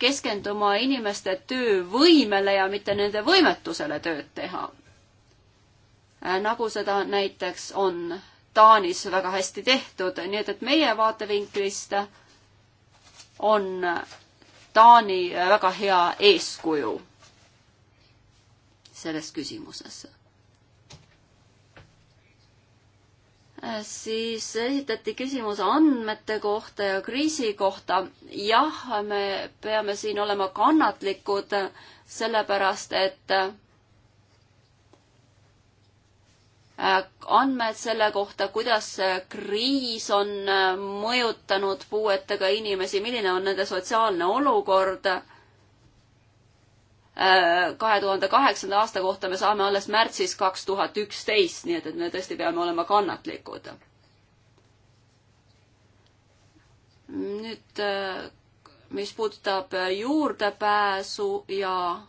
S1: keskenduma inimeste töövõimele ja mitte nende võimetusele tööd teha. Äh, nagu seda näiteks on Taanis väga hästi tehtud, nii et, et meie vaatevinklist on Taani väga hea eeskuju selles küsimuses siis esitati küsimus andmete kohta ja kriisi kohta. jah, me peame siin olema kannatlikud, sellepärast et äh, andmed selle kohta, kuidas kriis on äh, mõjutanud puuetega inimesi, milline on nende sotsiaalne olukord kahe tuhande kaheksanda aasta kohta me saame alles märtsis kaks tuhat üksteist, nii et, et me tõesti peame olema kannatlikud. nüüd, mis puudutab juurdepääsu ja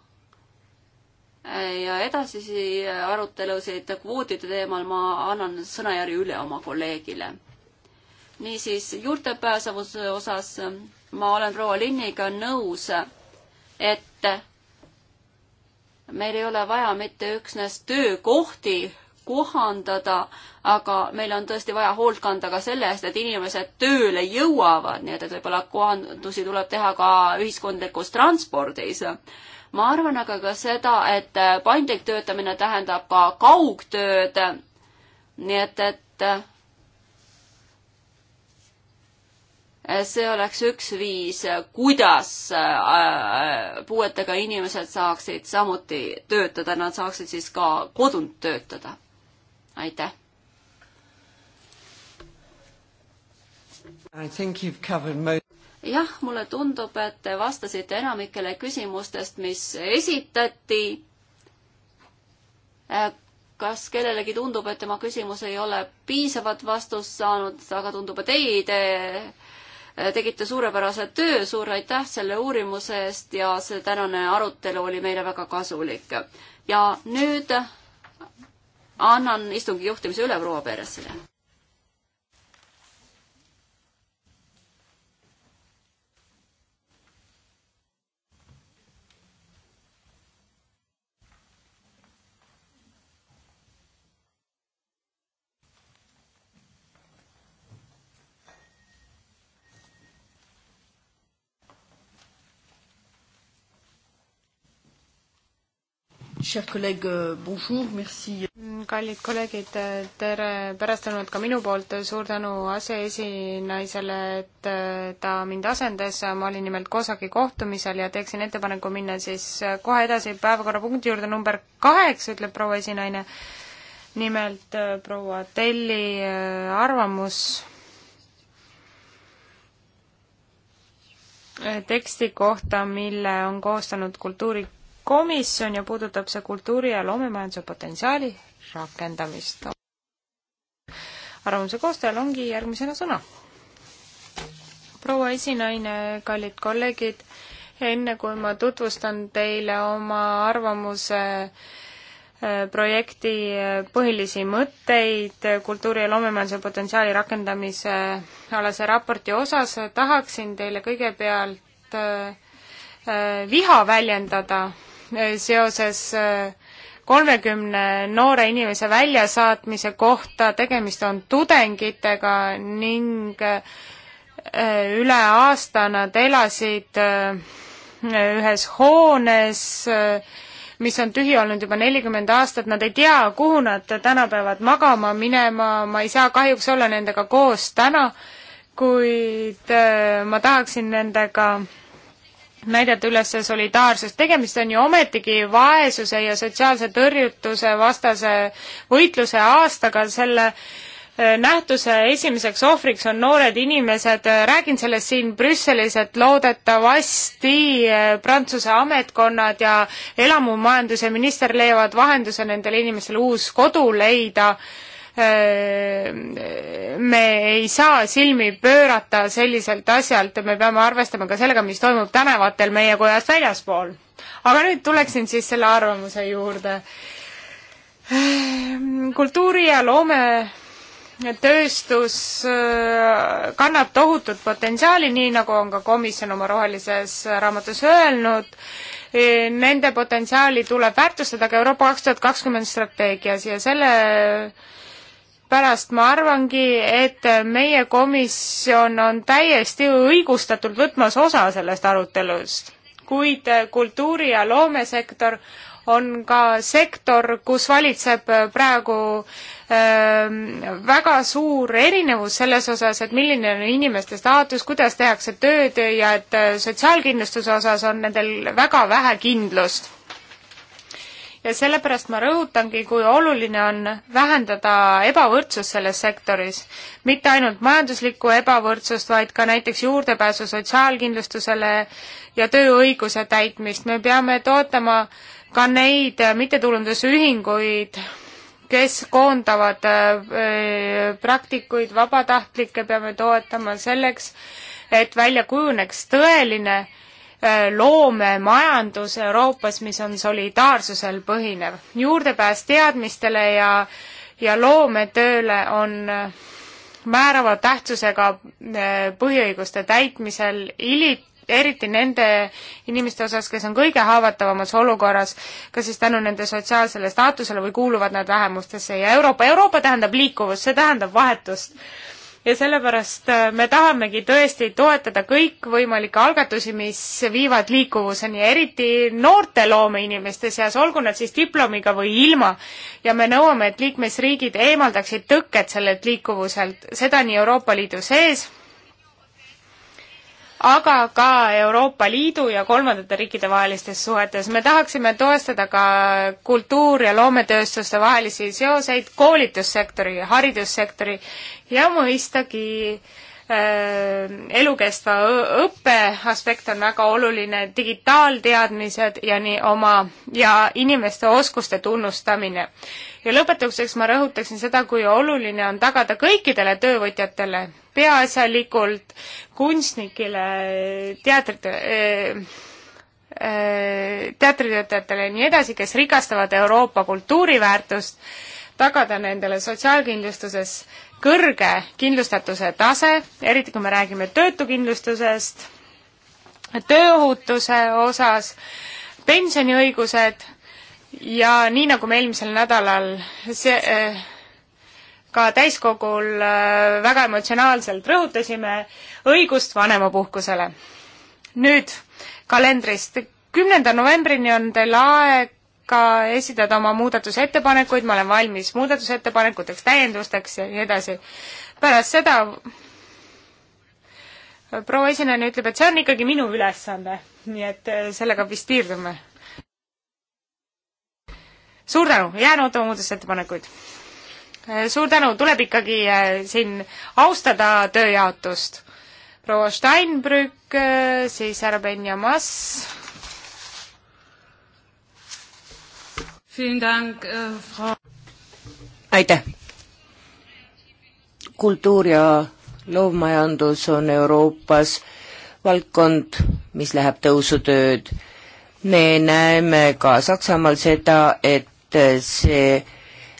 S1: ja edasisi arutelusid kvootide teemal ma annan sõnajärje üle oma kolleegile. niisiis, juurdepääsevuse osas ma olen proua Linniga nõus, et meil ei ole vaja mitte üksnes töökohti kohandada, aga meil on tõesti vaja hoolt kanda ka selle eest, et inimesed tööle jõuavad, nii et, et võib-olla kohandusi tuleb teha ka ühiskondlikus transpordis. ma arvan aga ka seda, et paindlik töötamine tähendab ka kaugtööd. nii et, et see oleks üks viis, kuidas äh, äh, puuetega inimesed saaksid samuti töötada, nad saaksid siis ka kodunt töötada. aitäh. jah, mulle tundub, et te vastasite enamikele küsimustest, mis esitati. Äh, kas kellelegi tundub, et tema küsimus ei ole piisavat vastust saanud, aga tundub, et ei, te tegite suurepärase töö, suur aitäh selle uurimuse eest ja see tänane arutelu oli meile väga kasulik. ja nüüd annan istungi juhtimise üle proua Peresile.
S2: Euh, kallid kolleegid, tere pärastlõunat ka minu poolt, suur tänu aseesinaisele, et äh, ta mind asendas, ma olin nimelt COSAC-i kohtumisel ja teeksin ettepaneku minna siis äh, kohe edasi päevakorrapunkti juurde number kaheksa, ütleb proua esinaine. nimelt äh, proua Telli arvamus teksti kohta, mille on koostanud kultuuri- komisjon ja puudutab see kultuuri ja loomemajanduse potentsiaali rakendamist. arvamuse koostajal ongi järgmisena sõna. proua esinaine, kallid kolleegid, enne kui ma tutvustan teile oma arvamuse eh, projekti eh, põhilisi mõtteid eh, kultuuri ja loomemajanduse potentsiaali rakendamise alase raporti osas, tahaksin teile kõigepealt viha väljendada seoses äh, kolmekümne noore inimese väljasaatmise kohta, tegemist on tudengitega ning äh, üle aasta nad elasid äh, ühes hoones, mis on tühi olnud juba nelikümmend aastat, nad ei tea, kuhu nad täna peavad magama minema, ma ei saa kahjuks olla nendega koos täna, kuid ma tahaksin nendega näidata üles solidaarsust. tegemist on ju ometigi vaesuse ja sotsiaalse tõrjutuse vastase võitluse aastaga, selle äh, nähtuse esimeseks ohvriks on noored inimesed, räägin sellest siin Brüsselis, et loodetavasti äh, Prantsuse ametkonnad ja elamumajanduse minister leiavad vahenduse nendele inimestele uus kodu leida äh, Äh, me ei saa silmi pöörata selliselt asjalt, me peame arvestama ka sellega, mis toimub tänavatel meie kojast väljaspool. aga nüüd tuleksin siis selle arvamuse juurde. Äh, kultuuri ja loome tööstus äh, kannab tohutut potentsiaali, nii nagu on ka komisjon oma rohelises raamatus öelnud. Nende potentsiaali tuleb väärtustada ka Euroopa kaks tuhat kakskümmend strateegias ja selle pärast ma arvangi, et meie komisjon on täiesti õigustatult võtmas osa sellest arutelust, kuid kultuuri- ja loomesektor on ka sektor, kus valitseb praegu äh, väga suur erinevus selles osas, et milline on inimeste staatus, kuidas tehakse tööd ja et äh, sotsiaalkindlustuse osas on nendel väga vähe kindlust ja sellepärast ma rõhutangi, kui oluline on vähendada ebavõrdsust selles sektoris. mitte ainult majanduslikku ebavõrdsust, vaid ka näiteks juurdepääsu sotsiaalkindlustusele ja tööõiguse täitmist. me peame toetama ka neid mittetulundusühinguid, kes koondavad äh, praktikuid, vabatahtlikke peame toetama selleks, et välja kujuneks tõeline Äh, loomemajandus Euroopas, mis on solidaarsusel põhinev. juurdepääs teadmistele ja, ja loometööle on äh, määrava tähtsusega äh, põhiõiguste täitmisel, eriti nende inimeste osas, kes on kõige haavatavamas olukorras, kas siis tänu nende sotsiaalsele staatusele või kuuluvad nad vähemustesse ja Euroopa, Euroopa tähendab liikuvust, see tähendab vahetust ja sellepärast äh, me tahamegi tõesti toetada kõikvõimalikke algatusi, mis viivad liikuvuseni, eriti noorte loomeinimeste seas, olgu nad siis diplomiga või ilma. ja me nõuame, et liikmesriigid eemaldaksid tõkked sellelt liikuvuselt, seda nii Euroopa Liidu sees, aga ka Euroopa Liidu ja kolmandate riikide vahelistes suhetes. me tahaksime toestada ka kultuur- ja loometööstuste vahelisi seoseid koolitussektori, haridussektori ja mõistagi äh, elukestva õppe aspekt on väga oluline, digitaalteadmised ja nii oma ja inimeste oskuste tunnustamine. ja lõpetuseks ma rõhutaksin seda, kui oluline on tagada kõikidele töövõtjatele, peaasjalikult kunstnikele, teatrite, äh, äh, teatritöötajatele ja nii edasi, kes rikastavad Euroopa kultuuriväärtust, tagada nendele sotsiaalkindlustuses kõrge kindlustatuse tase, eriti kui me räägime töötukindlustusest, tööohutuse osas, pensioniõigused ja nii, nagu me eelmisel nädalal see, eh, ka täiskogul eh, väga emotsionaalselt rõhutasime, õigust vanemapuhkusele. nüüd kalendrist. kümnenda novembrini on teil aeg ka esitada oma muudatusettepanekuid, ma olen valmis muudatusettepanekuteks, täiendusteks ja nii edasi. pärast seda proua esinejana ütleb, et see on ikkagi minu ülesanne, nii et äh, sellega vist piirdume. suur tänu, jään ootama muudatusettepanekuid. Äh, suur tänu, tuleb ikkagi äh, siin austada tööjaotust. proua Steinbrück, siis härra Benjamas Äh,
S3: aitäh! kultuur ja loovmajandus on Euroopas valdkond, mis läheb tõusutööd. me näeme ka Saksamaal seda, et see,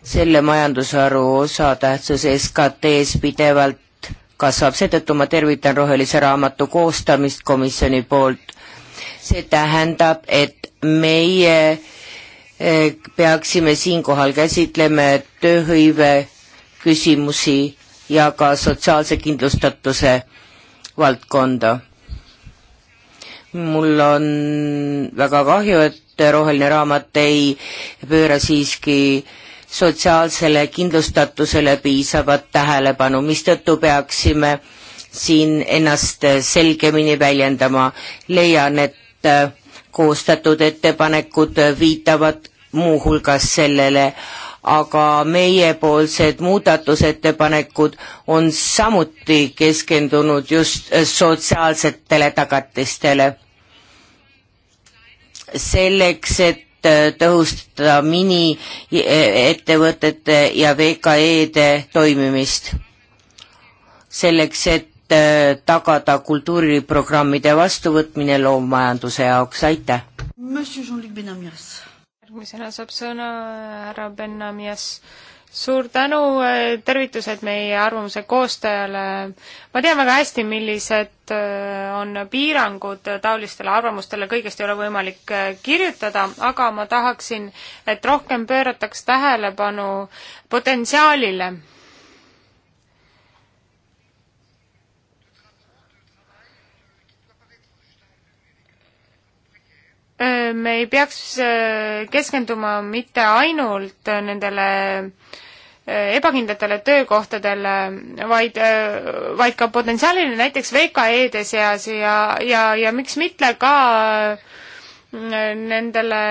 S3: selle majandusharu osatähtsus SKT-s pidevalt kasvab, seetõttu ma tervitan rohelise raamatu koostamist komisjoni poolt. see tähendab, et meie äh, Eh, peaksime siinkohal käsitleme tööhõive küsimusi ja ka sotsiaalse kindlustatuse valdkonda. mul on väga kahju, et roheline raamat ei pööra siiski sotsiaalsele kindlustatusele piisavat tähelepanu, mistõttu peaksime siin ennast selgemini väljendama. leian, et äh, koostatud ettepanekud viitavad muuhulgas sellele, aga meiepoolsed muudatusettepanekud on samuti keskendunud just sotsiaalsetele tagatistele. selleks, et tõhustada miniettevõtete ja VKE-de toimimist. selleks, et Äh, tagada kultuuriprogrammide vastuvõtmine loomajanduse jaoks, aitäh!
S2: järgmisena saab sõna härra Benamias. suur tänu, äh, tervitused meie arvamuse koostajale. ma tean väga hästi, millised äh, on piirangud taolistele arvamustele, kõigest ei ole võimalik kirjutada, aga ma tahaksin, et rohkem pöörataks tähelepanu potentsiaalile Äh, me ei peaks äh, keskenduma mitte ainult nendele äh, ebakindlatele töökohtadele, vaid, vaid ka potentsiaalile näiteks VKE-de seas ja, ja, ja miks mitte ka nendele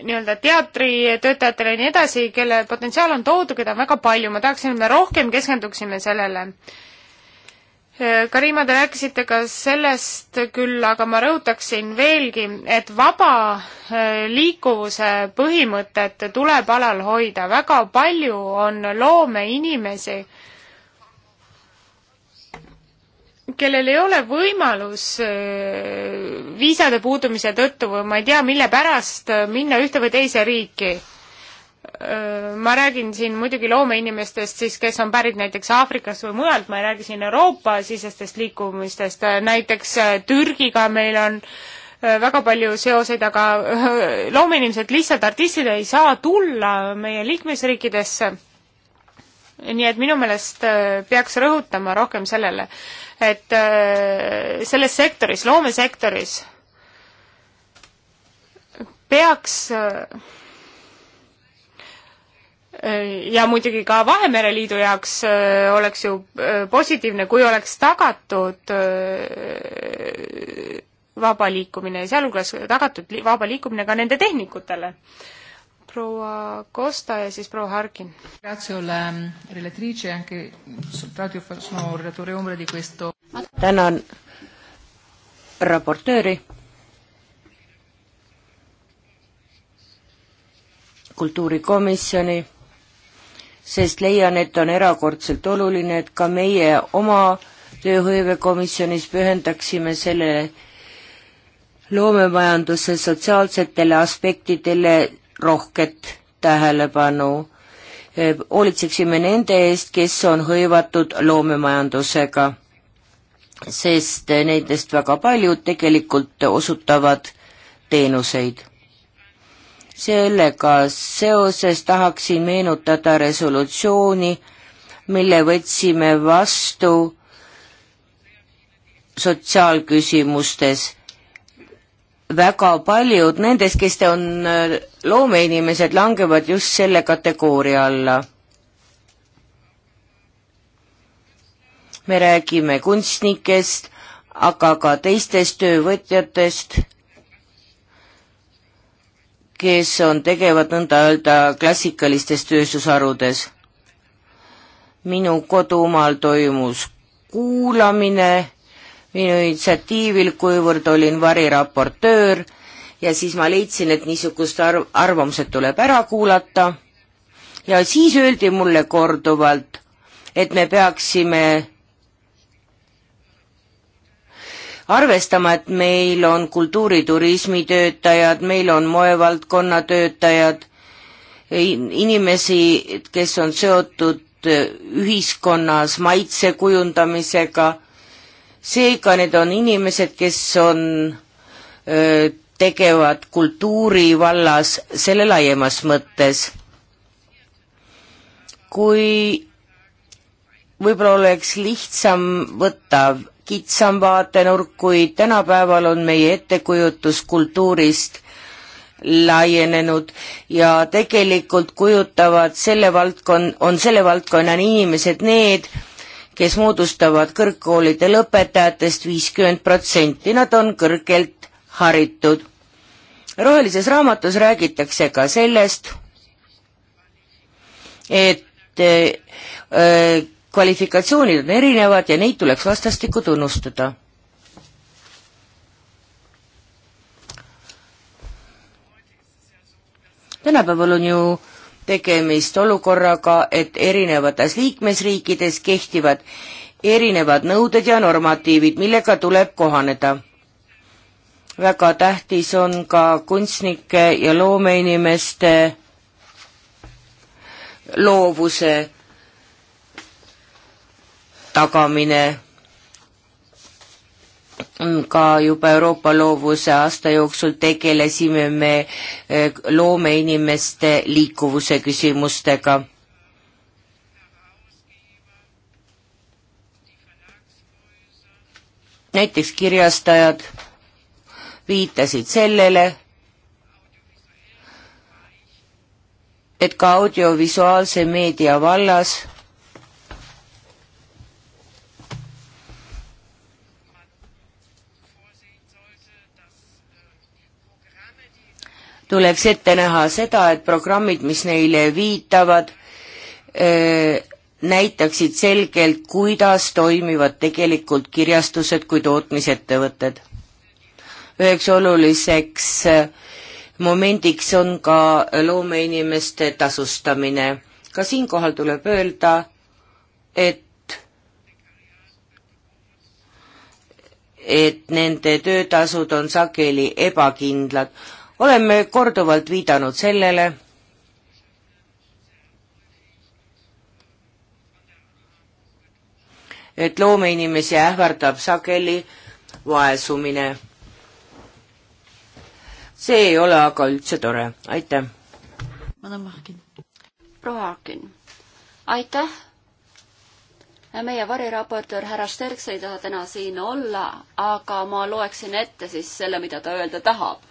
S2: nii-öelda teatritöötajatele ja nii edasi, kelle potentsiaal on tohutu, keda on väga palju, ma tahaksin, et me rohkem keskenduksime sellele. Karima, te rääkisite ka sellest küll, aga ma rõhutaksin veelgi, et vaba eh, liikuvuse põhimõtet tuleb alal hoida. väga palju on loomeinimesi, kellel ei ole võimalus eh, viisade puudumise tõttu või ma ei tea, mille pärast minna ühte või teise riiki Äh, ma räägin siin muidugi loomeinimestest siis, kes on pärit näiteks Aafrikast või mujalt, ma ei räägi siin Euroopa sisestest liikumistest, näiteks äh, Türgiga meil on äh, väga palju seoseid, aga loomeinimesed lihtsalt artistid ei saa tulla meie liikmesriikidesse. nii et minu meelest peaks rõhutama rohkem sellele, et selles sektoris, loomesektoris peaks Äh, ja muidugi ka Vahemere Liidu jaoks äh, oleks ju äh, positiivne, kui oleks tagatud vaba liikumine ja sealhulgas tagatud vaba liikumine ka nende tehnikutele. proua Costa ja siis proua Harkin. Mm,
S3: ma tänan raportööri kultuurikomisjoni sest leian, et on erakordselt oluline, et ka meie oma tööhõivekomisjonis pühendaksime sellele loomemajanduse sotsiaalsetele aspektidele rohket tähelepanu. E, hoolitseksime nende eest, kes on hõivatud loomemajandusega, sest nendest väga paljud tegelikult osutavad teenuseid sellega seoses tahaksin meenutada resolutsiooni, mille võtsime vastu sotsiaalküsimustes. väga paljud nendest, kes te on äh, loomeinimesed, langevad just selle kategooria alla. me räägime kunstnikest, aga ka teistest töövõtjatest kes on tegevad nõnda öelda klassikalistes tööstusharudes. minu kodumaal toimus kuulamine minu initsiatiivil, kuivõrd olin variraportöör ja siis ma leidsin, et niisugust arv, arvamused tuleb ära kuulata ja siis öeldi mulle korduvalt, et me peaksime arvestama, et meil on kultuuriturismi töötajad, meil on moevaldkonna töötajad, inimesi, kes on seotud äh, ühiskonnas maitse kujundamisega, seega need on inimesed, kes on, äh, tegevad kultuuri vallas selle laiemas mõttes. kui võib-olla oleks lihtsam võtta kitsam vaatenurk, kuid tänapäeval on meie ettekujutus kultuurist laienenud ja tegelikult kujutavad selle valdkond, on selle valdkonna inimesed need, kes moodustavad kõrgkoolide lõpetajatest viiskümmend protsenti, nad on kõrgelt haritud. rohelises raamatus räägitakse ka sellest, et öö, äh, kvalifikatsioonid on erinevad ja neid tuleks vastastikku tunnustada. tänapäeval on ju tegemist olukorraga, et erinevates liikmesriikides kehtivad erinevad nõuded ja normatiivid, millega tuleb kohaneda. väga tähtis on ka kunstnike ja loomeinimeste loovuse tagamine ka juba Euroopa loovuse aasta jooksul tegelesime me eh, loomeinimeste liikuvuse küsimustega. näiteks kirjastajad viitasid sellele, et ka audiovisuaalse meedia vallas tuleks ette näha seda, et programmid, mis neile viitavad, näitaksid selgelt, kuidas toimivad tegelikult kirjastused kui tootmisettevõtted. üheks oluliseks momendiks on ka loomeinimeste tasustamine. ka siinkohal tuleb öelda, et et nende töötasud on sageli ebakindlad oleme korduvalt viidanud sellele, et loomeinimesi ähvardab sageli vaesumine. see ei ole aga üldse tore, aitäh. proua Akin,
S1: aitäh. meie variraportöör härra Sterks ei taha täna siin olla, aga ma loeksin ette siis selle, mida ta öelda tahab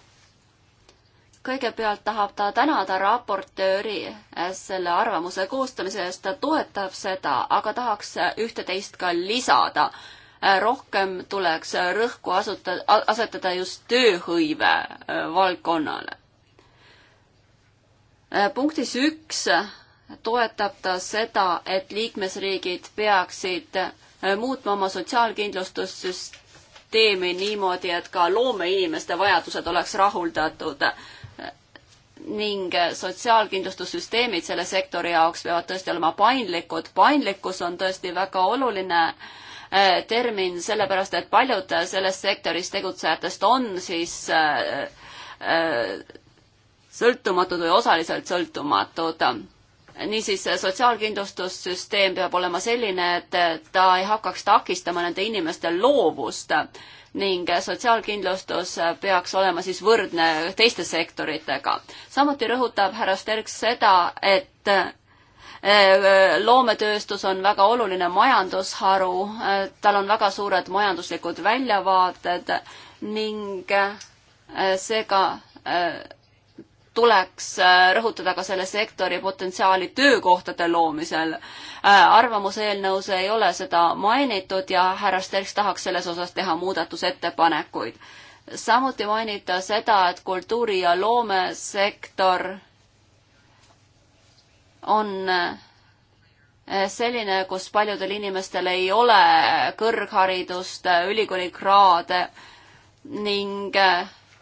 S1: kõigepealt tahab ta tänada raportööri äh, selle arvamuse koostamise eest, ta toetab seda, aga tahaks äh, ühte-teist ka lisada. Äh, rohkem tuleks rõhku asuta, asetada just tööhõive valdkonnale. punktis üks toetab ta seda, et liikmesriigid peaksid muutma oma sotsiaalkindlustussüsteemi niimoodi, et ka loomeinimeste vajadused oleks rahuldatud ning sotsiaalkindlustussüsteemid selle sektori jaoks peavad tõesti olema paindlikud. paindlikkus on tõesti väga oluline eh, termin, sellepärast et paljud selles sektoris tegutsejatest on siis eh, eh, sõltumatud või osaliselt sõltumatud niisiis sotsiaalkindlustussüsteem peab olema selline, et ta ei hakkaks takistama nende inimeste loovust ning sotsiaalkindlustus peaks olema siis võrdne teiste sektoritega. samuti rõhutab härra Sterks seda, et eh, loometööstus on väga oluline majandusharu, eh, tal on väga suured majanduslikud väljavaated ning eh, seega tuleks äh, rõhutada ka selle sektori potentsiaali töökohtade loomisel. Äh, arvamuseelnõus ei ole seda mainitud ja härra Sterks tahaks selles osas teha muudatusettepanekuid. samuti mainida seda, et kultuuri- ja loomesektor on äh, selline, kus paljudel inimestel ei ole kõrgharidust, ülikoolikraade ning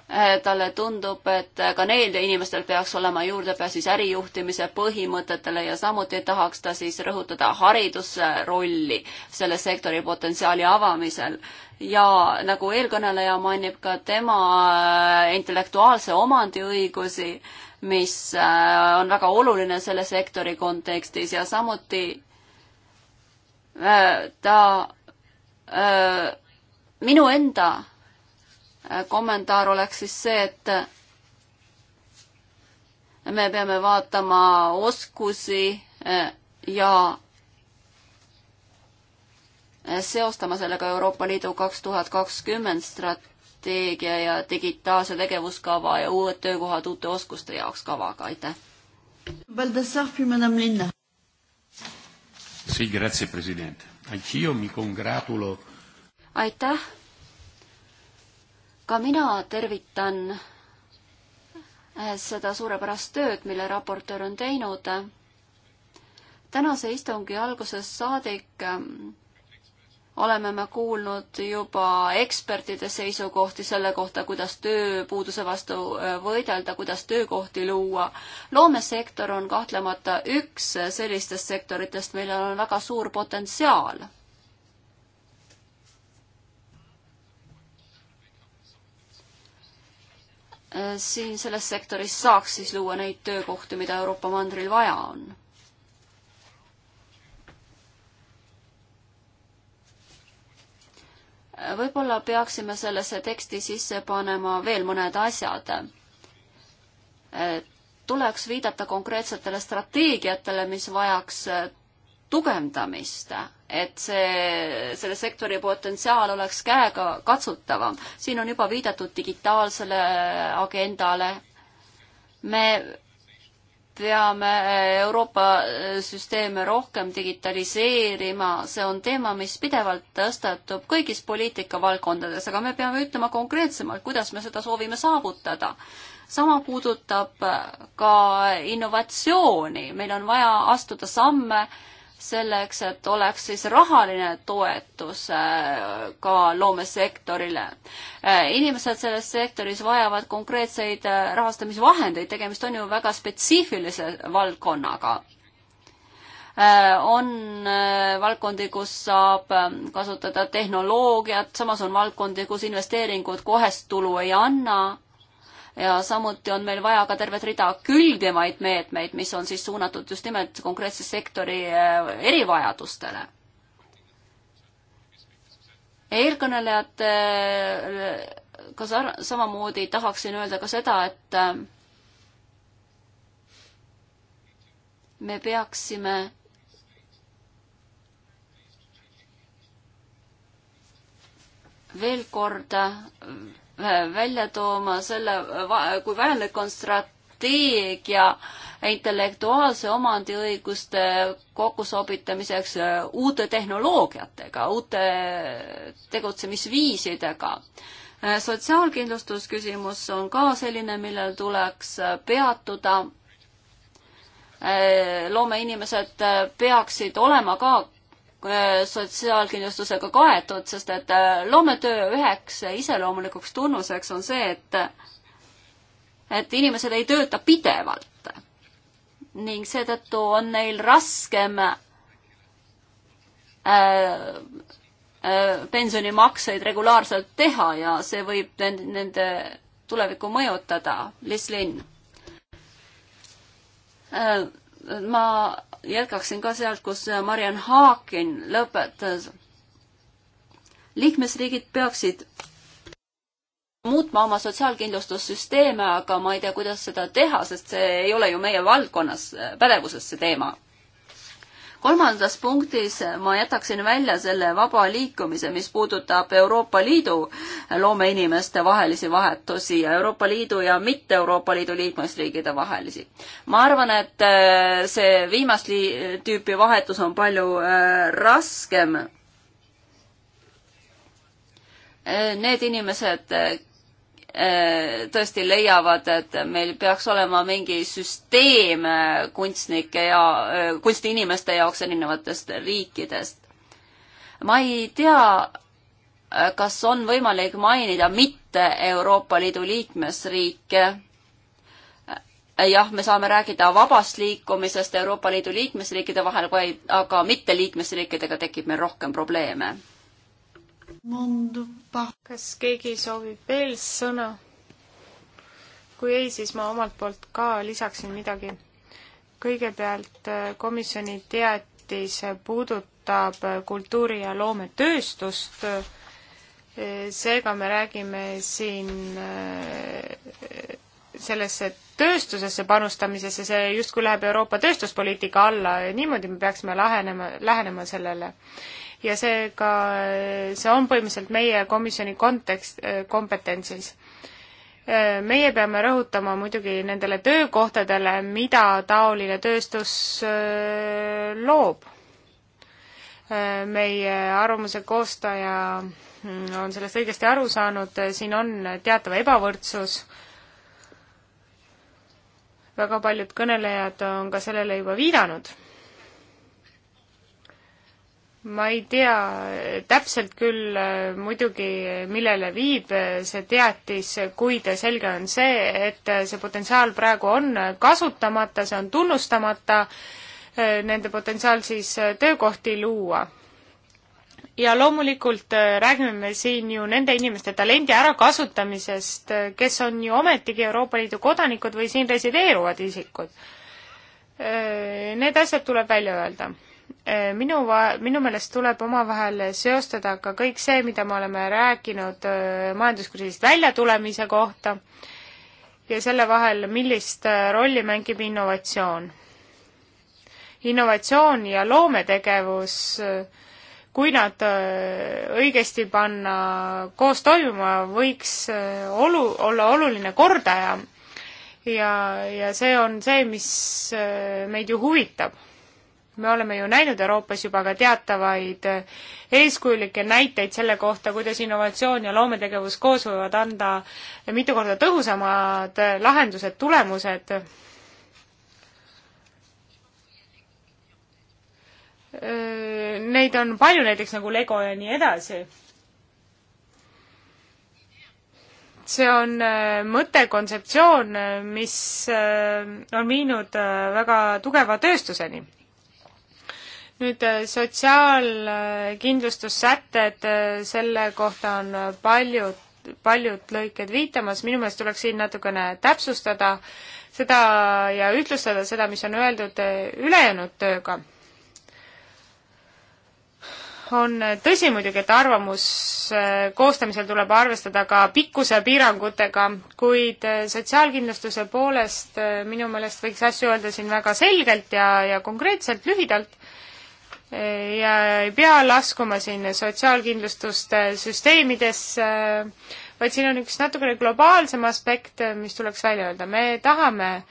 S1: Eh, talle tundub, et ka neil inimestel peaks olema juurdepääs siis ärijuhtimise põhimõtetele ja samuti tahaks ta siis rõhutada haridusrolli selle sektori potentsiaali avamisel. ja nagu eelkõneleja mainib, ka tema eh, intellektuaalse omandiõigusi, mis eh, on väga oluline selle sektori kontekstis ja samuti ta minu enda kommentaar oleks siis see, et me peame vaatama oskusi eh, ja seostama sellega Euroopa Liidu kaks tuhat kakskümmend strateegia ja digitaalse tegevuskava ja uued töökohad uute oskuste jaoks kavaga, aitäh. aitäh ka mina tervitan äh, seda suurepärast tööd, mille raportöör on teinud. tänase istungi algusest saadik ähm, oleme me kuulnud juba ekspertide seisukohti selle kohta, kuidas tööpuuduse vastu äh, võidelda, kuidas töökohti luua. loomesektor on kahtlemata üks sellistest sektoritest, millel on väga suur potentsiaal Äh, siin selles sektoris saaks siis luua neid töökohti, mida Euroopa mandril vaja on. võib-olla peaksime sellesse teksti sisse panema veel mõned asjad. Äh, tuleks viidata konkreetsetele strateegiatele, mis vajaks äh, tugevdamist, et see, selle sektori potentsiaal oleks käega katsutavam. siin on juba viidatud digitaalsele agendale. me peame Euroopa süsteeme rohkem digitaliseerima, see on teema, mis pidevalt tõstatub kõigis poliitikavaldkondades, aga me peame ütlema konkreetsemalt, kuidas me seda soovime saavutada. sama puudutab ka innovatsiooni, meil on vaja astuda samme selleks, et oleks siis rahaline toetus äh, ka loomesektorile. Äh, inimesed selles sektoris vajavad konkreetseid äh, rahastamisvahendeid, tegemist on ju väga spetsiifilise valdkonnaga. on valdkondi, kus saab ähm, kasutada tehnoloogiat, samas on valdkondi, kus investeeringud kohest tulu ei anna ja samuti on meil vaja ka tervet rida külgemaid meetmeid, mis on siis suunatud just nimelt konkreetse sektori äh, erivajadustele. eelkõnelejate äh, ka samamoodi tahaksin öelda ka seda, et äh, me peaksime veel kord välja tooma selle, kui vajalik on strateegia intellektuaalse omandiõiguste kokkusobitamiseks äh, uute tehnoloogiatega, uute tegutsemisviisidega. Äh, sotsiaalkindlustusküsimus on ka selline, millel tuleks äh, peatuda loomeinimesed peaksid olema ka Äh, sotsiaalkindlustusega kaetud, sest et äh, loometöö üheks iseloomulikuks tunnuseks on see, et et inimesed ei tööta pidevalt ning seetõttu on neil raskem äh, äh, pensionimakseid regulaarselt teha ja see võib nende tulevikku mõjutada. Liis Linn äh,. ma jätkaksin ka sealt, kus Mariann Haakin lõpetas. liikmesriigid peaksid muutma oma sotsiaalkindlustussüsteeme, aga ma ei tea, kuidas seda teha, sest see ei ole ju meie valdkonnas, pädevuses see teema kolmandas punktis ma jätaksin välja selle vaba liikumise, mis puudutab Euroopa Liidu loomeinimeste vahelisi vahetusi ja Euroopa Liidu ja mitte Euroopa Liidu liikmesriigide vahelisi. ma arvan, et äh, see viimast tüüpi vahetus on palju äh, raskem äh, need inimesed, Äh, tõesti leiavad, et meil peaks olema mingi süsteem äh, kunstnike ja äh, kunstiinimeste jaoks erinevatest riikidest. ma ei tea, kas on võimalik mainida mitte Euroopa Liidu liikmesriike. jah, me saame rääkida vabast liikumisest Euroopa Liidu liikmesriikide vahel, vaid aga mitte liikmesriikidega tekib meil rohkem probleeme
S2: kas keegi soovib veel sõna? kui ei, siis ma omalt poolt ka lisaksin midagi. kõigepealt äh, komisjoni teatis puudutab äh, kultuuri- ja loometööstust äh, seega me räägime siin sellesse tööstusesse panustamisesse, see justkui läheb Euroopa tööstuspoliitika alla ja niimoodi me peaksime lahenema, lähenema sellele ja seega see on põhimõtteliselt meie komisjoni kontekst, eh, kompetentsis. Eh, meie peame rõhutama muidugi nendele töökohtadele, mida taoline tööstus eh, loob. meie arvamuse koostaja mm, on sellest õigesti aru saanud, siin on teatav ebavõrdsus väga paljud kõnelejad on ka sellele juba viidanud ma ei tea täpselt küll äh, muidugi, millele viib äh, see teatis, kuid selge on see, et äh, see potentsiaal praegu on kasutamata, see on tunnustamata, nende potentsiaal siis töökohti luua. ja loomulikult räägime me siin ju nende inimeste talendi ärakasutamisest, kes on ju ometigi Euroopa Liidu kodanikud või siin resideeruvad isikud. Need asjad tuleb välja öelda Äh, minu, minu meelest tuleb omavahel seostada ka kõik see, mida me oleme rääkinud äh, majanduskriisist väljatulemise kohta ja selle vahel, millist äh, rolli mängib innovatsioon. innovatsioon ja loometegevus, kui nad õigesti panna koos toimima, võiks olu, olla oluline kordaja ja, ja see on see, mis meid ju huvitab me oleme ju näinud Euroopas juba ka teatavaid eh, eeskujulikke näiteid selle kohta, kuidas innovatsioon ja loometegevus koos võivad anda mitu korda tõhusamad eh, lahendused, tulemused. Eh, neid on palju, näiteks nagu Lego ja nii edasi see on mõte, kontseptsioon, mis on viinud väga tugeva tööstuseni nüüd äh, sotsiaalkindlustussätted, äh, selle kohta on äh, paljud, paljud lõiked viitamas, minu meelest tuleks siin natukene täpsustada seda ja ühtlustada seda, mis on öeldud ülejäänud tööga. on tõsi muidugi, et arvamus koostamisel tuleb arvestada ka pikkusepiirangutega, kuid sotsiaalkindlustuse poolest minu meelest võiks asju öelda siin väga selgelt ja, ja konkreetselt, lühidalt ja ei pea laskuma siin sotsiaalkindlustuste süsteemidesse, vaid siin on üks natukene globaalsem aspekt, mis tuleks välja öelda. me tahame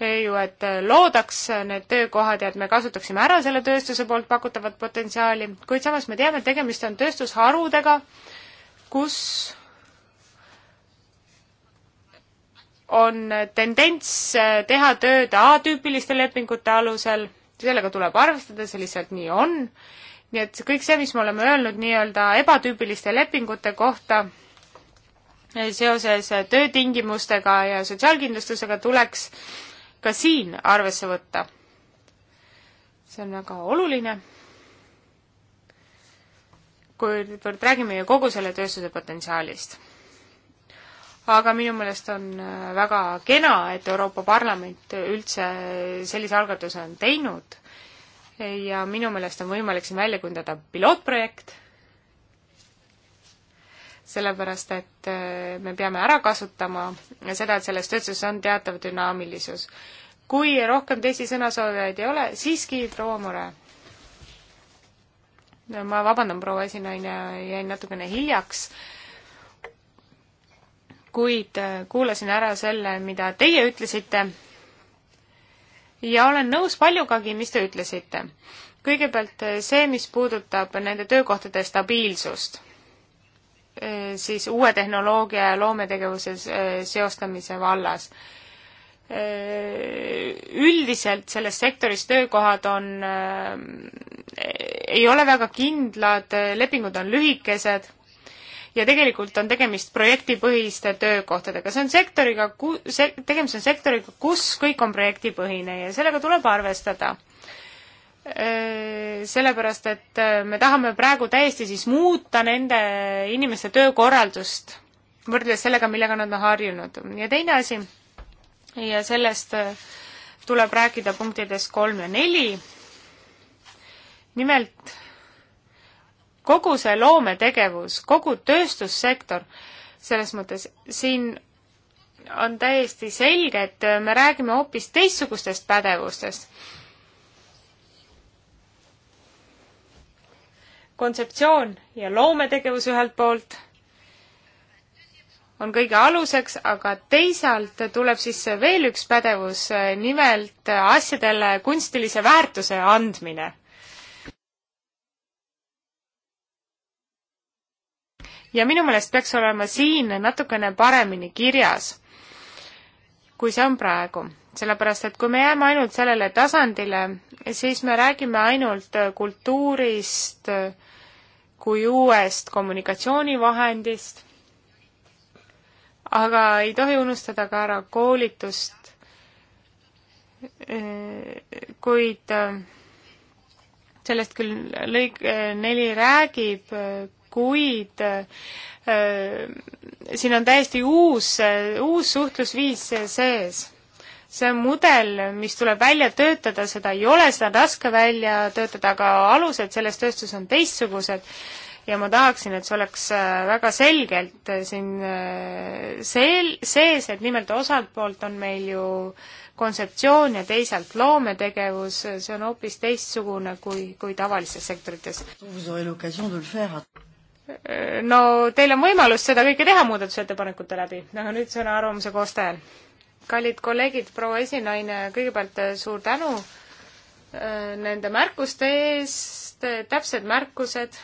S2: ju, et loodaks need töökohad ja et me kasutaksime ära selle tööstuse poolt pakutavat potentsiaali, kuid samas me teame, et tegemist on tööstusharudega, kus on tendents teha tööd atüüpiliste lepingute alusel sellega tuleb arvestada, see lihtsalt nii on. nii et kõik see, mis me oleme öelnud nii-öelda ebatüüpiliste lepingute kohta eh, seoses eh, töötingimustega ja sotsiaalkindlustusega, tuleks ka siin arvesse võtta. see on väga oluline. kuivõrd räägime ju kogu selle tööstuse potentsiaalist aga minu meelest on äh, väga kena, et Euroopa Parlament üldse sellise algatuse on teinud ja minu meelest on võimalik siin välja kujundada pilootprojekt, sellepärast et äh, me peame ära kasutama seda, et selles tööstuses on teatav dünaamilisus. kui rohkem teisi sõnasoovijaid ei ole, siiski proua Mure. ma vabandan, proua esinaine, jäin natukene hiljaks kuid äh, kuulasin ära selle, mida teie ütlesite ja olen nõus paljugagi, mis te ütlesite. kõigepealt äh, see, mis puudutab nende töökohtade stabiilsust, äh, siis uue tehnoloogia ja loometegevuse seostamise vallas. Üldiselt selles sektoris töökohad on, ei ole väga kindlad, lepingud on lühikesed ja tegelikult on tegemist projektipõhiste töökohtadega. see on sektoriga, se-, tegemist on sektoriga, kus kõik on projektipõhine ja sellega tuleb arvestada. Sellepärast, et me tahame praegu täiesti siis muuta nende inimeste töökorraldust võrreldes sellega, millega nad on harjunud. ja teine asi, ja sellest tuleb rääkida punktides kolm ja neli, nimelt kogu see loometegevus, kogu tööstussektor, selles mõttes siin on täiesti selge, et me räägime hoopis teistsugustest pädevustest. kontseptsioon ja loometegevus ühelt poolt on kõige aluseks, aga teisalt tuleb sisse veel üks pädevus, nimelt asjadele kunstilise väärtuse andmine ja minu meelest peaks olema siin natukene paremini kirjas, kui see on praegu. sellepärast, et kui me jääme ainult sellele tasandile, siis me räägime ainult kultuurist kui uuest kommunikatsioonivahendist, aga ei tohi unustada ka ära koolitust, kuid sellest küll lõik neli räägib, kuid äh, siin on täiesti uus, uus suhtlusviis sees. see mudel, mis tuleb välja töötada, seda ei ole, seda on raske välja töötada, aga alused selles tööstuses on teistsugused ja ma tahaksin, et see oleks äh, väga selgelt äh, siin sel-, sees, et nimelt osalt poolt on meil ju kontseptsioon ja teisalt loometegevus, see on hoopis teistsugune kui, kui tavalistes sektorites no teil on võimalus seda kõike teha muudatusettepanekute läbi, aga noh, nüüd sõna arvamuse koostajal. kallid kolleegid, proua esinaine, kõigepealt äh, suur tänu äh, nende märkuste eest, äh, täpsed märkused.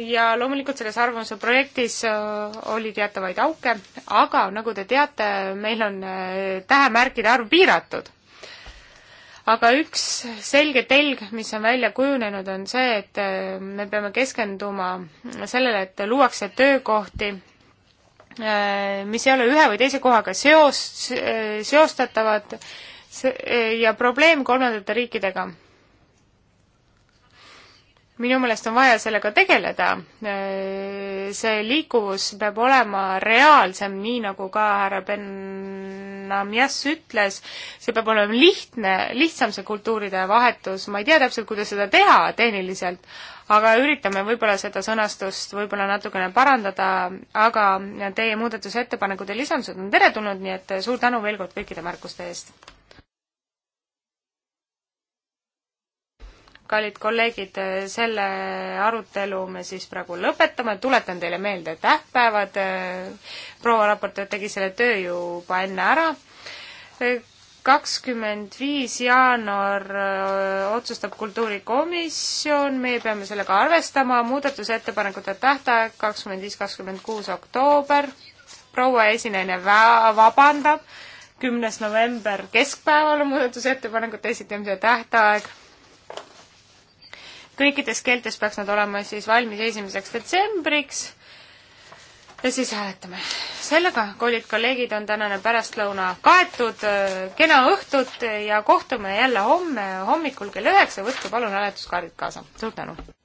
S2: ja loomulikult selles arvamuse projektis oli teatavaid auke, aga nagu te teate, meil on tähemärkide arv piiratud aga üks selge telg, mis on välja kujunenud, on see, et äh, me peame keskenduma sellele, et luuakse töökohti, äh, mis ei ole ühe või teise kohaga seos, äh, seostatavad ja probleem kolmandate riikidega minu meelest on vaja sellega tegeleda. see liikuvus peab olema reaalsem, nii nagu ka härra Benamias ütles, see peab olema lihtne, lihtsam see kultuuride vahetus, ma ei tea täpselt, kuidas seda teha tehniliselt, aga üritame võib-olla seda sõnastust võib-olla natukene parandada, aga teie muudatusettepanekud ja lisandused on teretulnud, nii et suur tänu veel kord kõikide märkuste eest! kallid kolleegid, selle arutelu me siis praegu lõpetame, tuletan teile meelde tähtpäevad, äh, proua raportöör tegi selle töö juba enne ära, äh, kakskümmend viis jaanuar äh, otsustab Kultuurikomisjon, meie peame sellega arvestama, muudatusettepanekute tähtaeg kakskümmend viis, kakskümmend kuus oktoober, proua esineja vabandab, kümnes november keskpäeval on muudatusettepanekute esitamise tähtaeg kõikides keeltes peaks nad olema siis valmis esimeseks detsembriks ja siis hääletame. sellega, kallid kolleegid, on tänane pärastlõuna kaetud, kena õhtut ja kohtume jälle homme hommikul kell üheksa, võtke palun hääletuskaardid kaasa. suur tänu!